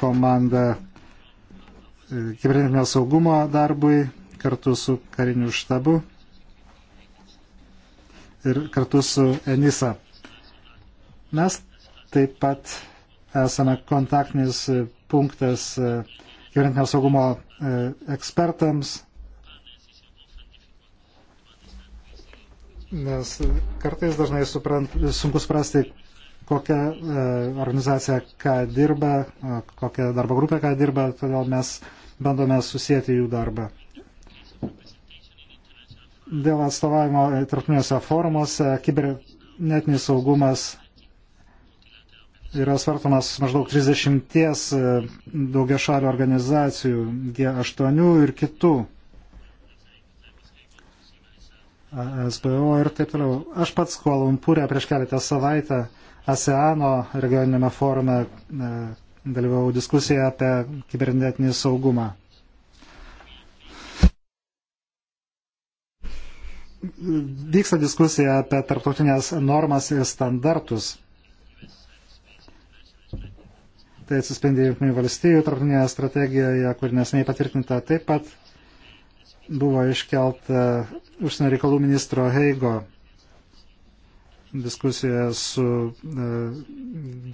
komandą e, kibernetinio saugumo darbui kartu su kariniu štabu ir kartu su ENISA. Mes taip pat esame kontaktinis punktas kibernetinio saugumo e, ekspertams, nes kartais dažnai suprant, sunku suprasti, kokia e, organizacija ką dirba, e, kokia darbo grupė ką dirba, todėl mes bandome susijęti jų darbą dėl atstovavimo tarptautiniuose forumuose kibernetinis saugumas yra svartamas maždaug 30 e, daugia šalių organizacijų, G8 ir kitų, SBO ir taip toliau. Aš pats Kualumpūrė prieš keletą savaitę ASEANO regioninėme forume e, dalyvau diskusiją apie kibernetinį saugumą. Vyksta diskusija apie tarptautinės normas ir standartus Tai atsispindi Junktinių valstybių tarptautinėje strategijoje, kur nesnei patvirtinta taip pat buvo iškelta užsienio reikalų ministro Heigo diskusijoje su e,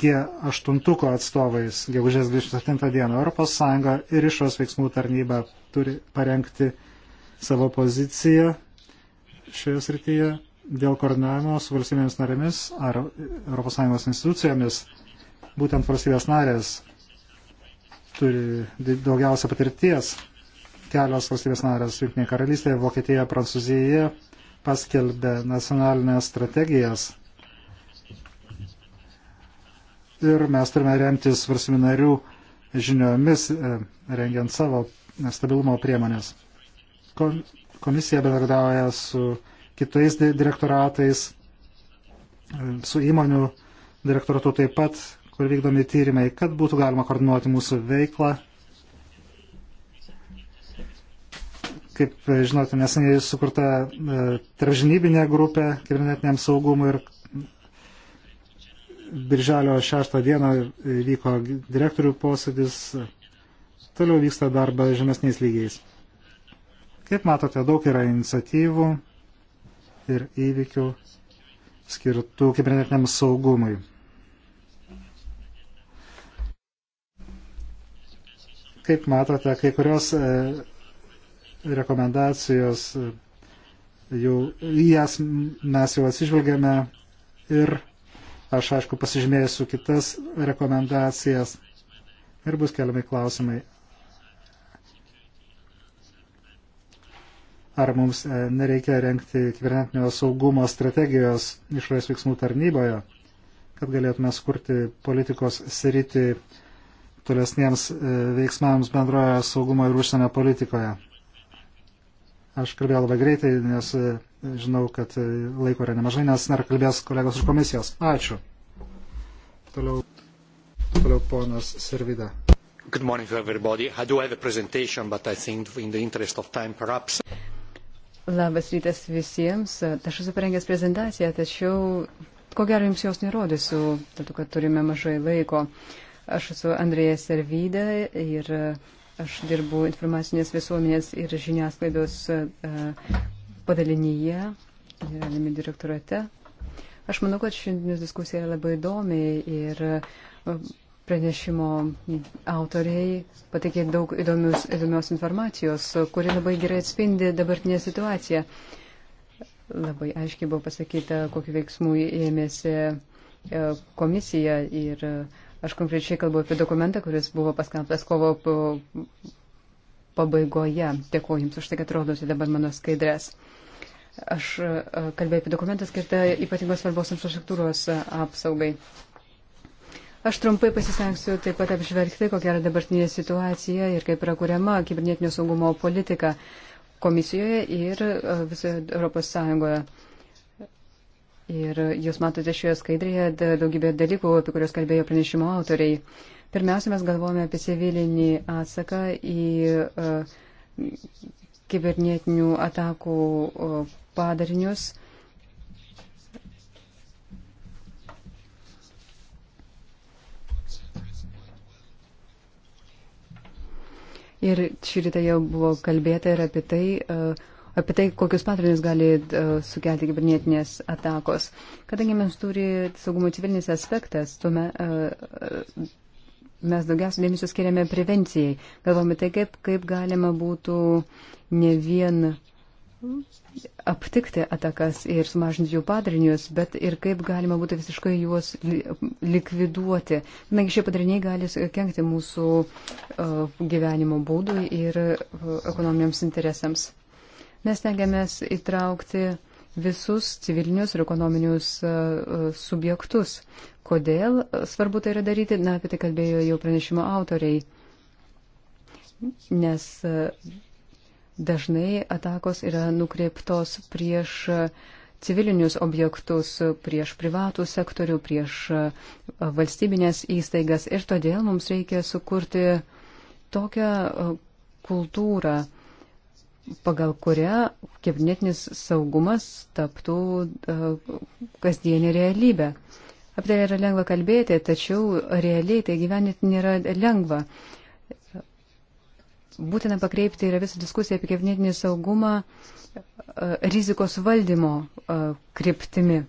G8 atstovais gegužės 27 dieną. ES ir išos veiksmų tarnyba turi parengti savo poziciją šioje srityje dėl koordinavimo su valstybėmis narėmis ar ES institucijomis būtent valstybės narės turi daugiausia patirties. Kelios valstybės narės, Junktinė karalystė, Vokietija, Prancūzija paskelbė nacionalinės strategijas. Ir mes turime remtis valstybių narių žiniomis, e, rengiant savo stabilumo priemonės. Komisija bendradavoja su kitais direktoratais, e, su įmonių direktoratu taip pat kur vykdomi tyrimai, kad būtų galima koordinuoti mūsų veiklą. Kaip e, žinote, neseniai sukurta e, tarpžinybinė grupė kibernetiniam saugumui ir Birželio 6 dieną vyko direktorių posėdis, toliau vyksta darbas žemesniais lygiais. Kaip matote, daug yra iniciatyvų ir įvykių skirtų kibernetiniam saugumui. Kaip matote, kai kurios e, rekomendacijos, e, jau, jas mes jau atsižvelgėme ir aš, aišku, pasižymėsiu kitas rekomendacijas ir bus keliami klausimai. Ar mums e, nereikia renkti kibernetinio saugumo strategijos išorės veiksmų tarnyboje, kad galėtume skurti politikos sritį tolesniems e, veiksmams bendroje saugumo ir užsienio politikoje. Aš kalbėjau labai greitai, nes e, žinau, kad e, laiko yra nemažai, nes dar kalbės kolegos iš komisijos. Ačiū. Toliau, toliau ponas Servida. Good morning to everybody. I do have a presentation, but I think in the interest of time perhaps. Labas rytas visiems. Aš esu parengęs prezentaciją, tačiau ko gero jums jos nerodysiu, dėl to, kad turime mažai laiko. Uh, Aš esu Andrėja Servydė ir e, aš dirbu informacinės visuomenės ir žiniasklaidos e, padalinyje, generalinėme direktorate. Aš manau, kad šiandienos diskusija yra labai įdomi ir e, pranešimo autoriai pateikė daug įdomius, įdomios informacijos, kuri labai gerai atspindi dabartinę situaciją. Labai aiškiai buvo pasakyta, kokiu veiksmu ėmėsi komisija ir uh, Aš konkrečiai kalbu apie dokumentą, kuris buvo paskelbtas kovo pabaigoje. Dėkuoju Jums už tai, kad rodote dabar mano skaidrės. Aš e, kalbėjau apie dokumentą skirtą ypatingos svarbos infrastruktūros e, apsaugai. Aš trumpai pasistengsiu taip pat apžvelgti, kokia yra dabartinė situacija ir kaip yra kuriama kibernetinio saugumo politika komisijoje ir e, visoje Europos Sąjungoje. Ir jūs matote šioje skaidrėje daugybę dalykų, apie kuriuos kalbėjo pranešimo autoriai. Pirmiausia, mes galvojame apie civilinį atsaką į uh, kibernetinių atakų uh, padarinius. Ir šį rytą jau buvo kalbėta ir apie tai, uh, apie tai, kokius patrinius gali e, sukelti kibernetinės atakos. Kadangi mes turi saugumo civilinis aspektas, tuomet e, e, mes daugiausia dėmesio skiriame prevencijai. Galvome tai, kaip, kaip galima būtų ne vien aptikti atakas ir sumažinti jų padarinius, bet ir kaip galima būtų visiškai juos likviduoti. Na, šie padariniai gali kenkti mūsų gyvenimo būdui ir ekonominiams interesams. Mes tengiamės įtraukti visus civilinius ir ekonominius e, e, subjektus. Kodėl svarbu tai yra daryti? Na, apie tai kalbėjo jau pranešimo autoriai. Nes e, dažnai atakos yra nukreiptos prieš civilinius objektus, prieš privatų sektorių, prieš valstybinės įstaigas ir todėl mums reikia sukurti tokią kultūrą, pagal kurią kibernetinis saugumas taptų uh, kasdienė realybė. Apie tai yra lengva kalbėti, tačiau realiai tai gyveninti nėra lengva. Būtina pakreipti yra visą diskusiją apie kibernetinį saugumą uh, rizikos valdymo uh, kryptimi.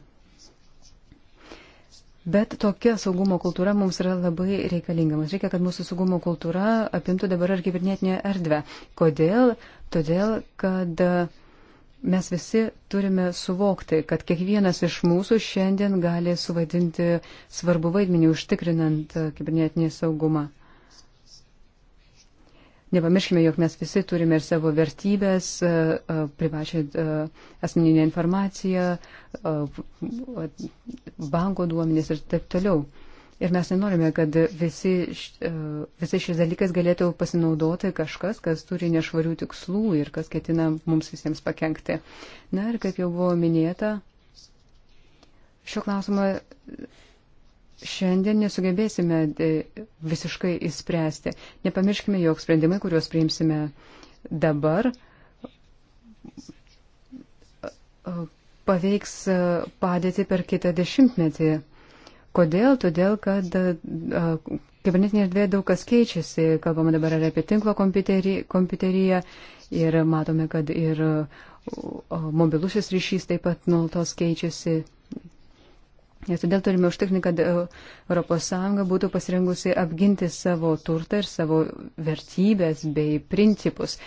Bet tokia saugumo kultūra mums yra labai reikalinga. Mums reikia, kad mūsų saugumo kultūra apimtų dabar ir kibernetinę erdvę. Kodėl? Todėl, kad e, mes visi turime suvokti, kad kiekvienas iš mūsų šiandien gali suvadinti svarbu vaidmenį užtikrinant e, kibernetinį saugumą. Nepamirškime, jog mes visi turime ir savo vertybės, e, privačią asmeninę informaciją, banko duomenys ir taip toliau. Ir mes nenorime, kad visi, e, visi šis dalykas galėtų pasinaudoti kažkas, kas turi nešvarių tikslų ir kas ketina mums visiems pakengti. Na ir kaip jau buvo minėta, šio klausimo šiandien nesugebėsime e, visiškai įspręsti. Nepamirškime, jog sprendimai, kuriuos priimsime dabar, e, paveiks padėti per kitą dešimtmetį. Kodėl? Todėl, kad kibernetinė erdvė daug kas keičiasi. Kalbame dabar ir apie tinklo kompiuteriją ir matome, kad ir mobilusis ryšys taip pat nuolatos keičiasi. Ir todėl turime užtikrinti, kad ES būtų pasirengusi apginti savo turtą ir savo vertybės bei principus,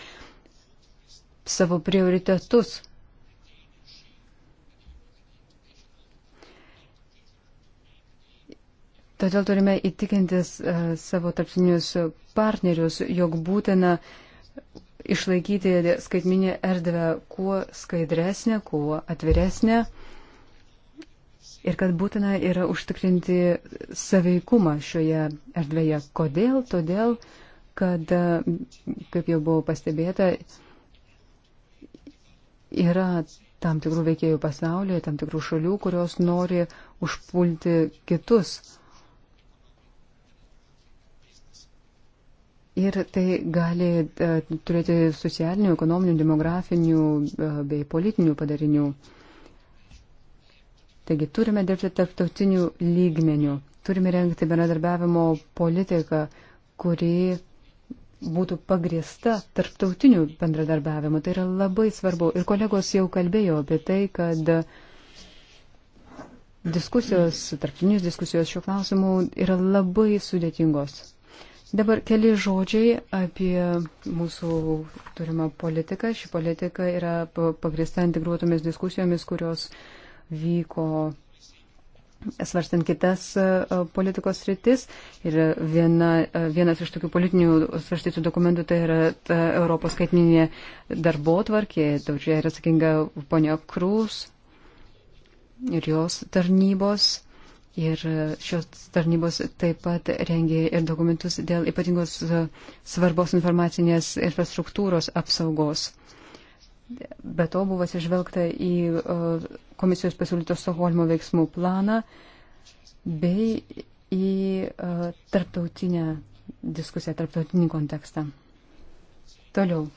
savo prioritetus Todėl turime įtikintis e, savo tarpsinius partnerius, jog būtina išlaikyti skaitminį erdvę kuo skaidresnę, kuo atviresnę ir kad būtina yra užtikrinti saveikumą šioje erdvėje. Kodėl? Todėl, kad, e, kaip jau buvo pastebėta, yra tam tikrų veikėjų pasaulyje, tam tikrų šalių, kurios nori užpulti kitus Ir tai gali e, turėti socialinių, ekonominių, demografinių e, bei politinių padarinių. Taigi turime dirbti tarptautinių lygmenių, turime rengti bendradarbiavimo politiką, kuri būtų pagrįsta tarptautiniu bendradarbiavimu. Tai yra labai svarbu. Ir kolegos jau kalbėjo apie tai, kad diskusijos, tarptautinės diskusijos šiuo klausimu yra labai sudėtingos. Dabar keli žodžiai apie mūsų turimą politiką. Ši politika yra pagrįsta integruotomis diskusijomis, kurios vyko svarstant kitas e, politikos rytis. Ir viena, e, vienas iš tokių politinių svarstytų dokumentų tai yra ta Europos skaitminė darbo tvarkė. Daugiai yra atsakinga ponia Krūs ir jos tarnybos. Ir šios tarnybos taip pat rengė ir dokumentus dėl ypatingos e, svarbos informacinės infrastruktūros apsaugos. Be to buvo atsižvelgta į e, komisijos pasiūlytos Stokholmo veiksmų planą bei į e, tarptautinę diskusiją, tarptautinį kontekstą. Toliau.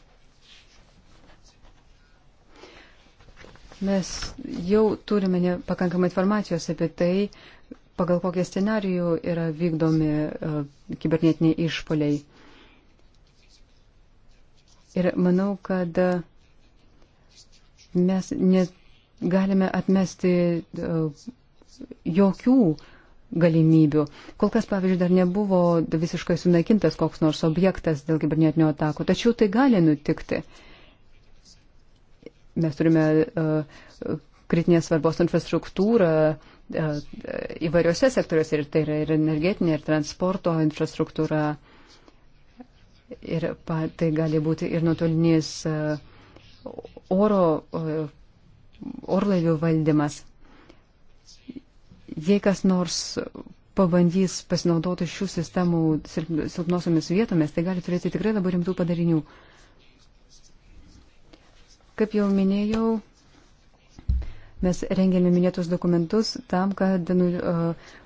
Mes jau turime pakankamai informacijos apie tai, pagal kokią scenarijų yra vykdomi e, kibernetiniai išpoliai. Ir manau, kad e, mes negalime atmesti e, jokių galimybių. Kol kas, pavyzdžiui, dar nebuvo visiškai sunaikintas koks nors objektas dėl kibernetinio atako, tačiau tai gali nutikti. Mes turime uh, kritinės svarbos infrastruktūrą, uh, E, įvairiuose sektoriuose, ir tai yra ir energetinė, ir transporto infrastruktūra, ir tai gali būti ir nuotolinis e, oro e, orlaivių valdymas. Jei kas nors pabandys pasinaudoti šių sistemų silpnosiomis vietomis, tai gali turėti tikrai labai rimtų padarinių. Kaip jau minėjau, Mes rengėme minėtus dokumentus tam, kad nu, e,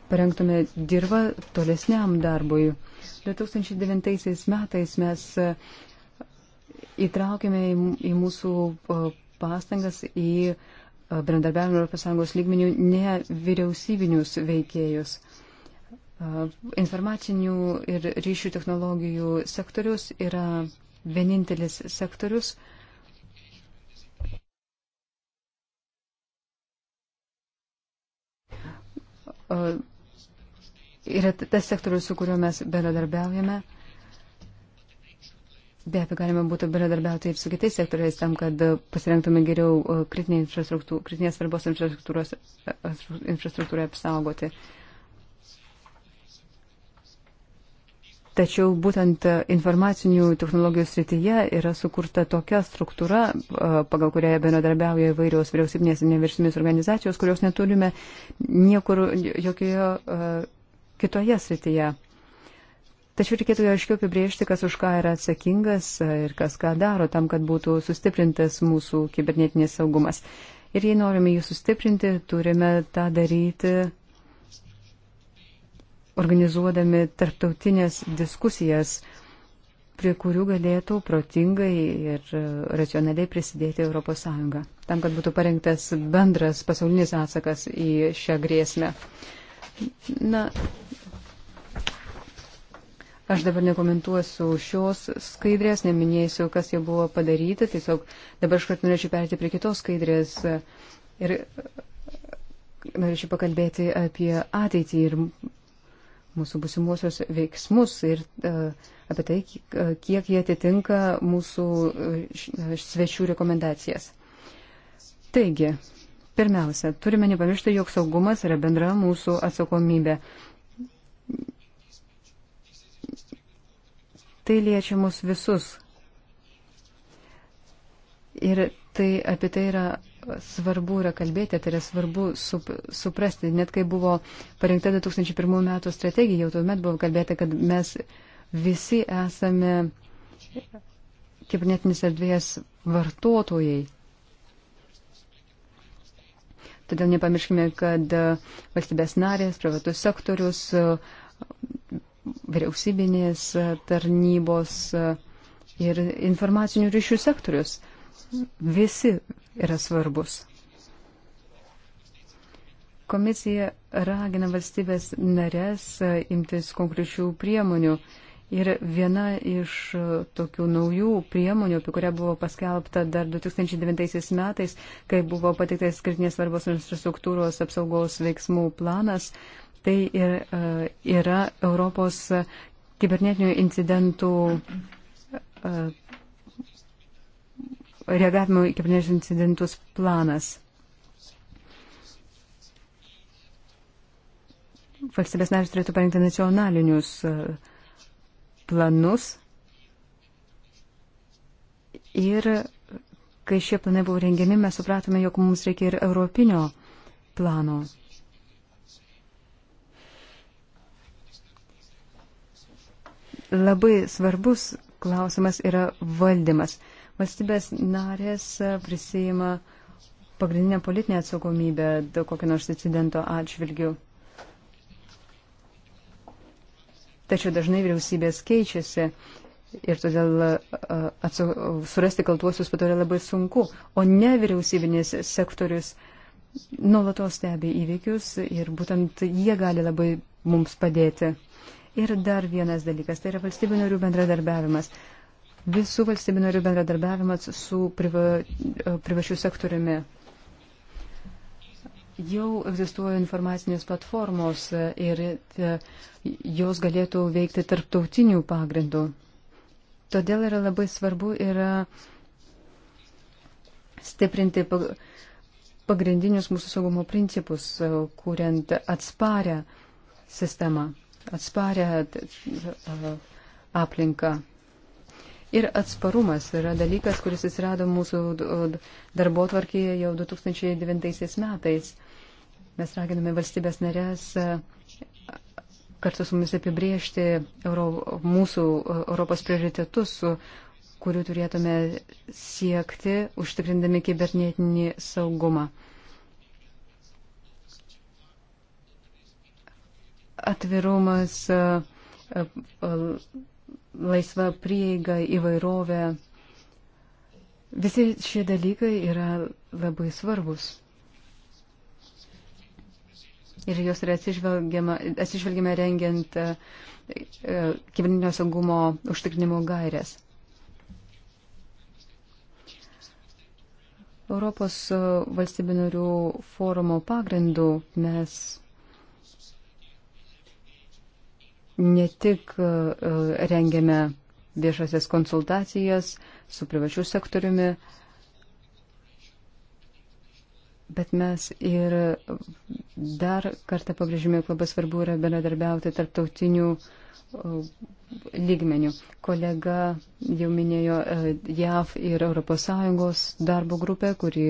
parengtume dirbą tolesniam darbui. 2009 metais mes e, įtraukėme į mūsų e, pastangas į bendradarbiavimo ES lygmenių nevyriausybinius veikėjus. Informacinių ir ryšių technologijų sektorius yra vienintelis sektorius, uh, yra tas sektorius, su kuriuo mes bendradarbiaujame. Be abejo, galime būtų bendradarbiauti ir su kitais sektoriais tam, kad pasirengtume geriau kritinės svarbos infrastruktūros e, e, infrastruktūrą apsaugoti. Uh, Tačiau būtent informacinių technologijų srityje yra sukurta tokia struktūra, pagal kurią bendradarbiauja įvairios vyriausybinės ir nevyriausybinės organizacijos, kurios neturime niekur jokioje uh, kitoje srityje. Tačiau reikėtų aiškiau apibriežti, kas už ką yra atsakingas ir kas ką daro tam, kad būtų sustiprintas mūsų kibernetinis saugumas. Ir jei norime jį sustiprinti, turime tą daryti organizuodami tarptautinės diskusijas, prie kurių galėtų protingai ir racionaliai prisidėti ES, tam, kad būtų parengtas bendras pasaulinis atsakas į šią grėsmę. Na, Aš dabar nekomentuosiu šios skaidrės, neminėsiu, kas jau buvo padaryta, tiesiog dabar aš kartu norėčiau perėti prie kitos skaidrės ir norėčiau pakalbėti apie ateitį ir mūsų busimuosius veiksmus ir e, apie tai, e, kiek jie atitinka mūsų e, svečių rekomendacijas. Taigi, pirmiausia, turime nepamiršti, jog saugumas yra bendra mūsų atsakomybė. Tai liečia mus visus. Ir tai apie tai yra svarbu yra kalbėti, tai yra svarbu sup, suprasti. Net kai buvo parengta 2001 metų strategija, jau tuomet buvo kalbėta, kad mes visi esame kibernetinės erdvės vartotojai. Todėl nepamirškime, kad e, valstybės narės, privatus sektorius, e, vyriausybinės e, tarnybos ir informacinių ryšių sektorius visi yra svarbus. Komisija ragina valstybės narės e, imtis konkrečių priemonių. Ir viena iš e, tokių naujų priemonių, apie kurią buvo paskelbta dar 2009 metais, kai buvo pateiktas skirtinės svarbos infrastruktūros apsaugos veiksmų planas, tai ir, e, yra Europos kibernetinių incidentų reagavimo į kibernetinius incidentus planas. Valstybės narės turėtų parengti nacionalinius e, planus ir kai šie planai buvo rengiami, mes supratome, jog mums reikia ir europinio plano. Labai svarbus klausimas yra valdymas. Valstybės narės e, prisijima pagrindinę politinę atsakomybę kokio nors incidento atžvilgių. Tačiau dažnai vyriausybės keičiasi ir todėl e, atsu, surasti kaltuosius patarė labai sunku, o ne vyriausybinis sektorius nuolatos stebi įvykius ir būtent jie gali labai mums padėti. Ir dar vienas dalykas, tai yra valstybių narių bendradarbiavimas visų valstybių narių bendradarbiavimas su priva, e, privačiu sektoriumi. Jau egzistuoja informacinės platformos e, ir e, jos galėtų veikti tarptautinių pagrindų. Todėl yra labai svarbu yra stiprinti pagrindinius mūsų saugumo principus, kuriant atsparę sistemą, atsparę aplinką. Ir atsparumas yra dalykas, kuris atsirado mūsų darbo tvarkėje jau 2009 metais. Mes raginame valstybės narės kartu su mumis apibriežti Euro, mūsų Europos prioritetus, kurių turėtume siekti, užtikrindami kibernetinį saugumą. Atvirumas, laisva prieiga, įvairovė. Visi šie dalykai yra labai svarbus. Ir jos yra atsižvelgiama rengiant uh, kibernetinio saugumo užtikrinimo gairias. Europos valstybinarių forumo pagrindų mes ne tik e, rengiame viešasias konsultacijas su privačiu sektoriumi, bet mes ir dar kartą pabrėžime, jog labai svarbu yra bendradarbiauti tarptautinių e, lygmenių. Kolega jau minėjo e, JAV ir ES darbo grupę, kuri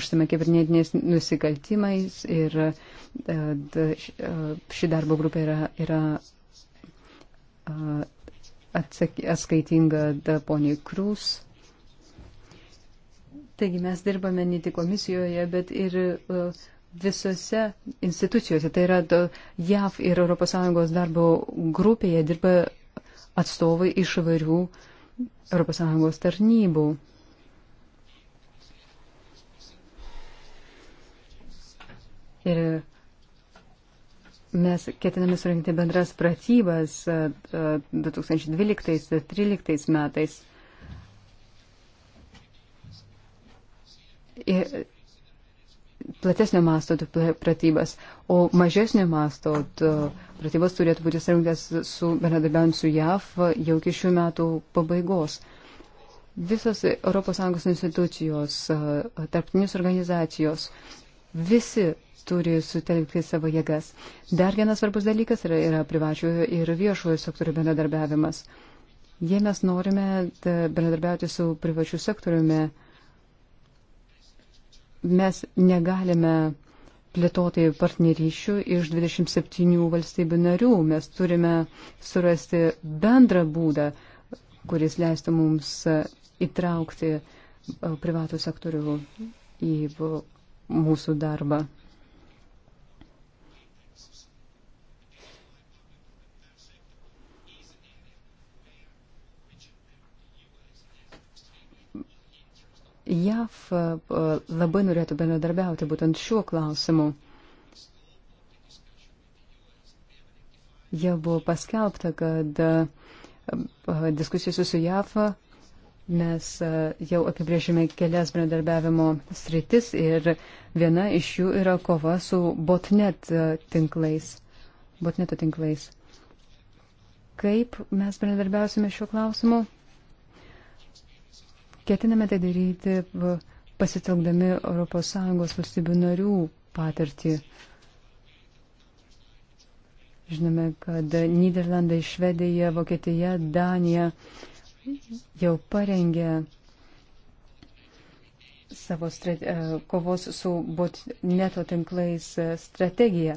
užsima kibernetiniais nusikaltimais ir ši darbo grupė yra, yra atskaitinga poniai Krūs. Taigi mes dirbame ne tik komisijoje, bet ir e, visose institucijose. Tai yra JAV ir ES darbo grupėje dirba atstovai iš įvairių ES tarnybų. Ir Mes ketiname surinkti bendras pratybas 2012-2013 e, e, metais. Ir platesnio masto pratybas, o mažesnio masto pratybas turėtų būti surinktas su bendradarbiavimu su JAV jau iki šių metų pabaigos. Visos ES institucijos, e, tarptinės organizacijos, visi turi sutelkti savo jėgas. Dar vienas svarbus dalykas yra, yra privačiojo ir viešojo sektorių bendradarbiavimas. Jei mes norime bendradarbiauti su privačiu sektoriumi, mes negalime plėtoti partnerysčių iš 27 valstybių narių. Mes turime surasti bendrą būdą, kuris leistų mums įtraukti privatų sektorių į mūsų darbą. JAV e, e, labai norėtų bendradarbiauti būtent šiuo klausimu. Jau buvo paskelbta, kad e, diskusijose su JAV mes jau apibrėžėme kelias bendradarbiavimo sritis ir viena iš jų yra kova su botnet tinklais, botneto tinklais. Kaip mes bendradarbiausime šiuo klausimu? Ketiname tai daryti pasitelkdami ES valstybių narių patirtį. Žinome, kad Niderlandai, Švedija, Vokietija, Danija jau parengė savo strate, e, kovos su botneto tinklais e, strategiją.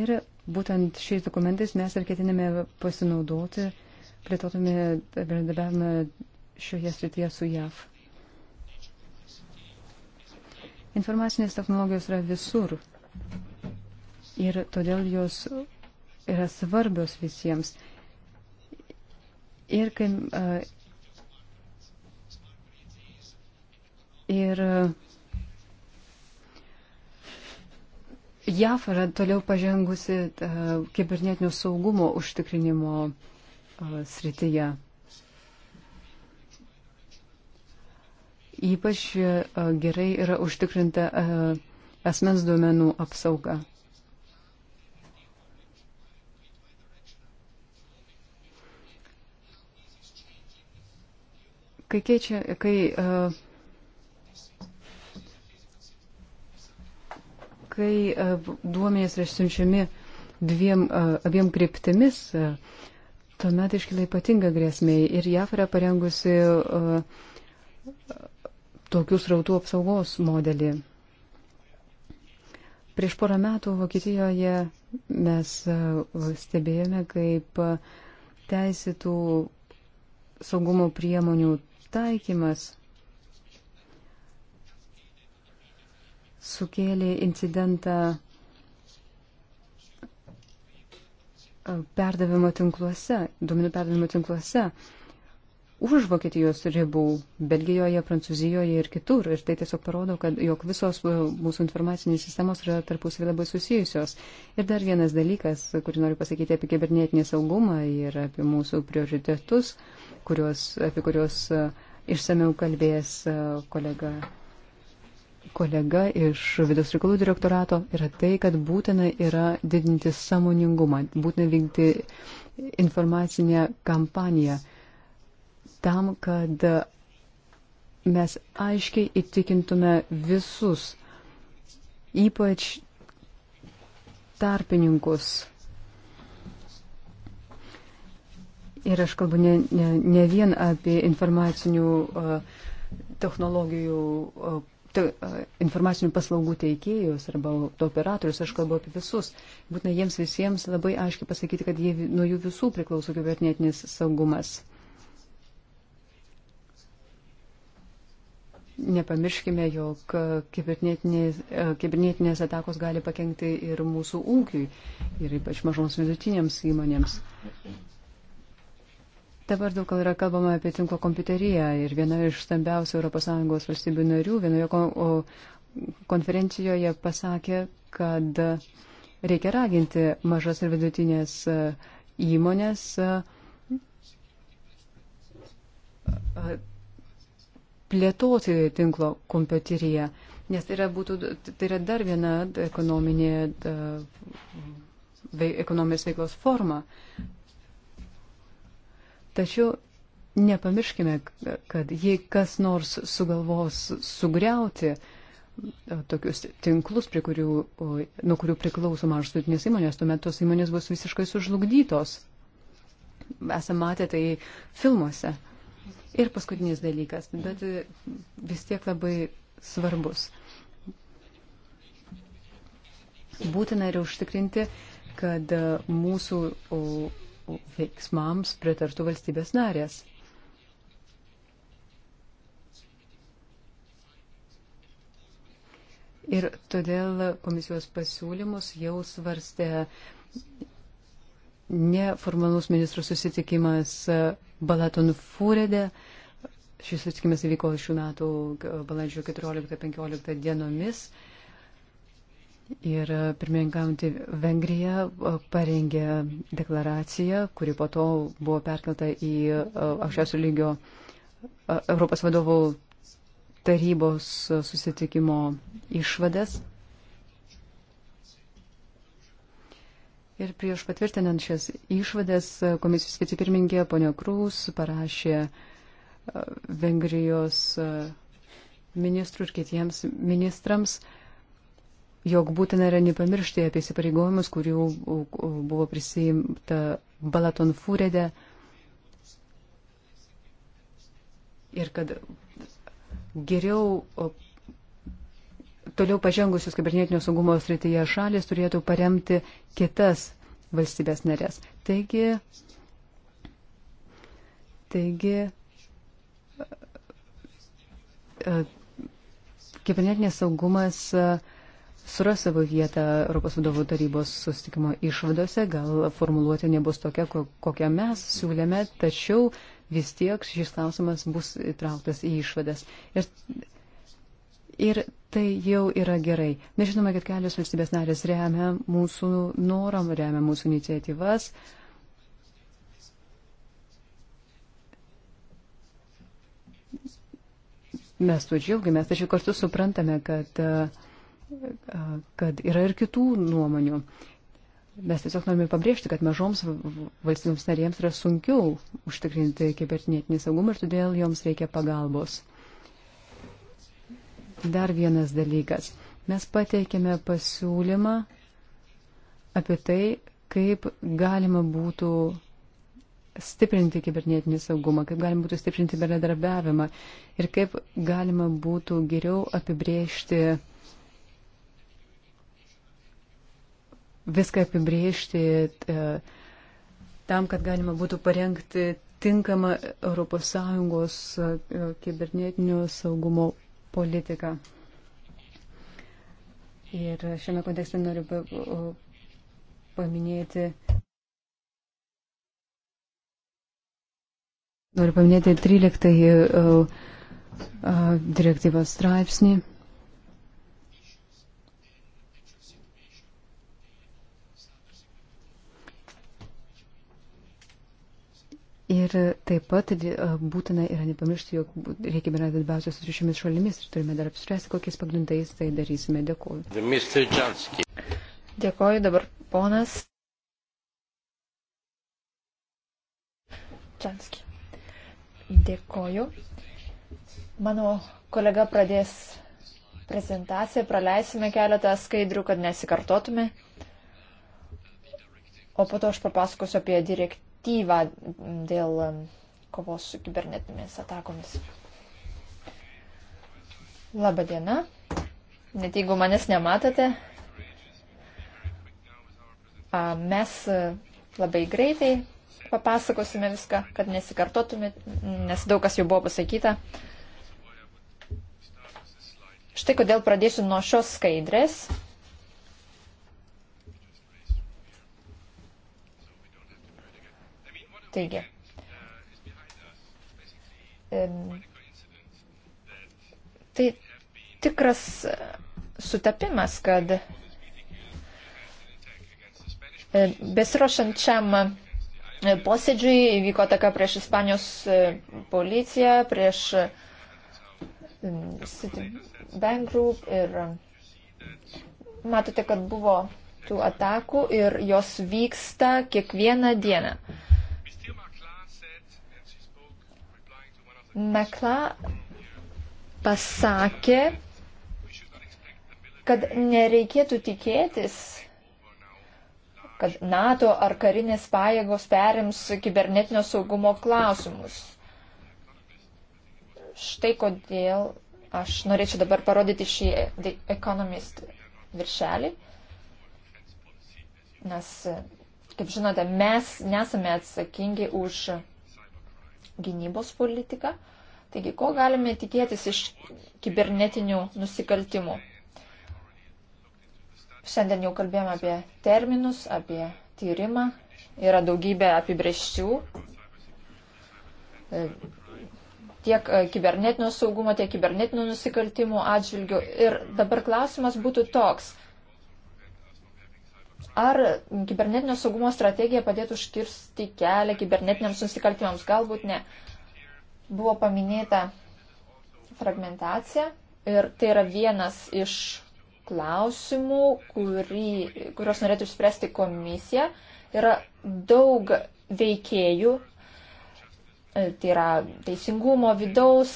Ir būtent šiais dokumentais mes ir ketiname pasinaudoti, plėtotami bendradarbiavimą šioje srityje su JAV. Informacinės technologijos yra visur ir todėl jos yra svarbios visiems. Ir, kai, e, ir JAF yra toliau pažengusi e, kibernetinio saugumo užtikrinimo e, srityje. Ypač e, gerai yra užtikrinta e, asmens duomenų apsauga. Kai keičia, kai, e, kai duomenys yra siunčiami dviem, abiem kryptimis, tuomet iškyla ypatinga grėsmė ir JAF yra parengusi uh, tokius rautų apsaugos modelį. Prieš porą metų Vokietijoje mes e, stebėjome, kaip teisėtų saugumo priemonių taikymas sukėlė incidentą e, perdavimo tinkluose, duomenų perdavimo tinkluose už Vokietijos ribų, Belgijoje, Prancūzijoje ir kitur. Ir tai tiesiog parodo, kad jog visos e, mūsų informacinės sistemos yra tarpusavį labai susijusios. Ir dar vienas dalykas, kurį noriu pasakyti apie kibernetinį saugumą ir apie mūsų prioritetus, kurios, apie kuriuos e, išsameu kalbės e, kolega kolega iš vidaus reikalų direktorato yra tai, kad būtina yra didinti samoningumą, būtina vykti informacinę kampaniją tam, kad mes aiškiai įtikintume visus, ypač tarpininkus. Ir aš kalbu ne, ne, ne vien apie informacinių uh, technologijų, uh, te, uh, informacinių paslaugų teikėjus arba operatorius, aš kalbu apie visus. Būtina jiems visiems labai aiškiai pasakyti, kad jie, nuo jų visų priklauso kibernetinis saugumas. Nepamirškime, jog kibernetinės, e, kibernetinės atakos gali pakengti ir mūsų ūkiui, ir ypač mažoms vidutinėms įmonėms. Dabar daug yra kalbama apie tinklo kompiuteriją ir viena iš stambiausių ES valstybių narių vienoje konferencijoje pasakė, kad reikia raginti mažas ir vidutinės e, įmonės e, plėtoti tinklo kompiuteriją, nes tai yra, būtų, tai yra dar viena ekonominė, ekonominės veiklos forma. Tačiau nepamirškime, kad jei kas nors sugalvos sugriauti e, tokius tinklus, kurių, nuo kurių priklauso mažos vidutinės įmonės, tuomet tos įmonės bus visiškai sužlugdytos. Esame matę tai filmuose. Ir paskutinis dalykas, bet e, vis tiek labai svarbus. Būtina yra užtikrinti, kad e, mūsų veiksmams pritartų valstybės narės. Ir todėl komisijos pasiūlymus jau svarstė neformalus ministrų susitikimas e, Balaton Fūredė. Šis susitikimas įvyko šių metų e, balandžio 14-15 dienomis. Ir e, pirmininkaujantį Vengriją parengė deklaraciją, kuri po to buvo perkelta į aukščiausio lygio Europos vadovų tarybos susitikimo išvadas. Ir prieš patvirtinant šias išvadas komisijos vicepirmininkė ponio Krūs parašė e, Vengrijos e, ministrų ir kitiems ministrams, jog būtina yra nepamiršti apie įsipareigojimus, kurių buvo prisijimta Balaton Fūrėde. Ir kad geriau toliau pažengusios kibernetinio saugumo srityje šalis turėtų paremti kitas valstybės narės. Taigi, taigi e, kibernetinės saugumas e, suras savo vietą Europos vadovų tarybos sustikimo išvadose, gal formuluoti nebus tokia, kokią mes siūlėme, tačiau vis tiek šis klausimas bus įtrauktas į išvadas. Ir Ir tai jau yra gerai. Mes žinome, kad kelios valstybės narės remia mūsų noram, remia mūsų iniciatyvas. Mes tuo džiaugiamės, tačiau kartu suprantame, kad, kad yra ir kitų nuomonių. Mes tiesiog norime pabrėžti, kad mažoms valstybėms narėms yra sunkiau užtikrinti kibernetinį saugumą ir todėl joms reikia pagalbos. Dar vienas dalykas. Mes pateikėme pasiūlymą apie tai, kaip galima būtų stiprinti kibernetinį saugumą, kaip galima būtų stiprinti bendradarbiavimą ir kaip galima būtų geriau apibriežti, viską apibriežti e, tam, kad galima būtų parengti tinkamą ES e, kibernetinio saugumo politiką. Ir šiame kontekste noriu paminėti. Noriu paminėti 13 direktyvos straipsnį. Ir taip pat būtina yra nepamiršti, jog reikia bendradarbiauti su šiomis šalimis ir turime dar apspręsti, kokiais pagrindais tai darysime. Dėkuoju. Dėkuoju dabar ponas. Čanski. Dėkuoju. Mano kolega pradės prezentaciją, praleisime keletą skaidrių, kad nesikartotume. O po to aš papasakosiu apie direktyvą direktyvą dėl um, kovos su kibernetinėmis atakomis. Labą dieną. Net jeigu manęs nematote, mes e, labai greitai papasakosime viską, kad nesikartotumėt, nes daug kas jau buvo pasakyta. Štai kodėl pradėsiu nuo šios skaidrės. Taigi, tai tikras sutapimas, kad besirošant šiam posėdžiui įvyko taka prieš Ispanijos policiją, prieš Citibank Group ir matote, kad buvo tų atakų ir jos vyksta kiekvieną dieną. Mekla pasakė, kad nereikėtų tikėtis, kad NATO ar karinės pajėgos perims kibernetinio saugumo klausimus. Štai kodėl aš norėčiau dabar parodyti šį The Economist viršelį, nes, kaip žinote, mes nesame atsakingi už gynybos politiką. Taigi, ko galime tikėtis iš kibernetinių nusikaltimų? Šiandien jau kalbėjome apie terminus, apie tyrimą, yra daugybė apibrėžčių e, tiek e, kibernetinio saugumo, tiek kibernetinio nusikaltimų atžvilgių. Ir dabar klausimas būtų toks, Ar kibernetinio saugumo strategija padėtų užkirsti kelią kibernetiniams nusikaltimams? Galbūt ne. Buvo paminėta fragmentacija ir tai yra vienas iš klausimų, kurį, kurios norėtų išspręsti komisija. Yra daug veikėjų, tai yra teisingumo, vidaus,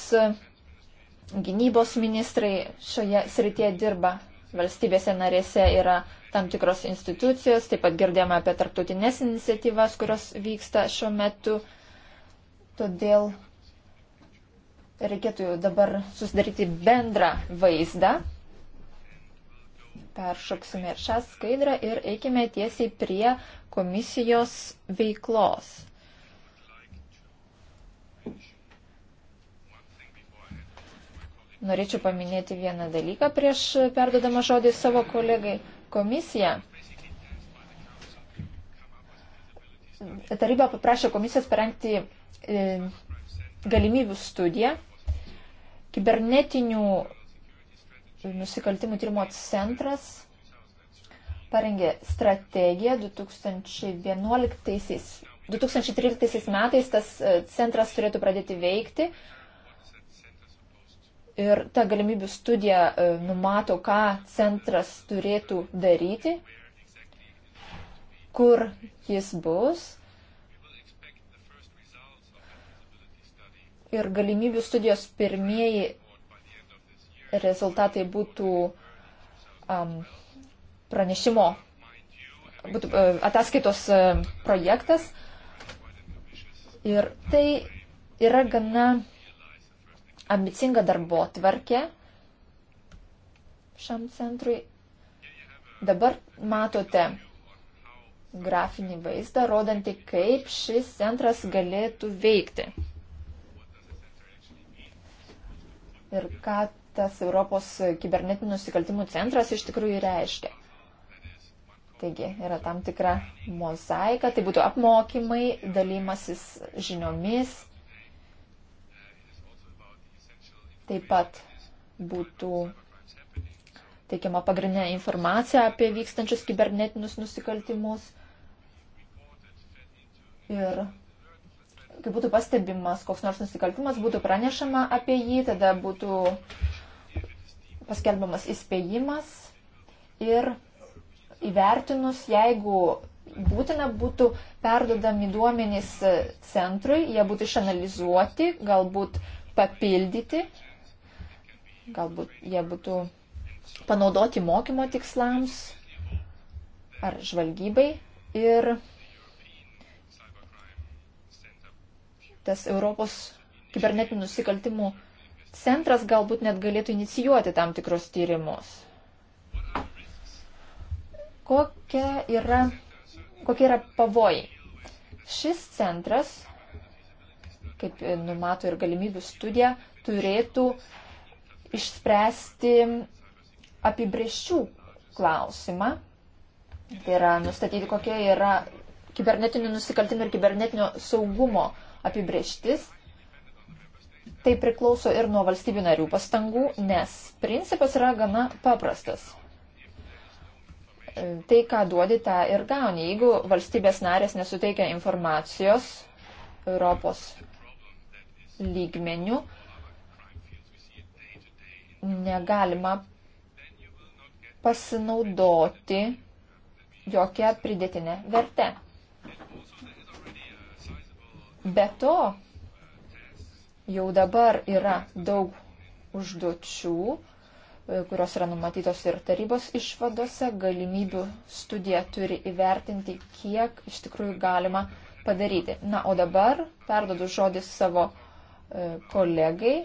gynybos ministrai šioje srityje dirba valstybėse narėse yra tam tikros institucijos, taip pat girdėjome apie tarptautinės iniciatyvas, kurios vyksta šiuo metu. Todėl reikėtų jau dabar susidaryti bendrą vaizdą. Peršoksime ir šią skaidrą ir eikime tiesiai prie komisijos veiklos. Norėčiau paminėti vieną dalyką prieš perdodamą žodį savo kolegai. Komisija. Taryba paprašė komisijos parengti e, galimybių studiją kibernetinių nusikaltimų tyrimo centras parengė strategiją 2011, 2013 metais tas e, centras turėtų pradėti veikti. Ir ta galimybių studija e, numato, ką centras turėtų daryti, kur jis bus. Ir galimybių studijos pirmieji rezultatai būtų um, pranešimo, būtų uh, ataskaitos uh, projektas. Ir tai yra gana ambicingą darbo tvarkę šiam centrui. Dabar matote grafinį vaizdą, rodantį, kaip šis centras galėtų veikti. Ir ką tas Europos kibernetinių nusikaltimų centras iš tikrųjų reiškia. Taigi yra tam tikra mozaika, tai būtų apmokymai, dalymasis žiniomis, Taip pat būtų teikiama pagrindinė informacija apie vykstančius kibernetinius nusikaltimus. Ir kai būtų pastebimas koks nors nusikaltimas, būtų pranešama apie jį, tada būtų paskelbiamas įspėjimas ir įvertinus, jeigu būtina būtų perdodami duomenys centrui, jie būtų išanalizuoti, galbūt papildyti Galbūt jie būtų panaudoti mokymo tikslams ar žvalgybai. Ir tas Europos kibernetinių nusikaltimų centras galbūt net galėtų inicijuoti tam tikrus tyrimus. Kokia yra, kokie yra pavojai? Šis centras, kaip numato ir galimybių studija, turėtų išspręsti apibrieščių klausimą. Tai yra nustatyti, kokia yra kibernetinių nusikaltimų ir kibernetinio saugumo apibrieštis. Tai priklauso ir nuo valstybių narių pastangų, nes principas yra gana paprastas. Tai, ką duodi, tą ir gauni. Jeigu valstybės narės nesuteikia informacijos Europos lygmenių, negalima pasinaudoti jokia pridėtinė verte. Be to, jau dabar yra daug užduočių, e, kurios yra numatytos ir tarybos išvadose, galimybių studija turi įvertinti, kiek iš tikrųjų galima padaryti. Na, o dabar perdodu žodį savo e, kolegai,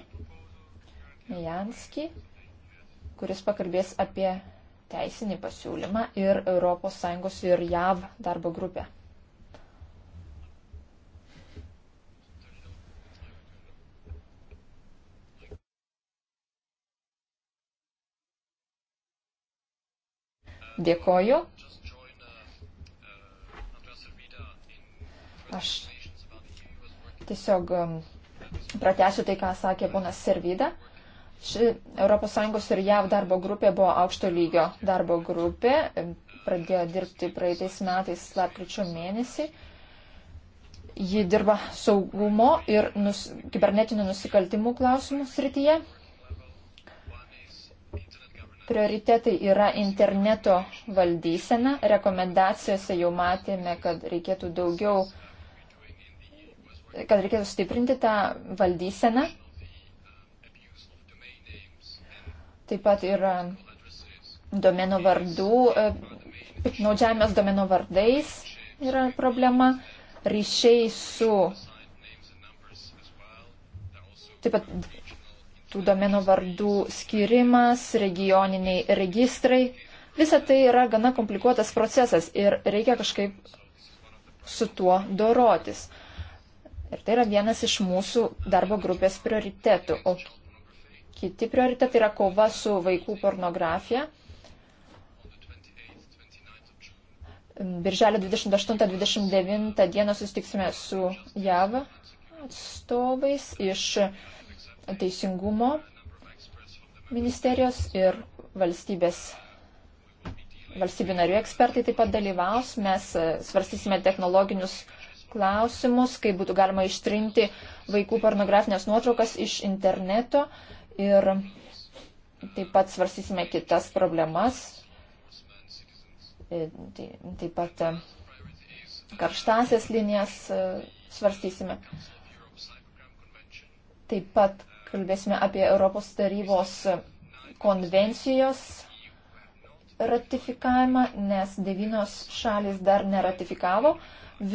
Janski, kuris pakalbės apie teisinį pasiūlymą ir ES ir JAV darbo grupę. Dėkoju. Aš tiesiog um, pratęsiu tai, ką sakė ponas Servida. Ši ES ir JAV darbo grupė buvo aukšto lygio darbo grupė, pradėjo dirbti praeitais metais lapkričio mėnesį. Ji dirba saugumo ir nus, kibernetinių nusikaltimų klausimų srityje. Prioritetai yra interneto valdysena. Rekomendacijose jau matėme, kad reikėtų daugiau, kad reikėtų stiprinti tą valdyseną Taip pat yra domenų vardų, e, piknaudžiavimas domenų vardais yra problema, ryšiai su. Taip pat tų domenų vardų skirimas, regioniniai registrai. Visa tai yra gana komplikuotas procesas ir reikia kažkaip su tuo dorotis. Ir tai yra vienas iš mūsų darbo grupės prioritetų. O Kiti prioritetai yra kova su vaikų pornografija. Birželio 28-29 dieną susitiksime su JAV atstovais iš Teisingumo ministerijos ir valstybės, valstybių narių ekspertai taip pat dalyvaus. Mes e, svarstysime technologinius klausimus, kaip būtų galima ištrinti vaikų pornografinės nuotraukas iš interneto. Uh, Ir taip pat svarstysime kitas problemas, tai, taip pat e, karštasias linijas e, svarstysime. Taip pat kalbėsime apie Europos tarybos e, konvencijos ratifikavimą, nes devynios šalis dar neratifikavo.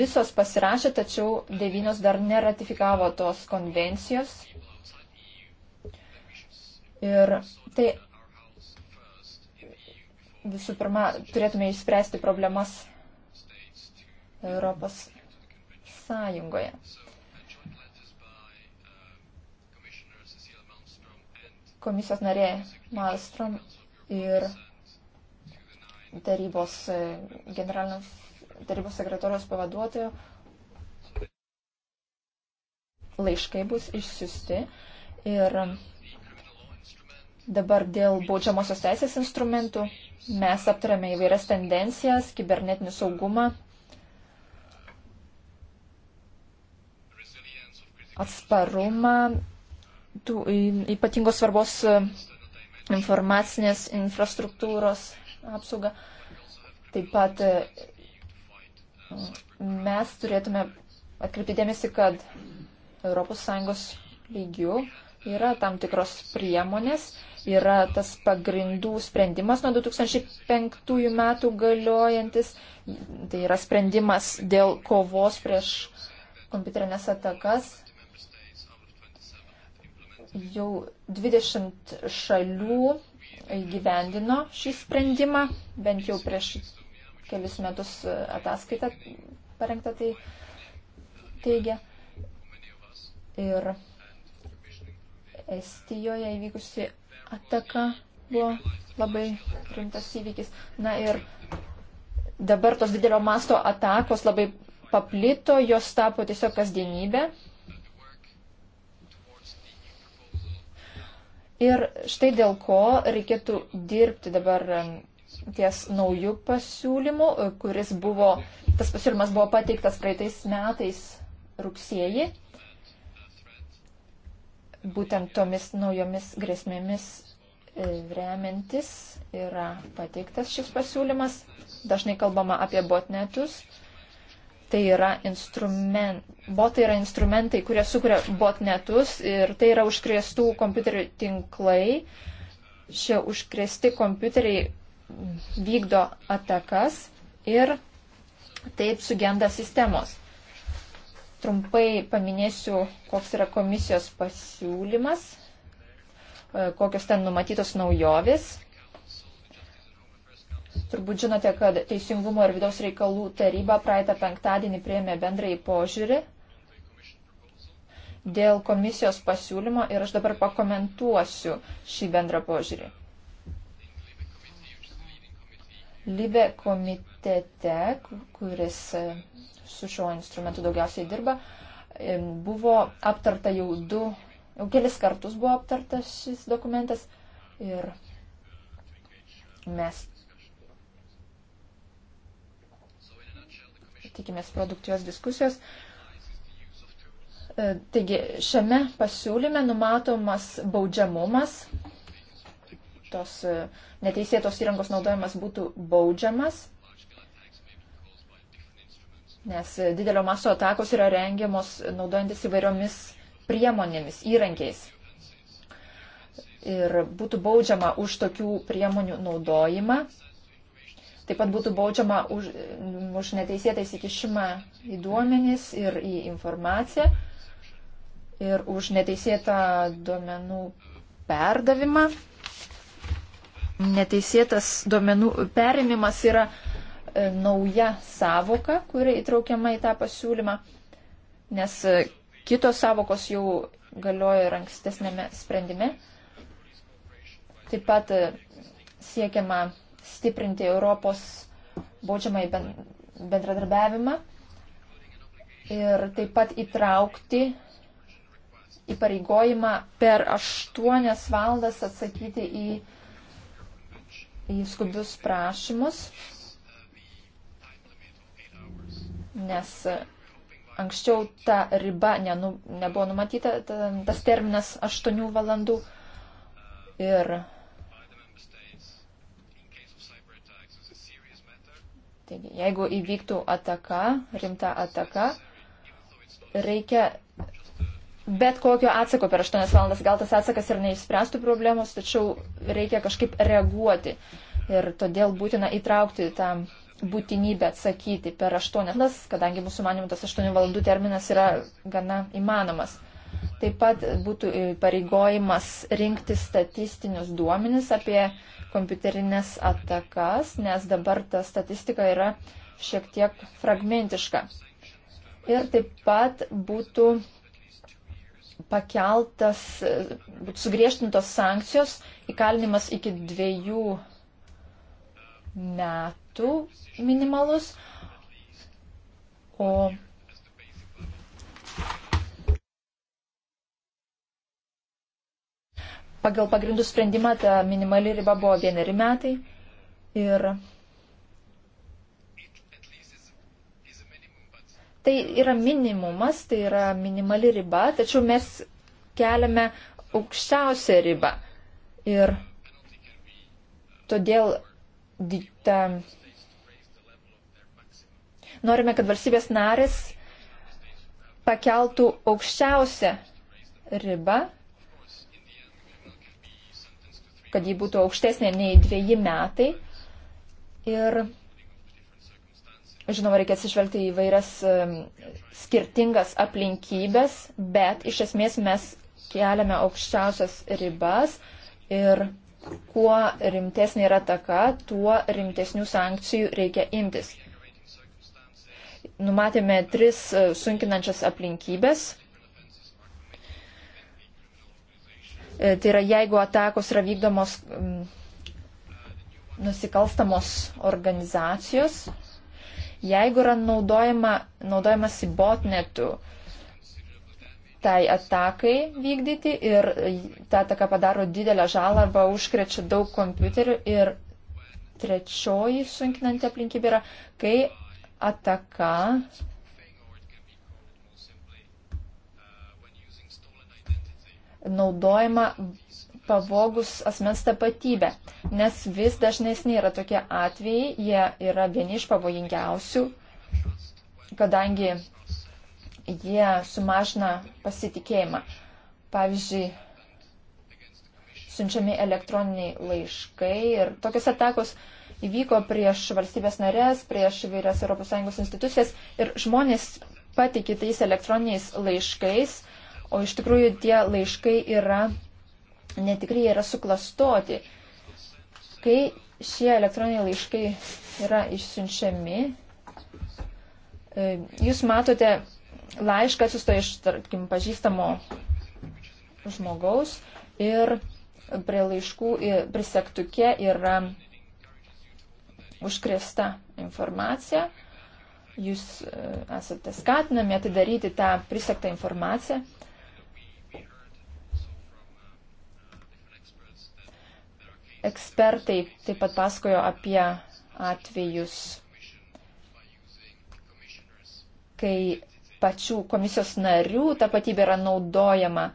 Visos pasirašė, tačiau devynios dar neratifikavo tos konvencijos. Ir tai visų pirma, turėtume išspręsti problemas Europos Sąjungoje. Komisijos narė Malstrom ir tarybos e, generalinio tarybos sekretorijos pavaduotojo laiškai bus išsiusti ir Dabar dėl baudžiamosios teisės instrumentų mes aptarėme įvairias tendencijas, kibernetinį saugumą, atsparumą, tų, ypatingos svarbos e, informacinės infrastruktūros apsaugą. Taip pat e, mes turėtume atkreipti dėmesį, kad ES lygių Yra tam tikros priemonės, yra tas pagrindų sprendimas nuo 2005 metų galiojantis, tai yra sprendimas dėl kovos prieš kompiuterinės atakas. Jau 20 šalių įgyvendino šį sprendimą, bent jau prieš kelius metus ataskaitą parengta tai teigia. Ir Estijoje įvykusi ataka buvo labai rimtas įvykis. Na ir dabar tos didelio masto atakos labai paplito, jos tapo tiesiog kasdienybė. Ir štai dėl ko reikėtų dirbti dabar ties naujų pasiūlymų, kuris buvo, tas pasiūlymas buvo pateiktas praeitais metais rugsėjį būtent tomis naujomis grėsmėmis e, remiantis yra pateiktas šis pasiūlymas. Dažnai kalbama apie botnetus. Tai yra instrument, botai yra instrumentai, kurie sukuria botnetus ir tai yra užkrėstų kompiuterių tinklai. Šie užkrėsti kompiuteriai vykdo atakas ir taip sugenda sistemos. Trumpai paminėsiu, koks yra komisijos pasiūlymas, e, kokios ten numatytos naujovės. Turbūt žinote, kad Teisingumo ir vidaus reikalų taryba praeitą penktadienį prieėmė bendrąjį požiūrį dėl komisijos pasiūlymo ir aš dabar pakomentuosiu šį bendrą požiūrį. Libe komitete, kuris su šiuo instrumentu daugiausiai dirba. Buvo aptarta jau du, jau kelis kartus buvo aptartas šis dokumentas ir mes tikimės produktyvios diskusijos. E, taigi šiame pasiūlyme numatomas baudžiamumas, tos e, neteisėtos įrangos naudojimas būtų baudžiamas nes didelio maso atakos yra rengiamos naudojantis įvairiomis priemonėmis, įrankiais. Ir būtų baudžiama už tokių priemonių naudojimą. Taip pat būtų baudžiama už, už neteisėtą įsikišimą į duomenis ir į informaciją ir už neteisėtą duomenų perdavimą. Neteisėtas duomenų perimimas yra uh, E, nauja savoka, kuri įtraukiama į tą pasiūlymą, nes e, kitos savokos jau galioja ir ankstesnėme sprendime. Taip pat e, siekiama stiprinti Europos baudžiamąjį bendradarbiavimą ir taip pat įtraukti įpareigojimą per 8 valandas atsakyti į, į skubius prašymus nes anksčiau ta riba nenu, nebuvo numatyta, ta, tas terminas 8 valandų. Ir taigi, jeigu įvyktų ataka, rimta ataka, reikia bet kokio atsako per 8 valandas. Gal tas atsakas ir neišspręstų problemos, tačiau reikia kažkaip reaguoti. Ir todėl būtina įtraukti tą būtinybę atsakyti per 8 valandas, kadangi mūsų manimu tas 8 valandų terminas yra gana įmanomas. Taip pat būtų pareigojimas rinkti statistinius duomenis apie kompiuterinės atakas, nes dabar ta statistika yra šiek tiek fragmentiška. Ir taip pat būtų pakeltas, būtų sugriežtintos sankcijos, įkalinimas iki dviejų metų metu minimalus, o pagal pagrindų sprendimą ta minimali riba buvo vieneri metai ir tai yra minimumas, tai yra minimali riba, tačiau mes keliame aukščiausią ribą ir todėl ta Norime, kad valstybės narės pakeltų aukščiausią ribą, kad jį būtų aukštesnė nei dviejį metai. Ir, žinoma, reikės išvelgti į vairias skirtingas aplinkybės, bet iš esmės mes keliame aukščiausias ribas ir kuo rimtesnė yra taka, tuo rimtesnių sankcijų reikia imtis numatėme tris e, sunkinančias aplinkybės. E, tai yra, jeigu atakos yra vykdomos nusikalstamos organizacijos, jeigu yra naudojama, naudojamasi botnetu tai atakai vykdyti ir ta ataka padaro didelę žalą arba užkrečia daug kompiuterių ir trečioji sunkinanti aplinkybė yra, kai ataka naudojama pavogus asmens tapatybę, nes vis dažnesnė yra tokie atvejai, jie yra vieni iš pavojingiausių, kadangi jie sumažina pasitikėjimą. Pavyzdžiui, siunčiami elektroniniai laiškai ir tokios atakos uh, įvyko prieš valstybės narės, prieš vairias ES institucijas ir žmonės patikė tais elektroniniais laiškais, o iš tikrųjų tie laiškai yra netikrai, jie yra suklastoti. Kai šie elektroniniai laiškai yra išsiunčiami, e, jūs matote laišką atsisto iš, tarkim, pažįstamo žmogaus ir prie laiškų prisektuke yra užkrėsta informacija. Jūs e, esate skatinami atidaryti tą prisektą informaciją. Ekspertai taip pat pasakojo apie atvejus, kai pačių komisijos narių tapatybė yra naudojama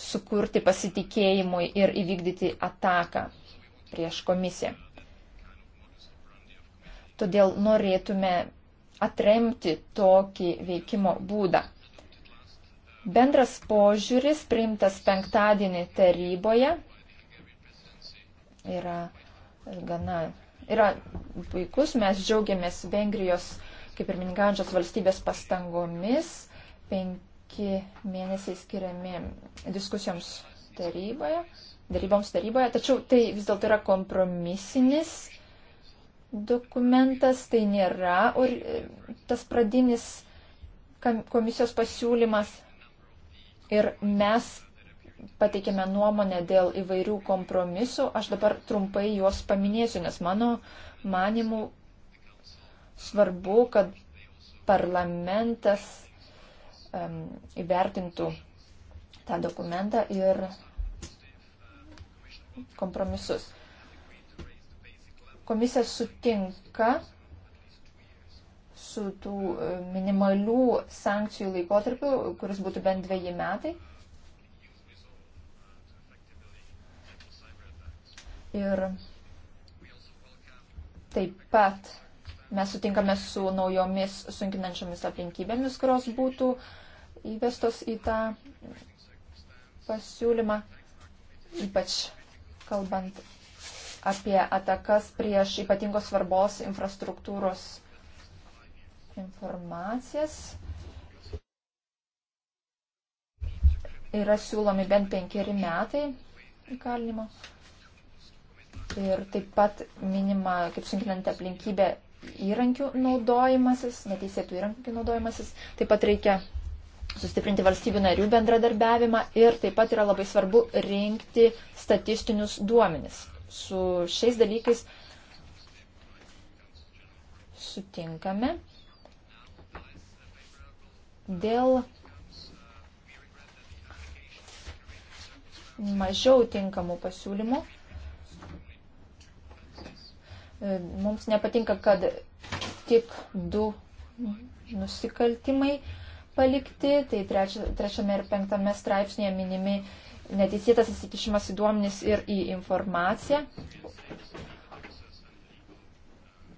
sukurti pasitikėjimui ir įvykdyti ataką prieš komisiją. Todėl norėtume atremti tokį veikimo būdą. Bendras požiūris priimtas penktadienį taryboje yra gana yra puikus, mes džiaugiamės Vengrijos, kaip ir mingančios valstybės pastangomis, penki mėnesiai skiriami diskusijoms taryboje, daryboms taryboje, tačiau tai vis dėlto yra kompromisinis dokumentas, tai nėra or, tas pradinis komisijos pasiūlymas. Ir mes pateikėme nuomonę dėl įvairių kompromisų. Aš dabar trumpai juos paminėsiu, nes mano manimų svarbu, kad parlamentas um, įvertintų tą dokumentą ir kompromisus. Komisija sutinka su tų e, minimalių sankcijų laikotarpiu, kuris būtų bent dviejai metai. Ir taip pat mes sutinkame su naujomis sunkinančiomis aplinkybėmis, kurios būtų įvestos į tą pasiūlymą, ypač kalbant apie atakas prieš ypatingos svarbos infrastruktūros informacijas. Yra siūlomi bent penkeri metai įkalinimo. Ir taip pat minima, kaip sunkinanti aplinkybė, įrankių naudojimasis, neteisėtų įrankių naudojimasis. Taip pat reikia sustiprinti valstybių narių bendradarbiavimą ir taip pat yra labai svarbu rinkti statistinius duomenis su šiais dalykais sutinkame. Dėl mažiau tinkamų pasiūlymų e, mums nepatinka, kad tik du nusikaltimai palikti, tai trečia, trečiame ir penktame straipsnėje minimi neteisėtas įsikišimas į duomenis ir į informaciją,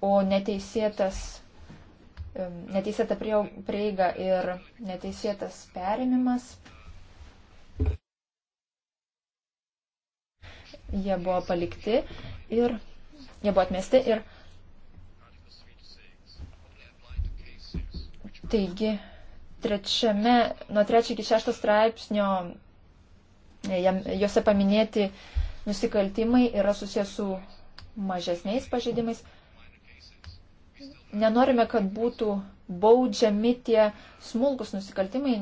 o neteisėtas, neteisėta prieiga ir neteisėtas perimimas. Jie buvo palikti ir jie buvo atmesti ir taigi trečiame, nuo trečio iki šešto straipsnio Jose paminėti nusikaltimai yra susijęs su mažesniais pažeidimais. Nenorime, kad būtų baudžiami tie smulkus nusikaltimai,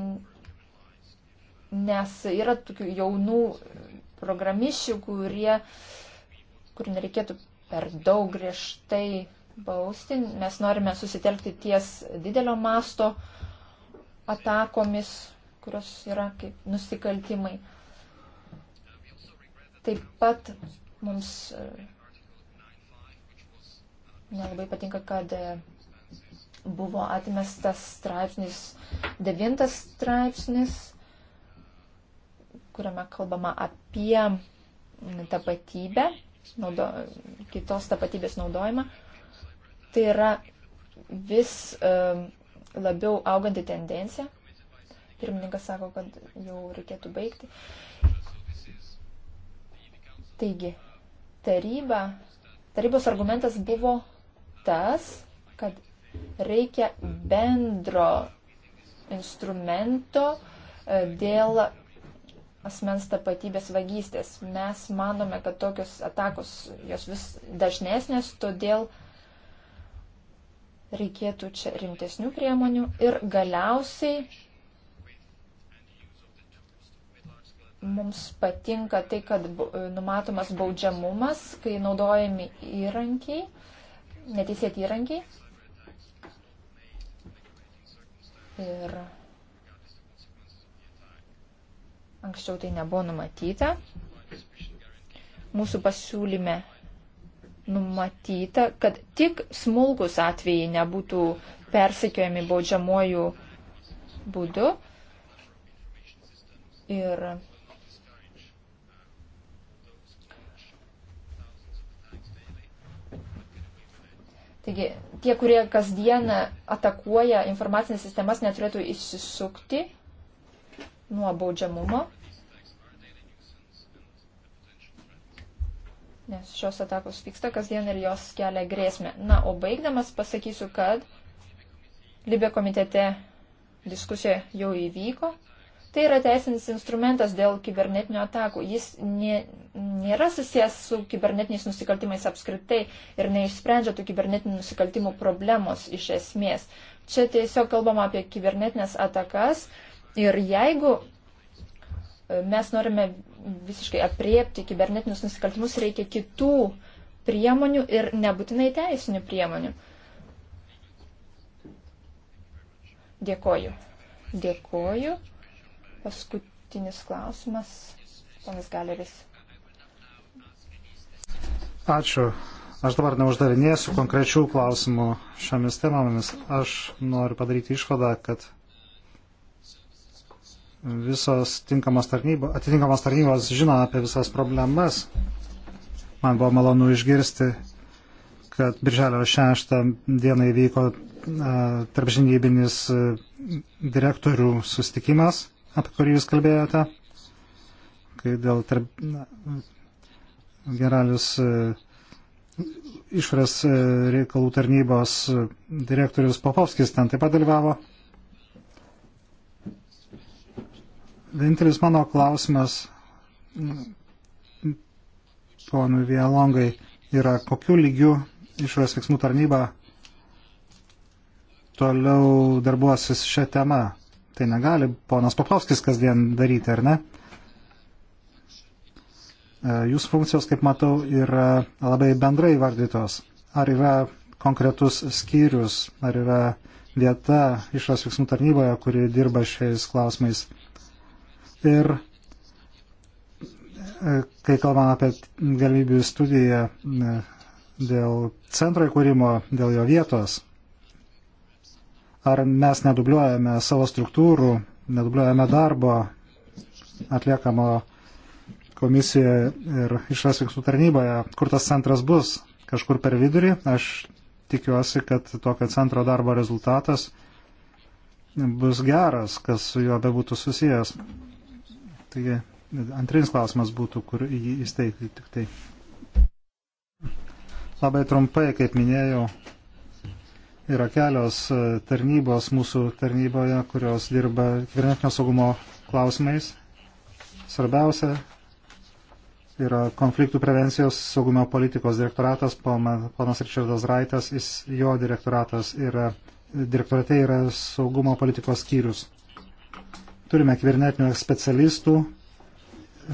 nes yra tokių jaunų programišių, kurie, kurių nereikėtų per daug griežtai bausti. Mes norime susitelkti ties didelio masto atakomis, kurios yra kaip nusikaltimai. Taip pat mums e, nelabai patinka, kad e, buvo atmestas straipsnis, devintas straipsnis, kuriame kalbama apie tapatybę, naudo, kitos tapatybės naudojimą. Tai yra vis um, labiau auganti tendencija. Pirmininkas sako, kad jau reikėtų baigti. Taigi, taryba, tarybos argumentas buvo tas, kad reikia bendro instrumento e, dėl asmens tapatybės vagystės. Mes manome, kad tokios atakos jos vis dažnesnės, todėl reikėtų čia rimtesnių priemonių ir galiausiai mums patinka tai, kad e, numatomas baudžiamumas, kai naudojami įrankiai, neteisėti įrankiai. Ir anksčiau tai nebuvo numatyta. Mūsų pasiūlyme numatyta, kad tik smulkus atvejai nebūtų persekiojami baudžiamojų būdu. Ir Taigi tie, kurie kasdien atakuoja informacinės sistemas, neturėtų išsisukti nuo baudžiamumo, nes šios atakos vyksta kasdien ir jos kelia grėsmę. Na, o baigdamas pasakysiu, kad Libė komitete diskusija jau įvyko Tai yra teisinis instrumentas dėl kibernetinio atakų. Jis nė, nėra susijęs su kibernetiniais nusikaltimais apskritai ir neišsprendžia tų kibernetinių nusikaltimų problemos iš esmės. Čia tiesiog kalbama apie kibernetinės atakas ir jeigu e, mes norime visiškai apriepti kibernetinius nusikaltimus, reikia kitų priemonių ir nebūtinai teisinių priemonių. Dėkoju. Dėkoju. Paskutinis klausimas, ponas Galeris. Ačiū. Aš dabar neuždavinėsiu konkrečių klausimų šiomis temomis. Aš noriu padaryti išvadą, kad visos tinkamos tarnybos, atitinkamos tarnybos žino apie visas problemas. Man buvo malonu išgirsti, kad birželio 6 dieną įvyko tarpžinybinis direktorių sustikimas apie kurį jūs kalbėjote, kai dėl tarp, na, generalis e, išras e, reikalų tarnybos e, direktorius Popovskis ten taip pat dalyvavo. Vienintelis mano klausimas ponui Vialongai yra, kokiu lygiu išorės veiksmų tarnyba toliau darbuosis šią temą. Tai negali ponas Papovskis kasdien daryti, ar ne? E, jūsų funkcijos, kaip matau, yra labai bendrai vardytos. Ar yra konkretus skyrius, ar yra vieta išras veiksmų tarnyboje, kuri dirba šiais klausimais. Ir e, kai kalbam apie galimybių studiją e, dėl centro įkūrimo, dėl jo vietos, ar mes nedubliuojame savo struktūrų, nedubliuojame darbo atliekamo komisijoje ir išras veiksmų tarnyboje, kur tas centras bus, kažkur per vidurį. Aš tikiuosi, kad tokio centro darbo rezultatas bus geras, kas su juo bebūtų susijęs. Taigi, antrinis klausimas būtų, kur jį įsteigti tik tai. Labai trumpai, kaip minėjau, Yra kelios e, tarnybos mūsų tarnyboje, kurios dirba kibernetinio saugumo klausimais. Svarbiausia yra konfliktų prevencijos saugumo politikos direktoratas, ponas Richardas Raitas, jis, jo direktoratas yra, direktorate yra saugumo politikos skyrius. Turime kibernetinių specialistų,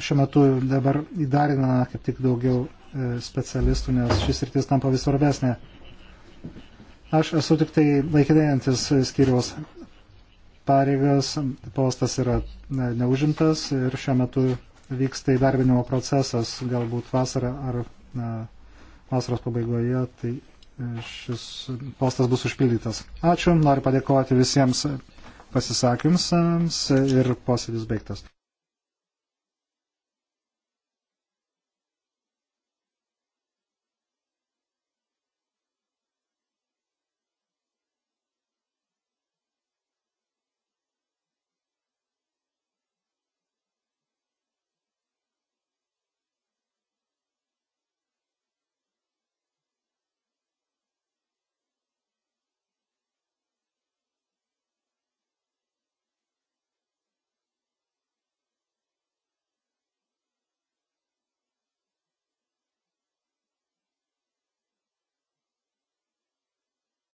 šiuo metu dabar įdarina kaip tik daugiau e, specialistų, nes šis rytis tampa vis svarbesnė. Aš esu tik tai laikinėjantis skyriaus pareigas, postas yra neužimtas ir šiuo metu vyksta įdarbinimo procesas, galbūt vasarą ar na, vasaros pabaigoje, tai e, šis postas bus užpildytas. Ačiū, noriu padėkoti visiems pasisakymsams ir posėdis baigtas.